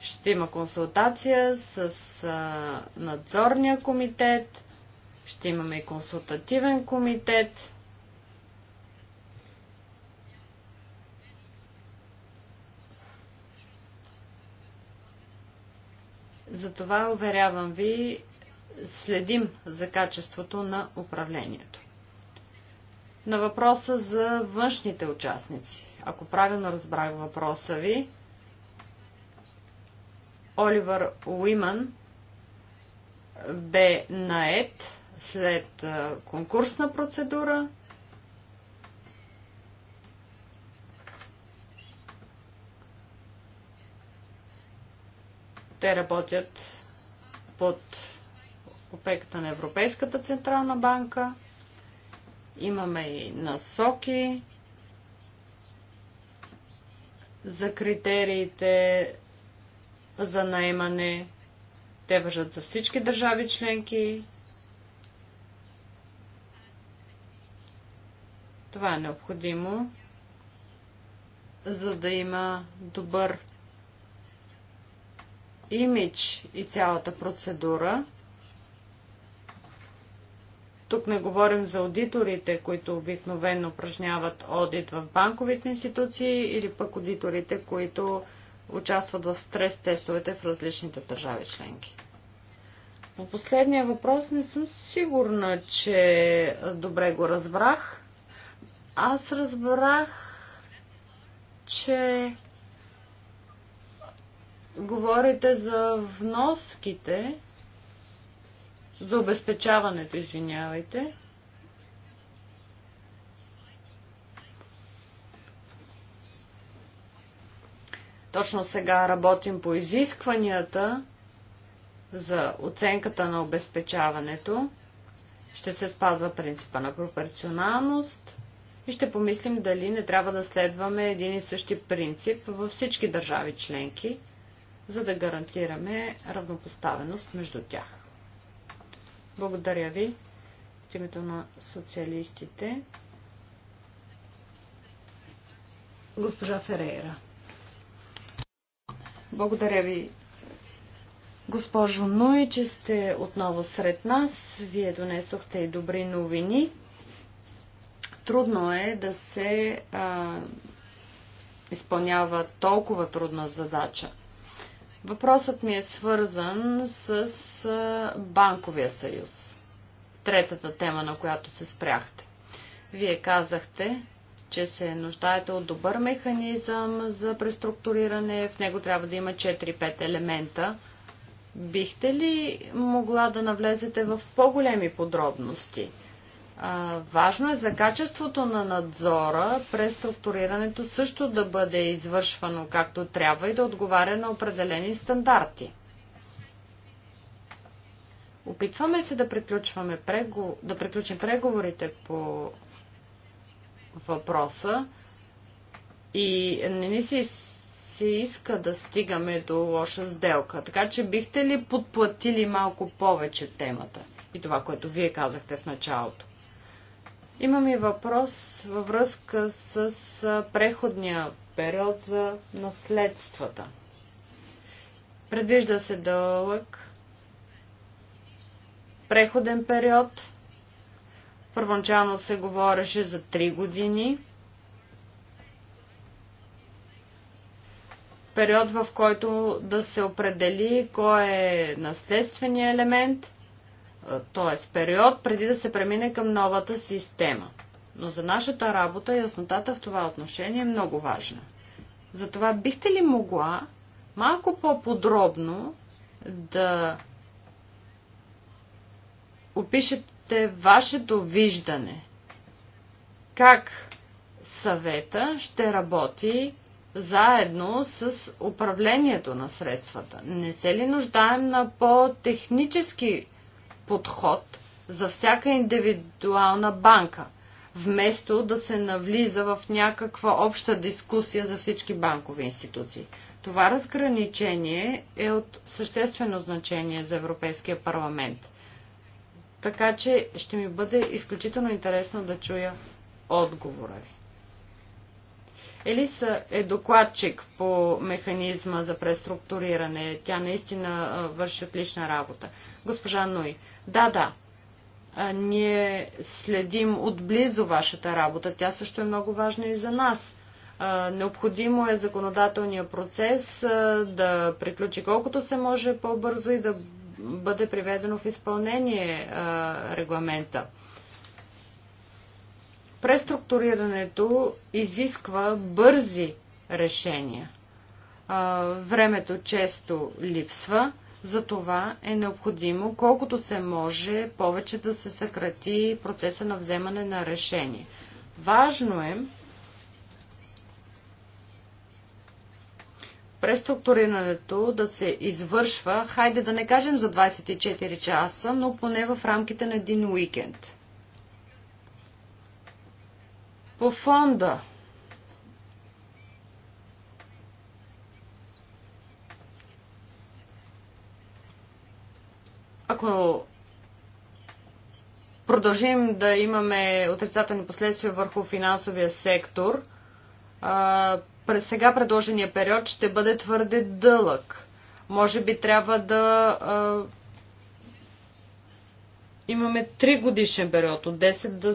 Ще има консултация с надзорния комитет, ще имаме и консултативен комитет. Затова, уверявам ви, следим за качеството на управлението. На въпроса за външните участници. Ако правилно разбрах въпроса ви, Оливър Уиман бе наед след конкурсна процедура. Те работят под опеката на Европейската централна банка. Имаме и насоки за критериите за наемане. Те въжат за всички държави членки Това е необходимо, за да има добър имидж и цялата процедура. Тук не говорим за аудиторите, които обикновено упражняват одит в банковите институции или пък аудиторите, които участват в стрес тестовете в различните държави членки. По последния въпрос не съм сигурна, че добре го разбрах. Аз разбрах, че говорите за вноските, за обезпечаването, извинявайте. Точно сега работим по изискванията за оценката на обезпечаването. Ще се спазва принципа на пропорционалност – и ще помислим дали не трябва да следваме един и същи принцип във всички държави членки, за да гарантираме равнопоставеност между тях. Благодаря ви от името на социалистите. Госпожа Ферейра. Благодаря ви, госпожо Нуи, че сте отново сред нас. Вие донесохте и добри новини. Трудно е да се а, изпълнява толкова трудна задача. Въпросът ми е свързан с а, банковия съюз. Третата тема, на която се спряхте. Вие казахте, че се нуждаете от добър механизъм за преструктуриране. В него трябва да има 4-5 елемента. Бихте ли могла да навлезете в по-големи подробности? Важно е за качеството на надзора, преструктурирането също да бъде извършвано както трябва и да отговаря на определени стандарти. Опитваме се да, приключваме прегу... да приключим преговорите по въпроса и не ни се се иска да стигаме до лоша сделка. Така че бихте ли подплатили малко повече темата и това, което вие казахте в началото? Имам и въпрос във връзка с преходния период за наследствата. Предвижда се дълъг преходен период. Първоначално се говореше за 3 години. Период, в който да се определи кой е наследствения елемент – т.е. период преди да се премине към новата система. Но за нашата работа яснотата в това отношение е много важна. Затова бихте ли могла малко по-подробно да опишете вашето виждане? Как съвета ще работи заедно с управлението на средствата? Не се ли нуждаем на по-технически подход за всяка индивидуална банка, вместо да се навлиза в някаква обща дискусия за всички банкови институции. Това разграничение е от съществено значение за Европейския парламент. Така че ще ми бъде изключително интересно да чуя отговора ви. Елиса е докладчик по механизма за преструктуриране. Тя наистина върши отлична работа. Госпожа Нуй, да, да, ние следим отблизо вашата работа. Тя също е много важна и за нас. Необходимо е законодателния процес да приключи колкото се може по-бързо и да бъде приведено в изпълнение регламента. Преструктурирането изисква бързи решения. Времето често липсва, затова е необходимо колкото се може повече да се съкрати процеса на вземане на решение. Важно е преструктурирането да се извършва, хайде да не кажем за 24 часа, но поне в рамките на един уикенд. По фонда. Ако продължим да имаме отрицателни последствия върху финансовия сектор, през сега предложения период ще бъде твърде дълъг. Може би трябва да а, имаме 3 годишен период, от 10 до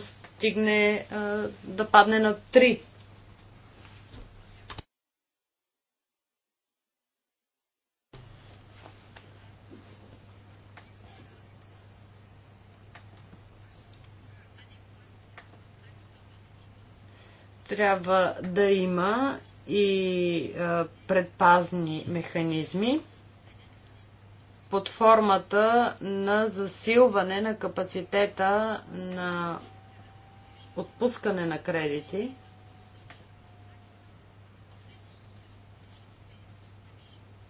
стигне да падне на 3. Трябва да има и предпазни механизми под формата на засилване на капацитета на отпускане на кредити,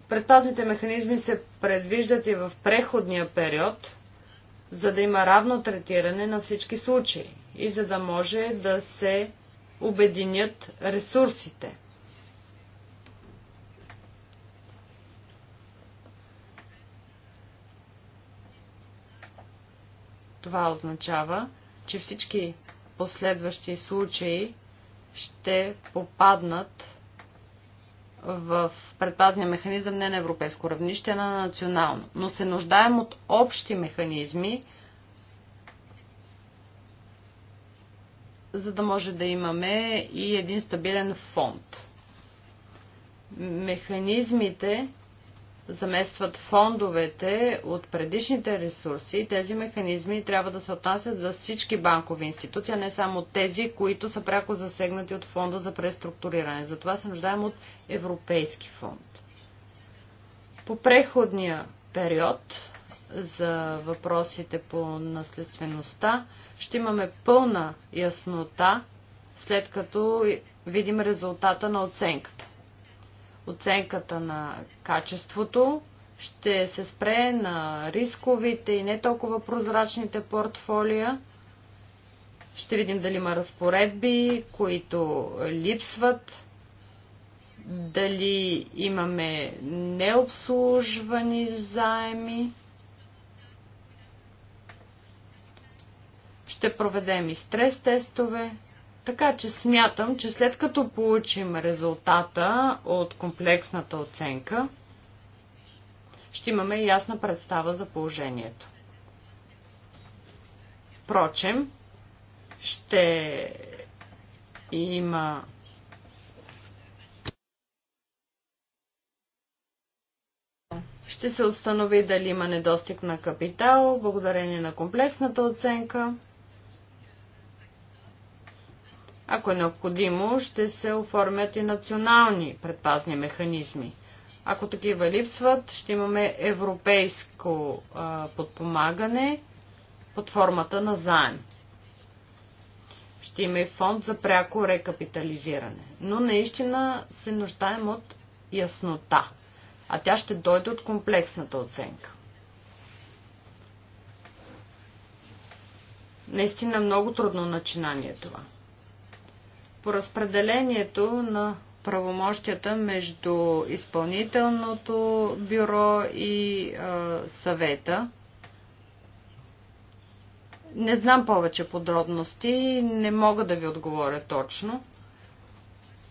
предпазните механизми се предвиждат и в преходния период, за да има равно третиране на всички случаи и за да може да се обединят ресурсите. Това означава, че всички последващи случаи ще попаднат в предпазния механизъм не на европейско равнище, а на национално. Но се нуждаем от общи механизми, за да може да имаме и един стабилен фонд. Механизмите заместват фондовете от предишните ресурси, тези механизми трябва да се отнасят за всички банкови институции, а не само тези, които са пряко засегнати от фонда за преструктуриране. Затова се нуждаем от Европейски фонд. По преходния период за въпросите по наследствеността ще имаме пълна яснота, след като видим резултата на оценката оценката на качеството, ще се спре на рисковите и не толкова прозрачните портфолия. Ще видим дали има разпоредби, които липсват, дали имаме необслужвани заеми. Ще проведем и стрес тестове. Така че смятам, че след като получим резултата от комплексната оценка, ще имаме ясна представа за положението. Впрочем, ще има ще се установи дали има недостиг на капитал, благодарение на комплексната оценка. Ако е необходимо, ще се оформят и национални предпазни механизми. Ако такива липсват, ще имаме европейско а, подпомагане под формата на заем. Ще има и фонд за пряко рекапитализиране. Но наистина се нуждаем от яснота, а тя ще дойде от комплексната оценка. Наистина много трудно начинание е това по разпределението на правомощията между изпълнителното бюро и а, съвета. Не знам повече подробности, не мога да ви отговоря точно.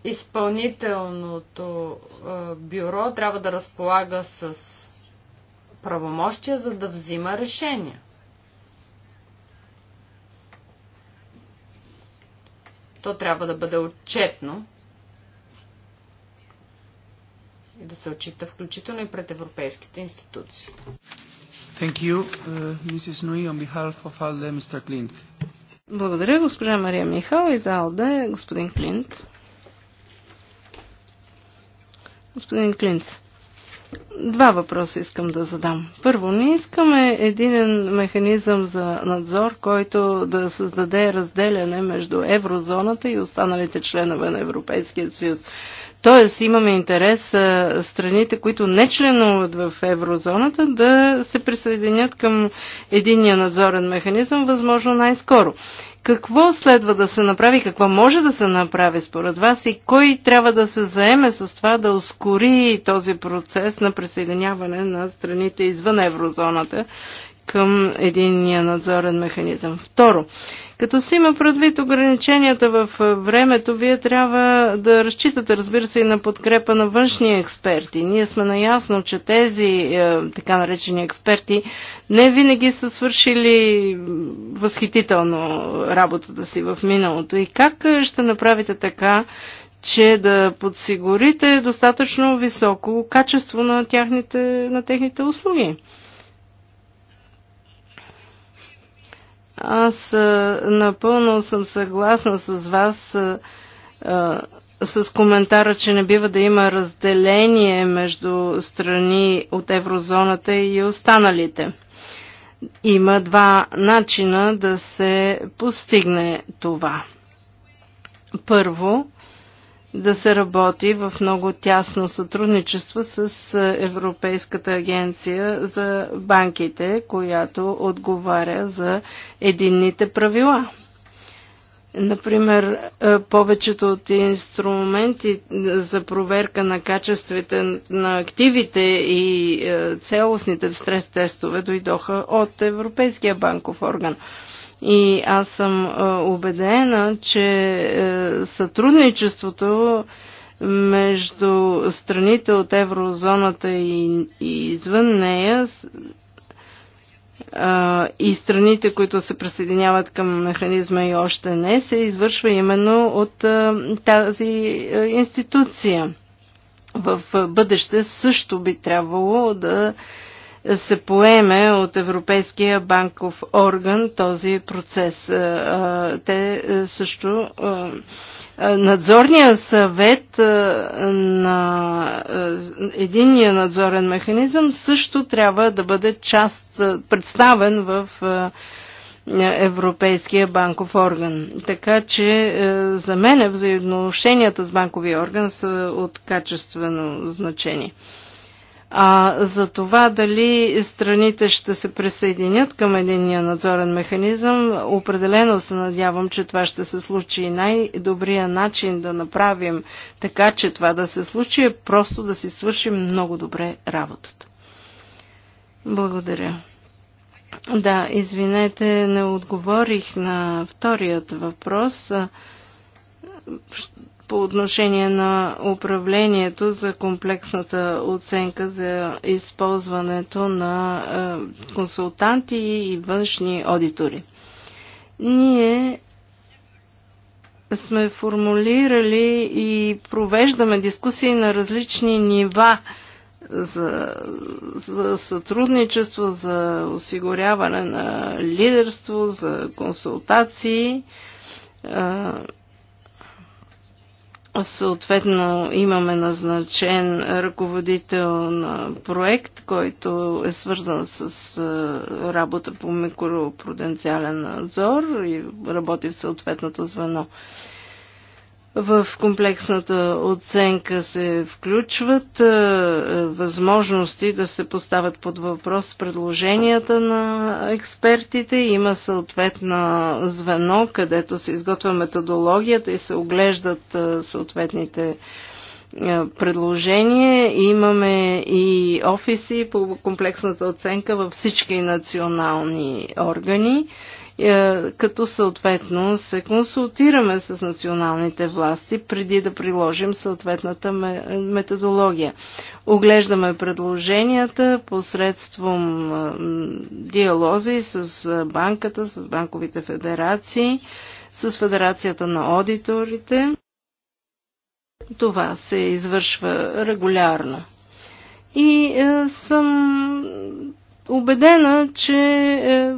Изпълнителното а, бюро трябва да разполага с правомощия, за да взима решения. То трябва да бъде отчетно и да се отчита включително и пред европейските институции. Thank you, uh, Nui, on behalf of ALDE, Mr. Clint. Благодаря, госпожа Мария Михал и за АЛДЕ, господин Клинт. Господин Клинц. Два въпроса искам да задам. Първо, ние искаме един механизъм за надзор, който да създаде разделяне между еврозоната и останалите членове на Европейския съюз. Тоест имаме интерес а, страните, които не членуват в еврозоната, да се присъединят към единия надзорен механизъм, възможно най-скоро. Какво следва да се направи, какво може да се направи според вас и кой трябва да се заеме с това да ускори този процес на присъединяване на страните извън еврозоната към единния надзорен механизъм. Второ, като си има предвид ограниченията в времето, вие трябва да разчитате, разбира се, и на подкрепа на външни експерти. Ние сме наясно, че тези така наречени експерти не винаги са свършили възхитително работата си в миналото. И как ще направите така, че да подсигурите достатъчно високо качество на, тяхните, на техните услуги? Аз е, напълно съм съгласна с вас е, е, с коментара, че не бива да има разделение между страни от еврозоната и останалите. Има два начина да се постигне това. Първо, да се работи в много тясно сътрудничество с Европейската агенция за банките, която отговаря за единните правила. Например, повечето от инструменти за проверка на качествите на активите и цялостните стрес тестове дойдоха от Европейския банков орган. И аз съм е, убедена, че е, сътрудничеството между страните от еврозоната и, и извън нея е, и страните, които се присъединяват към механизма и още не, се извършва именно от тази институция. В бъдеще също би трябвало да се поеме от Европейския банков орган този процес. Те също Надзорният съвет на единния надзорен механизъм също трябва да бъде част, представен в Европейския банков орган. Така че е, за мен е взаимоотношенията с банковия орган са от качествено значение. А за това дали страните ще се присъединят към единния надзорен механизъм, определено се надявам, че това ще се случи. И най-добрият начин да направим така, че това да се случи е просто да си свършим много добре работата. Благодаря. Да, извинете, не отговорих на вторият въпрос по отношение на управлението за комплексната оценка за използването на е, консултанти и външни аудитори. Ние сме формулирали и провеждаме дискусии на различни нива за, за сътрудничество, за осигуряване на лидерство, за консултации е, Съответно имаме назначен ръководител на проект, който е свързан с е, работа по микропруденциален надзор и работи в съответното звено. В комплексната оценка се включват е, е, възможности да се поставят под въпрос предложенията на експертите. Има съответна звено, където се изготвя методологията и се оглеждат е, съответните предложения. Имаме и офиси по комплексната оценка във всички национални органи. Е, като съответно се консултираме с националните власти преди да приложим съответната методология. Оглеждаме предложенията посредством е, диалози с банката, с банковите федерации, с Федерацията на аудиторите. Това се извършва регулярно. И е, съм убедена, че е,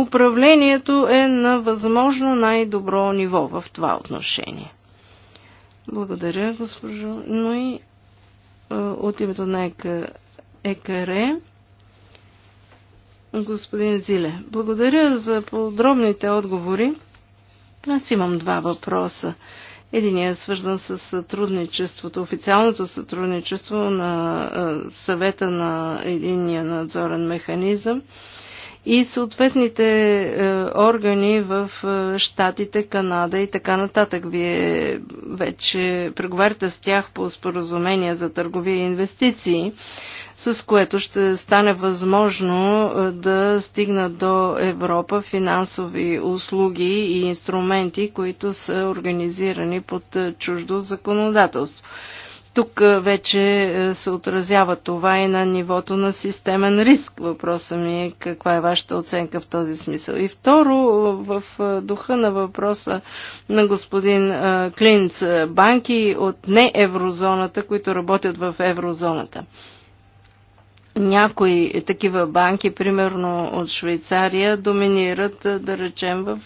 управлението е на възможно най-добро ниво в това отношение. Благодаря, госпожо. Но и е, от името на ЕКРЕ, господин Зиле. Благодаря за подробните отговори. Аз имам два въпроса. Единият е свързан с сътрудничеството, официалното сътрудничество на е, съвета на единния надзорен механизъм и съответните е, органи в Штатите, е, Канада и така нататък. Вие вече преговаряте с тях по споразумение за търговия и инвестиции с което ще стане възможно е, да стигнат до Европа финансови услуги и инструменти, които са организирани под чуждо законодателство. Тук вече се отразява това и на нивото на системен риск. Въпросът ми е каква е вашата оценка в този смисъл. И второ, в духа на въпроса на господин Клинц, банки от не еврозоната, които работят в еврозоната. Някои такива банки, примерно от Швейцария, доминират, да речем, в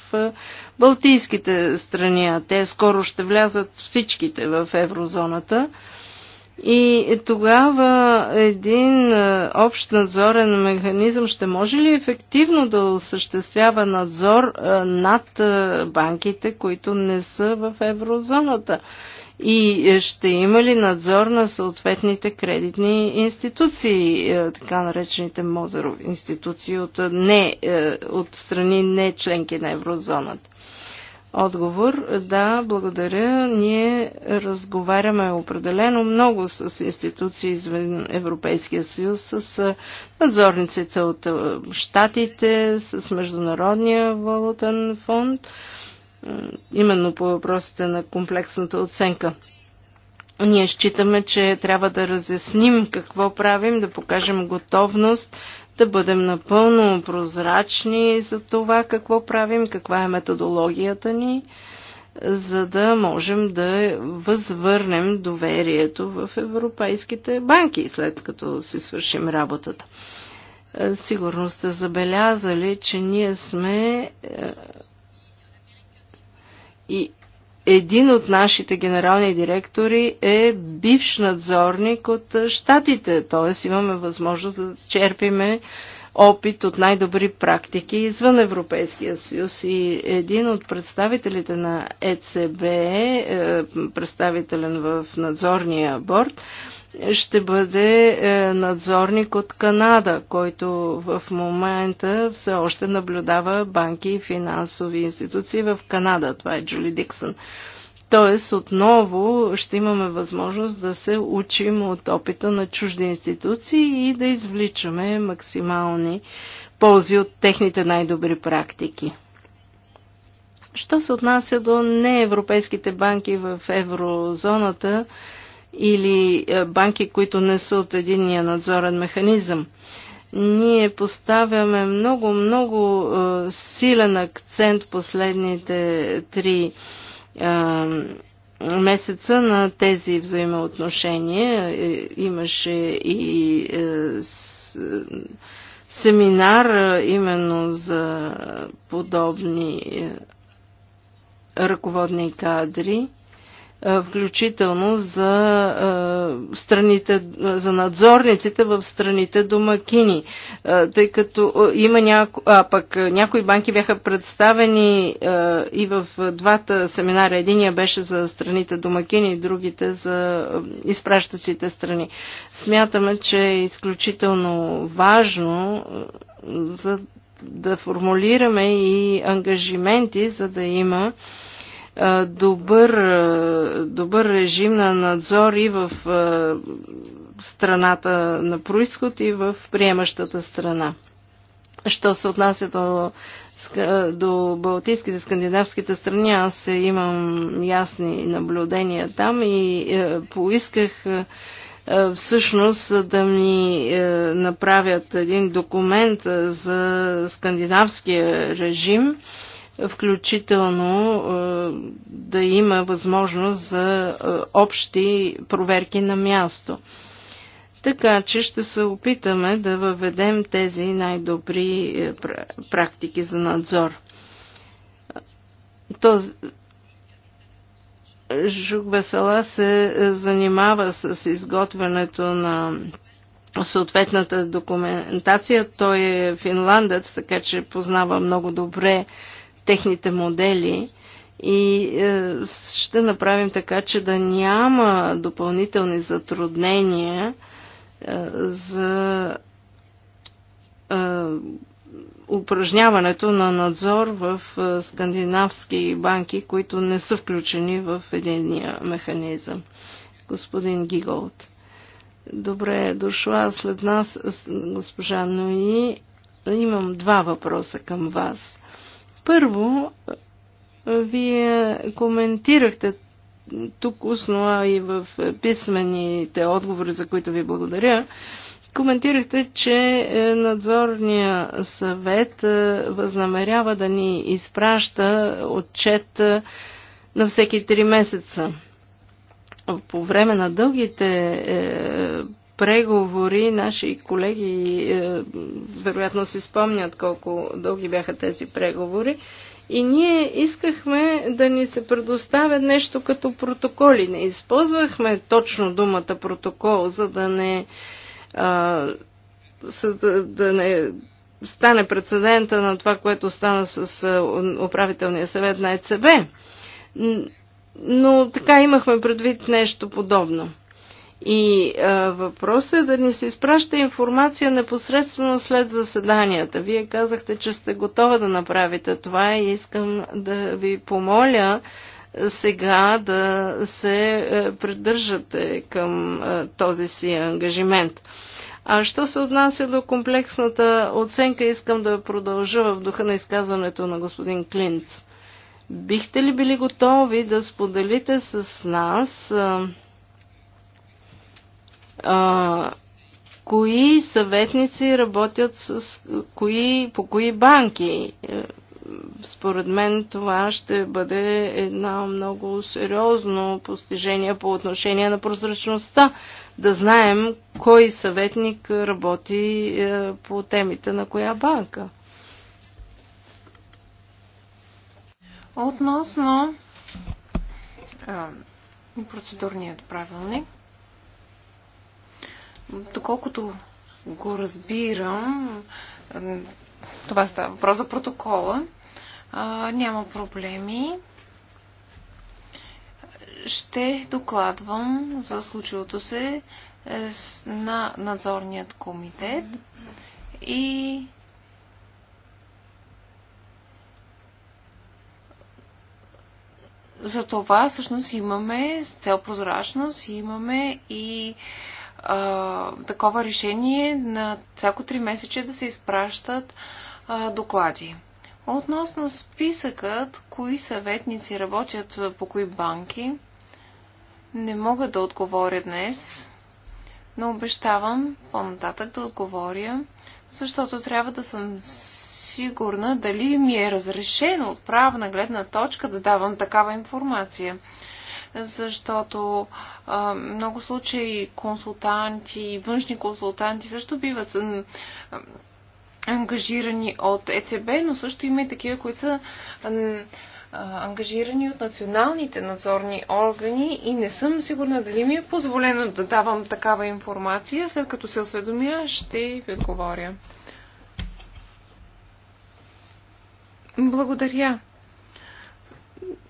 Балтийските страни. Те скоро ще влязат всичките в еврозоната. И тогава един е, общ надзорен механизъм ще може ли ефективно да осъществява надзор е, над е, банките, които не са в еврозоната? И ще има ли надзор на съответните кредитни институции, така наречените Мозеров институции от, не, от страни не членки на еврозоната? Отговор да, благодаря. Ние разговаряме определено много с институции извън Европейския съюз, с надзорниците от Штатите, с Международния валутен фонд, именно по въпросите на комплексната оценка. Ние считаме, че трябва да разясним какво правим, да покажем готовност да бъдем напълно прозрачни за това какво правим, каква е методологията ни, за да можем да възвърнем доверието в европейските банки, след като си свършим работата. Е, сигурно сте забелязали, че ние сме е, и един от нашите генерални директори е бивш надзорник от щатите, т.е. имаме възможност да черпиме опит от най-добри практики извън Европейския съюз. И един от представителите на ЕЦБ, е, представителен в надзорния борт, ще бъде е, надзорник от Канада, който в момента все още наблюдава банки и финансови институции в Канада. Това е Джули Диксън. Тоест, отново ще имаме възможност да се учим от опита на чужди институции и да извличаме максимални ползи от техните най-добри практики. Що се отнася до неевропейските банки в еврозоната или е, банки, които не са от единия надзорен механизъм? ние поставяме много, много е, силен акцент последните три месеца на тези взаимоотношения е, имаше и е, семинар е, именно за подобни ръководни кадри включително за страните, за надзорниците в страните домакини, тъй като има няко... а пък някои банки бяха представени и в двата семинара. Единия беше за страните домакини, другите за изпращащите страни. Смятаме, че е изключително важно за да формулираме и ангажименти, за да има добър, добър режим на надзор и в страната на происход и в приемащата страна. Що се отнася до, до Балтийските, скандинавските страни, аз имам ясни наблюдения там и е, поисках е, е, всъщност да ми направят един документ за скандинавския режим включително е, да има възможност за е, общи проверки на място. Така че ще се опитаме да въведем тези най-добри е, практики за надзор. Този, Жук Весела се занимава с изготвянето на съответната документация. Той е финландец, така че познава много добре техните модели и е, ще направим така, че да няма допълнителни затруднения е, за е, упражняването на надзор в скандинавски банки, които не са включени в единия механизъм. Господин Гиголт. Добре е дошла след нас госпожа Нои. Имам два въпроса към вас. Първо, вие коментирахте тук устно, а и в писмените отговори, за които ви благодаря, коментирахте, че е, надзорния съвет е, възнамерява да ни изпраща отчет е, на всеки три месеца. По време на дългите преговори. Наши колеги е, вероятно си спомнят колко дълги бяха тези преговори. И ние искахме да ни се предоставя нещо като протоколи. Не използвахме точно думата протокол, за да не, а, да, да не стане прецедента на това, което стана с управителния съвет на ЕЦБ. Но така имахме предвид нещо подобно. И а, въпросът е да ни се изпраща информация непосредствено след заседанията. Вие казахте, че сте готова да направите това и искам да ви помоля сега да се придържате към този си ангажимент. А що се отнася до комплексната оценка, искам да продължа в духа на изказването на господин Клинц. Бихте ли били готови да споделите с нас а, кои съветници работят с кои, по кои банки. Е, според мен това ще бъде едно много сериозно постижение по отношение на прозрачността. Да знаем кой съветник работи е, по темите на коя банка. Относно а, процедурният правилник, Доколкото го разбирам, това става въпрос за протокола, няма проблеми. Ще докладвам за случилото се е, на надзорният комитет и за това всъщност имаме с цел прозрачност, имаме и а, такова решение на всяко три месече да се изпращат а, доклади. Относно списъкът, кои съветници работят по кои банки, не мога да отговоря днес, но обещавам по-нататък да отговоря, защото трябва да съм сигурна дали ми е разрешено от правна гледна точка да давам такава информация защото а, много случаи консултанти, външни консултанти също биват ангажирани от ЕЦБ, но също има и такива, които са ангажирани от националните надзорни органи и не съм сигурна дали ми е позволено да давам такава информация. След като се осведомя, ще ви отговоря. Благодаря.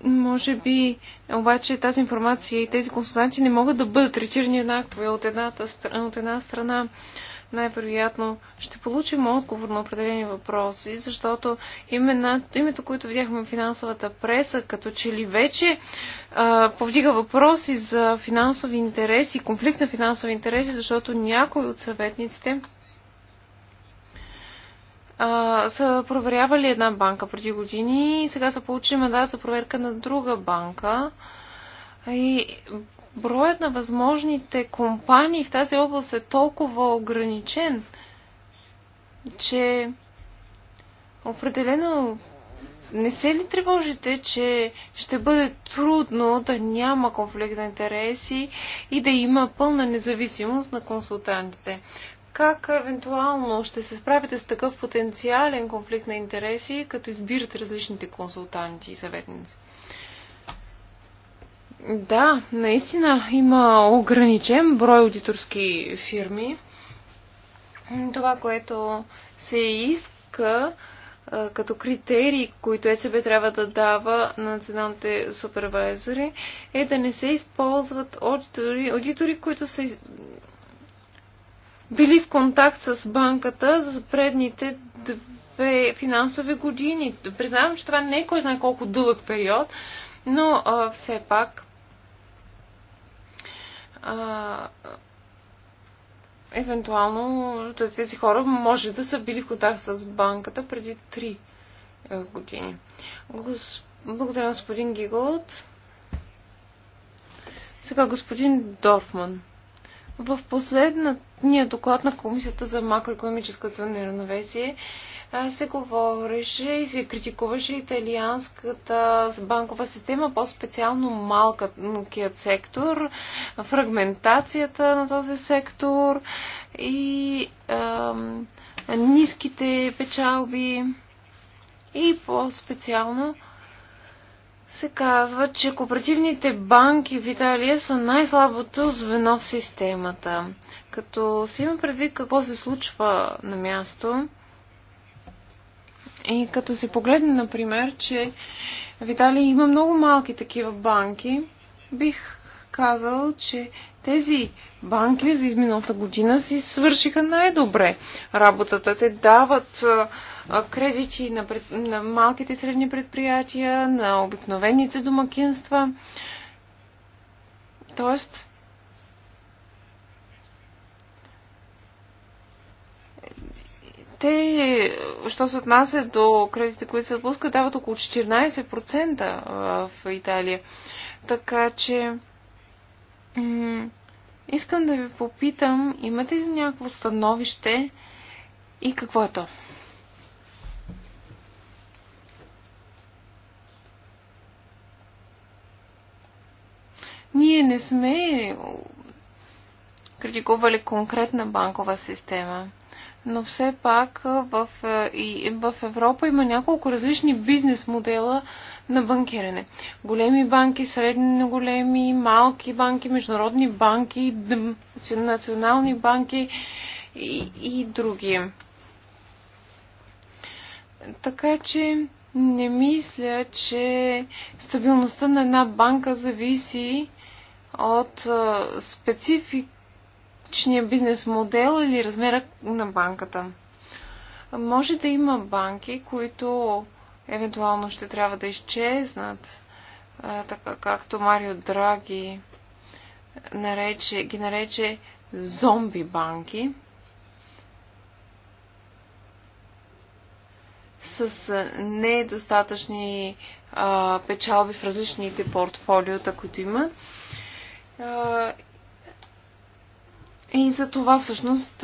Може би, обаче тази информация и тези консултанти не могат да бъдат третирани еднакво от, едната, от една страна. Най-вероятно ще получим отговор на определени въпроси, защото имена, името, което видяхме в финансовата преса, като че ли вече а, повдига въпроси за финансови интереси, конфликт на финансови интереси, защото някои от съветниците а, са проверявали една банка преди години и сега са получили мандат за проверка на друга банка. И броят на възможните компании в тази област е толкова ограничен, че определено не се ли тревожите, че ще бъде трудно да няма конфликт на интереси и да има пълна независимост на консултантите? Как евентуално ще се справите с такъв потенциален конфликт на интереси, като избирате различните консултанти и съветници? Да, наистина има ограничен брой аудиторски фирми. Това, което се иска като критерии, които ЕЦБ трябва да дава на националните супервайзори, е да не се използват аудитори, аудитори които са били в контакт с банката за предните две финансови години. Признавам, че това не е кой знае колко дълъг период, но а, все пак а, евентуално тези хора може да са били в контакт с банката преди три години. Гос... Благодаря господин Гиголът. Сега господин Дорфман. В последния доклад на Комисията за макроекономическото неравновесие се говореше и се критикуваше италианската банкова система, по-специално малкият сектор, фрагментацията на този сектор и ам, ниските печалби и по-специално се казва, че кооперативните банки в Италия са най-слабото звено в системата. Като си има предвид какво се случва на място и като се погледне, например, че в Италия има много малки такива банки, бих казал, че тези банки за изминалата година си свършиха най-добре работата. Те дават кредити на, пред, на малките и средни предприятия, на обикновените домакинства. Тоест, те, що се отнася до кредитите, които се отпускат, дават около 14% в Италия. Така че, искам да ви попитам, имате ли някакво становище и какво е то? не сме критикували конкретна банкова система. Но все пак в, и в Европа има няколко различни бизнес модела на банкиране. Големи банки, на големи, малки банки, международни банки, национални банки и, и други. Така че не мисля, че стабилността на една банка зависи от специфичния бизнес модел или размера на банката. Може да има банки, които евентуално ще трябва да изчезнат, така както Марио Драги нарече, ги нарече зомби банки. с недостатъчни а, печалби в различните портфолиота, които имат. И за това всъщност,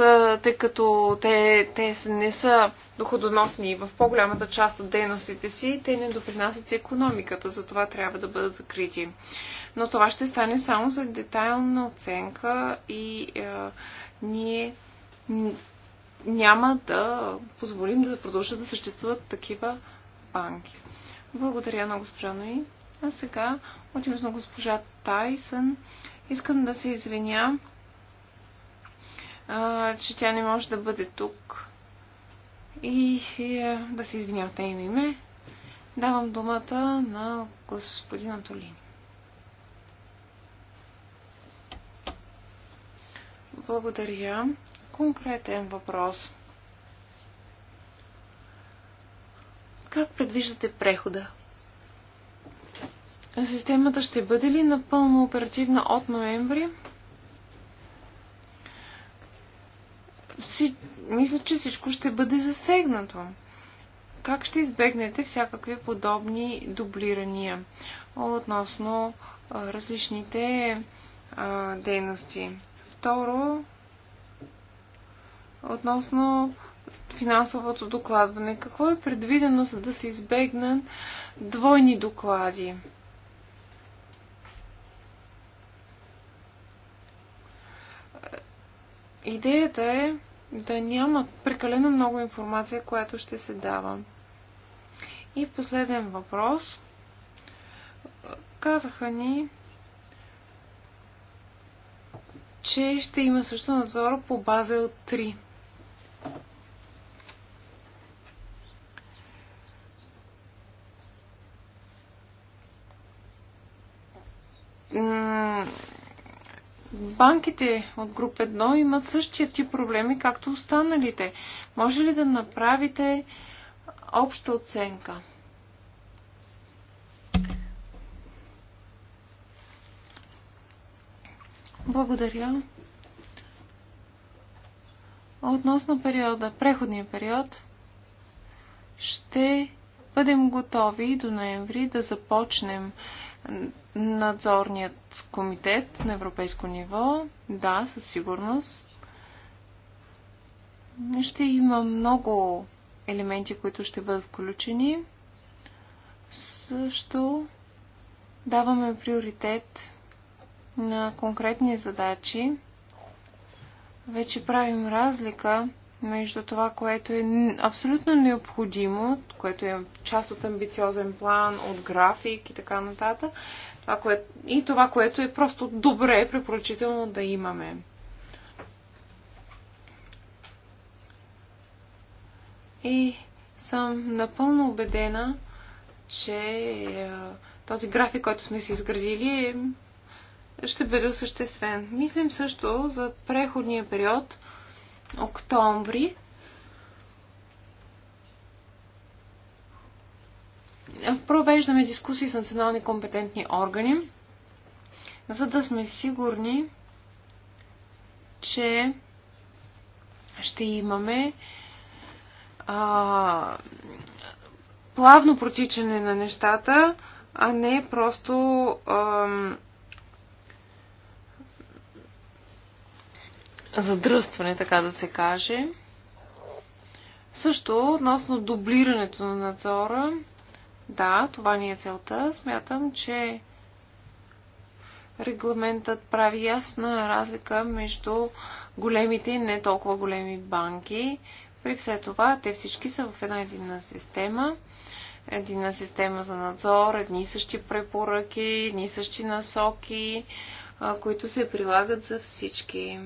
тъй като те, те не са доходоносни в по-голямата част от дейностите си, те не допринасят економиката, за това трябва да бъдат закрити. Но това ще стане само за детайлна оценка и е, ние няма да позволим да продължат да съществуват такива банки. Благодаря на госпожа Нои. А сега, от името на госпожа Тайсън, искам да се извиня, а, че тя не може да бъде тук. И, и е, да се извиня от нейно име. Давам думата на господин Антолини. Благодаря. Конкретен въпрос. Как предвиждате прехода? Системата ще бъде ли напълно оперативна от ноември? Си... Мисля, че всичко ще бъде засегнато. Как ще избегнете всякакви подобни дублирания относно а, различните а, дейности? Второ, относно финансовото докладване. Какво е предвидено, за да се избегнат двойни доклади? Идеята е да няма прекалено много информация, която ще се дава. И последен въпрос. Казаха ни, че ще има също надзор по база от 3 банките от груп 1 имат същия тип проблеми, както останалите. Може ли да направите обща оценка? Благодаря. Относно периода, преходния период, ще бъдем готови до ноември да започнем надзорният комитет на европейско ниво, да, със сигурност. Ще има много елементи, които ще бъдат включени. Също даваме приоритет на конкретни задачи. Вече правим разлика между това, което е абсолютно необходимо, което е част от амбициозен план, от график и така нататък, това, което, и това, което е просто добре препоръчително да имаме. И съм напълно убедена, че е, този график, който сме си изградили, е, ще бъде осъществен. Мислим също за преходния период – октомври. Провеждаме дискусии с национални компетентни органи, за да сме сигурни, че ще имаме а, плавно протичане на нещата, а не просто а, задръстване, така да се каже. Също относно дублирането на надзора, да, това ни е целта. Смятам, че регламентът прави ясна разлика между големите и не толкова големи банки. При все това, те всички са в една единна система. Единна система за надзор, едни и същи препоръки, едни и същи насоки, които се прилагат за всички.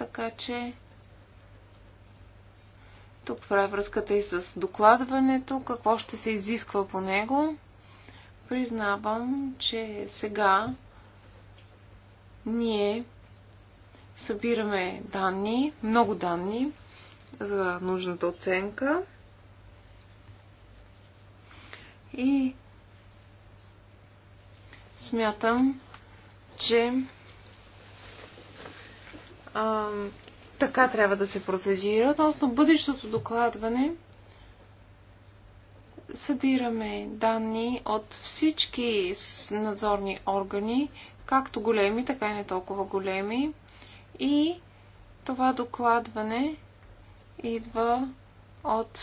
така че тук прави връзката и с докладването, какво ще се изисква по него. Признавам, че сега ние събираме данни, много данни за нужната оценка и смятам, че а, така трябва да се процедира. Относно бъдещото докладване, събираме данни от всички надзорни органи, както големи, така и не толкова големи. И това докладване идва от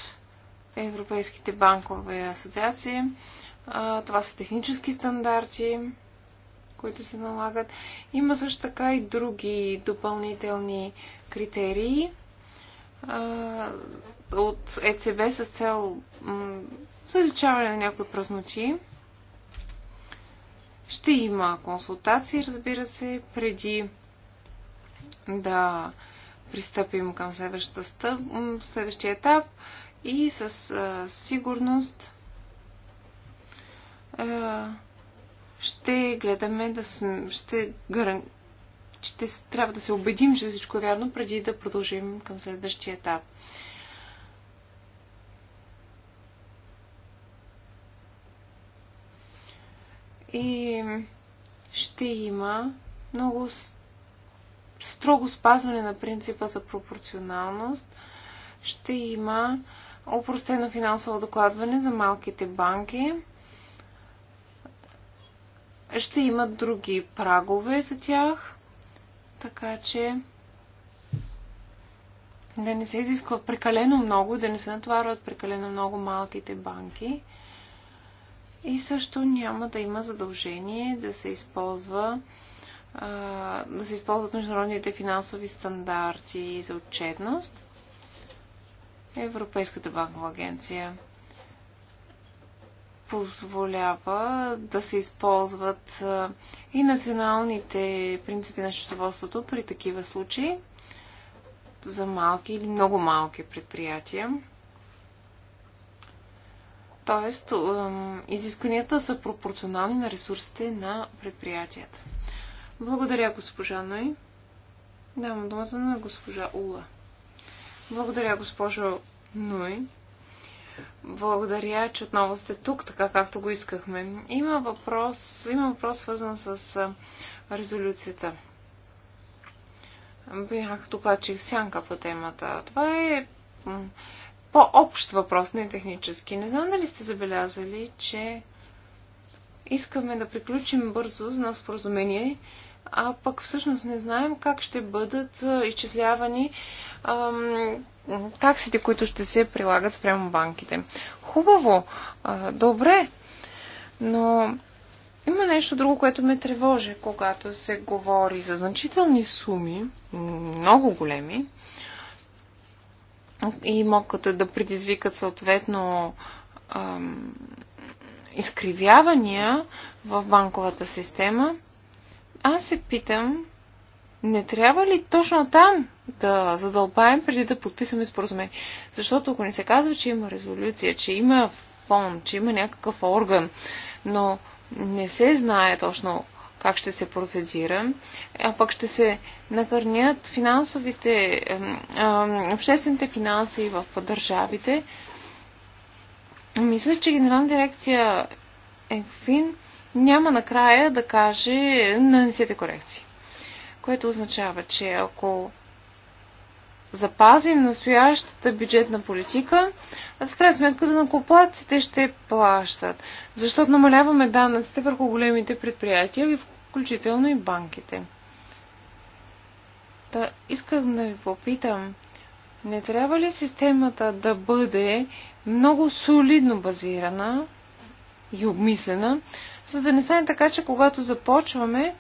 Европейските банкови асоциации. Това са технически стандарти, които се налагат. Има също така и други допълнителни критерии а, от ЕЦБ с цел заличаване на някои празноти. Ще има консултации, разбира се, преди да пристъпим към стъп, следващия етап и със сигурност а, ще гледаме да сме, ще, гаран... ще трябва да се убедим, че всичко е вярно, преди да продължим към следващия етап. И ще има много строго спазване на принципа за пропорционалност. Ще има упростено финансово докладване за малките банки ще имат други прагове за тях, така че да не се изисква прекалено много, да не се натварват прекалено много малките банки. И също няма да има задължение да се използва да се използват международните финансови стандарти за отчетност. Европейската банкова агенция позволява да се използват и националните принципи на счетоводството при такива случаи за малки или много малки предприятия. Тоест, изискванията са пропорционални на ресурсите на предприятията. Благодаря, госпожа Ной. Давам думата на госпожа Ула. Благодаря, госпожо Ной. Благодаря, че отново сте тук, така както го искахме. Има въпрос, има въпрос свързан с резолюцията. Бях докладчих сянка по темата. Това е по-общ въпрос, не технически. Не знам дали сте забелязали, че искаме да приключим бързо нас споразумение, а пък всъщност не знаем как ще бъдат изчислявани ам, таксите, които ще се прилагат спрямо банките. Хубаво, а, добре, но има нещо друго, което ме тревожи, когато се говори за значителни суми, много големи, и могат да предизвикат съответно ам, изкривявания в банковата система, аз се питам, не трябва ли точно там да задълбаем преди да подписваме споразумение. Защото ако не се казва, че има резолюция, че има фон, че има някакъв орган, но не се знае точно как ще се процедира, а пък ще се накърнят финансовите, обществените финанси в държавите. Мисля, че Генерална дирекция ЕКФИН няма накрая да каже нанесете корекции. Което означава, че ако запазим настоящата бюджетна политика, в крайна сметка да накоплатците ще плащат, защото намаляваме данъците върху големите предприятия и включително и банките. Та искам да ви попитам, не трябва ли системата да бъде много солидно базирана и обмислена, за да не стане така, че когато започваме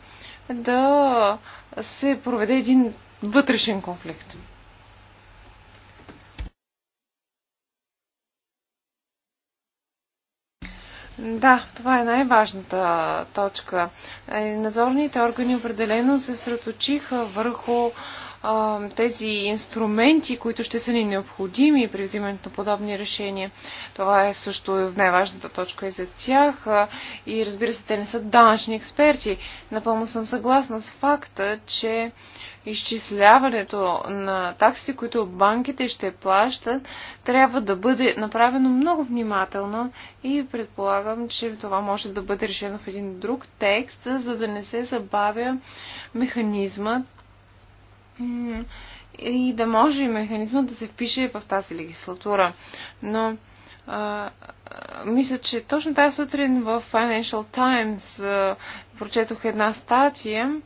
да се проведе един вътрешен конфликт? Да, това е най-важната точка. Е, надзорните органи определено се сръточиха върху а, тези инструменти, които ще са ни необходими при взимането на подобни решения. Това е също най-важната точка и за тях. И разбира се, те не са данъчни експерти. Напълно съм съгласна с факта, че изчисляването на таксите, които банките ще плащат, трябва да бъде направено много внимателно и предполагам, че това може да бъде решено в един друг текст, за да не се забавя механизмът и да може и механизмът да се впише в тази легислатура. Но а, мисля, че точно тази сутрин в Financial Times а, прочетох една статия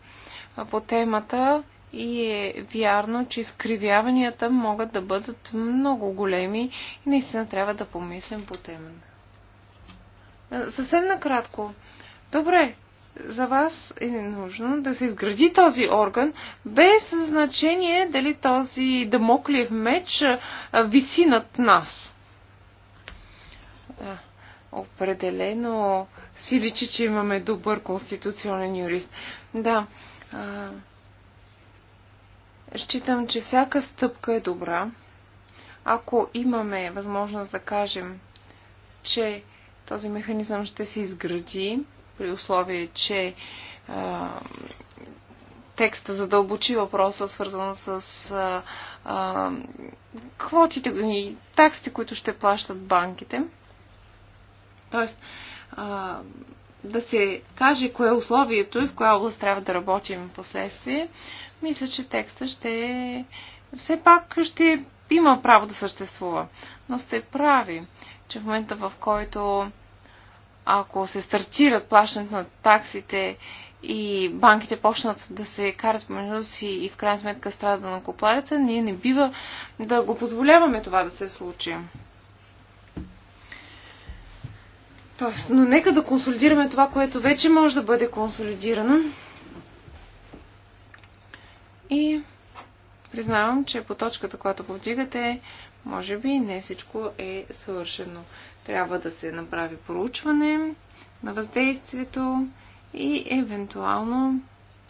по темата и е вярно, че изкривяванията могат да бъдат много големи и наистина трябва да помислим по темата. Съвсем накратко. Добре, за вас е нужно да се изгради този орган, без значение дали този дамоклиев меч виси над нас. Определено си личи, че имаме добър конституционен юрист. Да, Считам, че всяка стъпка е добра. Ако имаме възможност да кажем, че този механизъм ще се изгради, при условие, че текста задълбочи въпроса, свързан с а, а, квотите и таксите, които ще плащат банките. Тоест, а, да се каже кое е условието и в коя област трябва да работим в последствие, мисля, че текста ще... Е- все пак ще има право да съществува. Но сте прави, че в момента в който ако се стартират плащането на таксите и банките почнат да се карат помежду си и в крайна сметка страда на коплареца, ние не бива да го позволяваме това да се случи. Тоест, но нека да консолидираме това, което вече може да бъде консолидирано и признавам, че по точката, която повдигате, може би не всичко е съвършено. Трябва да се направи проучване на въздействието и евентуално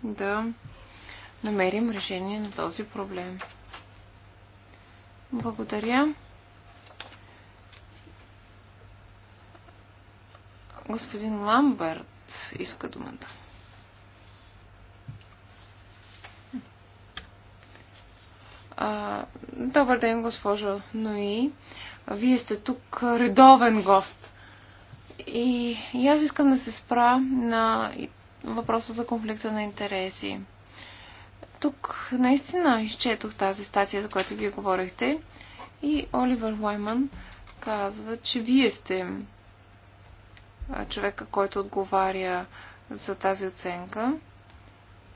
да намерим решение на този проблем. Благодаря. Господин Ламберт иска думата. А, добър ден, госпожо Нои. Вие сте тук редовен гост. И, и аз искам да се спра на въпроса за конфликта на интереси. Тук наистина изчетох тази статия, за която вие говорихте. И Оливър Уайман казва, че вие сте човека, който отговаря за тази оценка.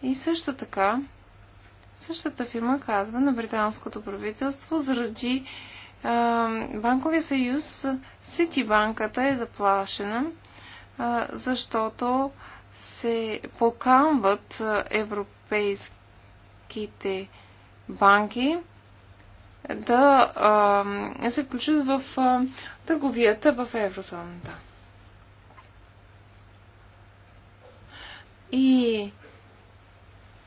И също така Същата фирма казва на британското правителство, заради банковия съюз Ситибанката е заплашена, защото се покамват европейските банки да а, се включат в а, търговията в еврозоната. И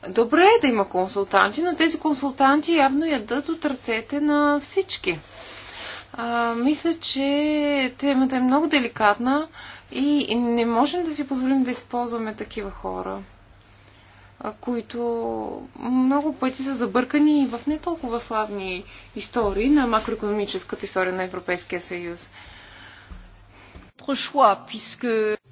Добре е да има консултанти, но тези консултанти явно ядат от ръцете на всички. А, мисля, че темата е много деликатна и не можем да си позволим да използваме такива хора, които много пъти са забъркани и в не толкова славни истории на макроекономическата история на Европейския съюз.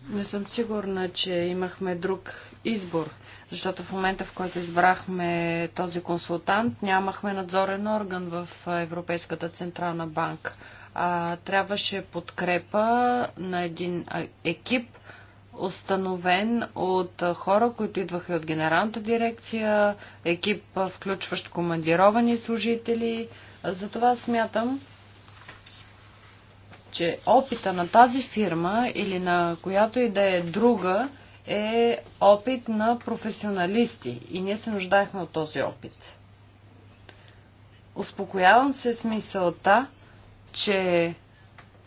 Не съм сигурна, че имахме друг избор защото в момента, в който избрахме този консултант, нямахме надзорен орган в Европейската централна банка. А, трябваше подкрепа на един екип, установен от хора, които идваха от генералната дирекция, екип, включващ командировани служители. Затова смятам, че опита на тази фирма или на която и да е друга, е опит на професионалисти и ние се нуждаехме от този опит. Успокоявам се с мисълта, че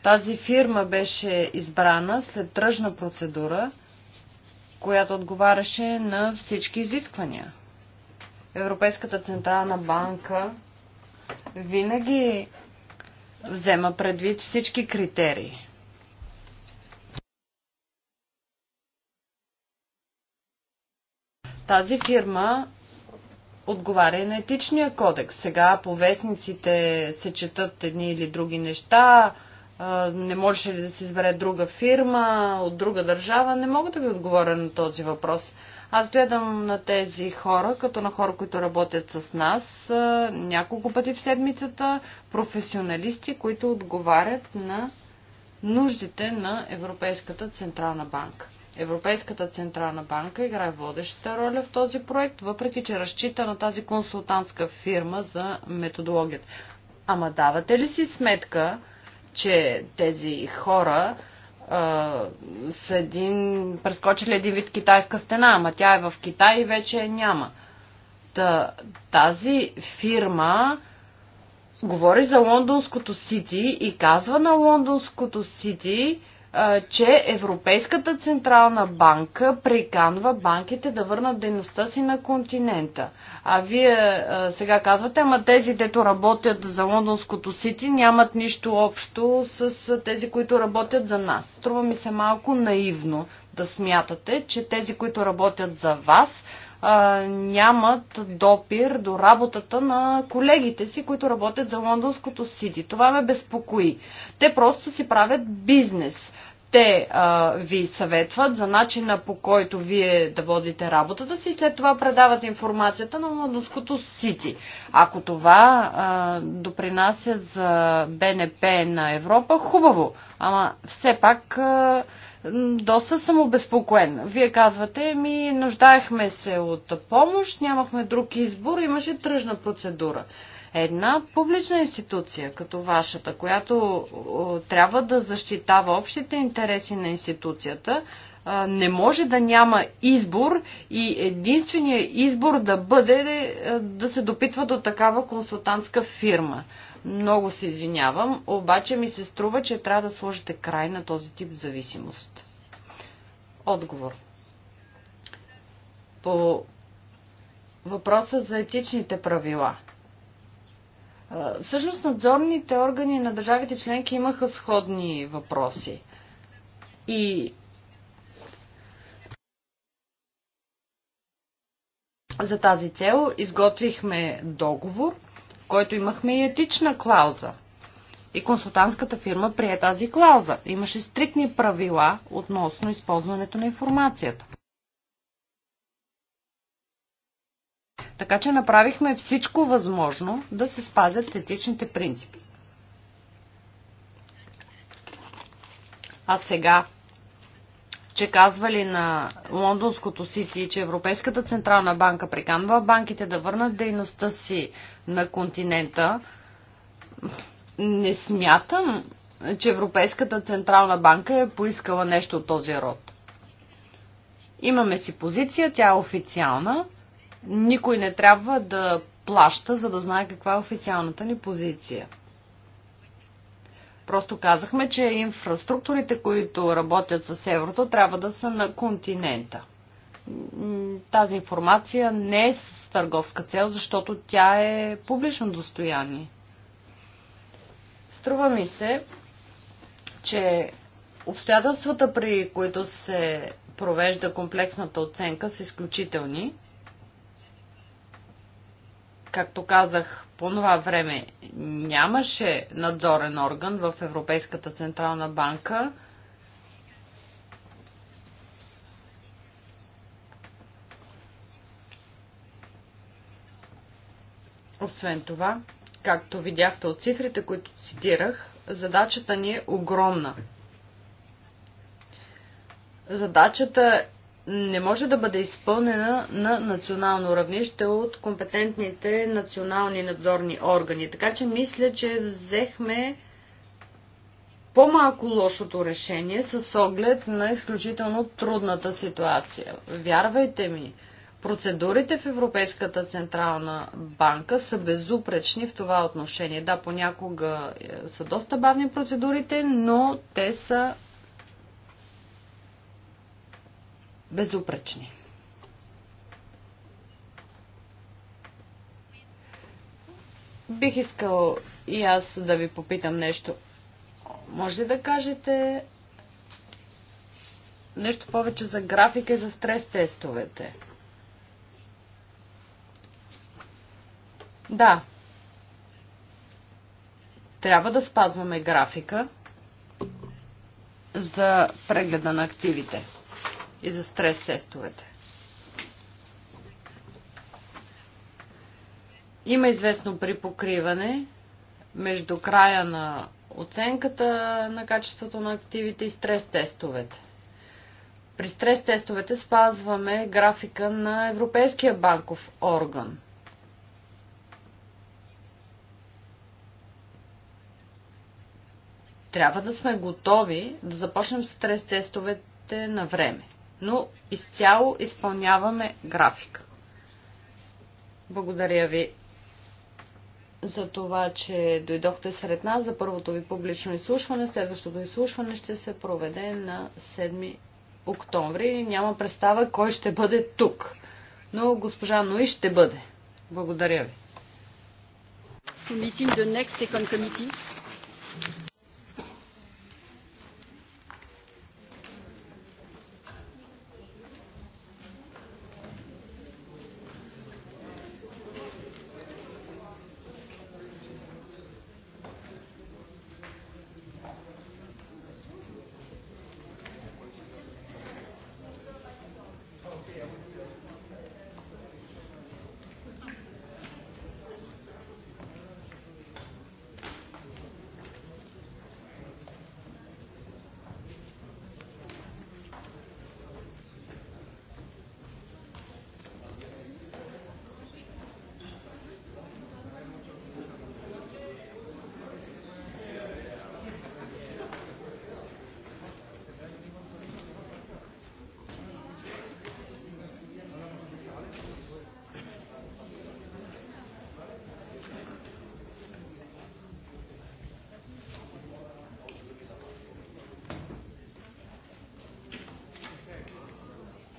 тази фирма беше избрана след тръжна процедура, която отговаряше на всички изисквания. Европейската централна банка винаги взема предвид всички критерии. Тази фирма отговаря и на етичния кодекс. Сега по вестниците се четат едни или други неща, не можеше ли да се избере друга фирма от друга държава, не мога да ви отговоря на този въпрос. Аз гледам на тези хора, като на хора, които работят с нас няколко пъти в седмицата, професионалисти, които отговарят на нуждите на Европейската Централна банка. Европейската централна банка играе водещата роля в този проект, въпреки че разчита на тази консултантска фирма за методологията. Ама давате ли си сметка, че тези хора а, са един, прескочили един вид китайска стена, ама тя е в Китай и вече няма. Та, тази фирма говори за лондонското сити и казва на лондонското сити, че Европейската централна банка приканва банките да върнат дейността си на континента. А вие сега казвате, ама тези, дето работят за лондонското сити, нямат нищо общо с тези, които работят за нас. Струва ми се малко наивно да смятате, че тези, които работят за вас, а, нямат допир до работата на колегите си, които работят за лондонското Сити. Това ме безпокои. Те просто си правят бизнес. Те а, ви съветват за начина по който вие да водите работата си и след това предават информацията на Лондонското Сити. Ако това а, допринася за БНП на Европа, хубаво. Ама все пак. А, доста съм обезпокоен. Вие казвате, ми нуждаехме се от помощ, нямахме друг избор, имаше тръжна процедура. Една публична институция, като вашата, която трябва да защитава общите интереси на институцията, не може да няма избор и единственият избор да бъде е, да се допитва до такава консултантска фирма. Много се извинявам, обаче ми се струва, че трябва да сложите край на този тип зависимост. Отговор. По въпроса за етичните правила. Всъщност надзорните органи на държавите членки имаха сходни въпроси. И за тази цел изготвихме договор – който имахме и етична клауза. И консултантската фирма прие тази клауза. Имаше стрикни правила относно използването на информацията. Така че направихме всичко възможно да се спазят етичните принципи. А сега че казвали на лондонското Сити, че Европейската Централна банка приканва банките да върнат дейността си на континента, не смятам, че Европейската Централна банка е поискала нещо от този род. Имаме си позиция, тя е официална. Никой не трябва да плаща, за да знае каква е официалната ни позиция. Просто казахме, че инфраструктурите, които работят с еврото, трябва да са на континента. Тази информация не е с търговска цел, защото тя е публично достояние. Струва ми се, че обстоятелствата, при които се провежда комплексната оценка, са изключителни – както казах, по това време нямаше надзорен орган в Европейската централна банка. Освен това, както видяхте от цифрите, които цитирах, задачата ни е огромна. Задачата не може да бъде изпълнена на национално равнище от компетентните национални надзорни органи. Така че мисля, че взехме по-малко лошото решение с оглед на изключително трудната ситуация. Вярвайте ми, процедурите в Европейската централна банка са безупречни в това отношение. Да, понякога е, са доста бавни процедурите, но те са безупречни. Бих искал и аз да ви попитам нещо. Може ли да кажете нещо повече за графика и за стрес тестовете? Да. Трябва да спазваме графика за прегледа на активите и за стрес тестовете. Има известно припокриване между края на оценката на качеството на активите и стрес тестовете. При стрес тестовете спазваме графика на Европейския банков орган. Трябва да сме готови да започнем стрес тестовете на време но изцяло изпълняваме графика. Благодаря ви за това, че дойдохте сред нас за първото ви публично изслушване. Следващото изслушване ще се проведе на 7 октомври. Няма представа кой ще бъде тук, но госпожа Нои ще бъде. Благодаря ви. Meeting the next second committee.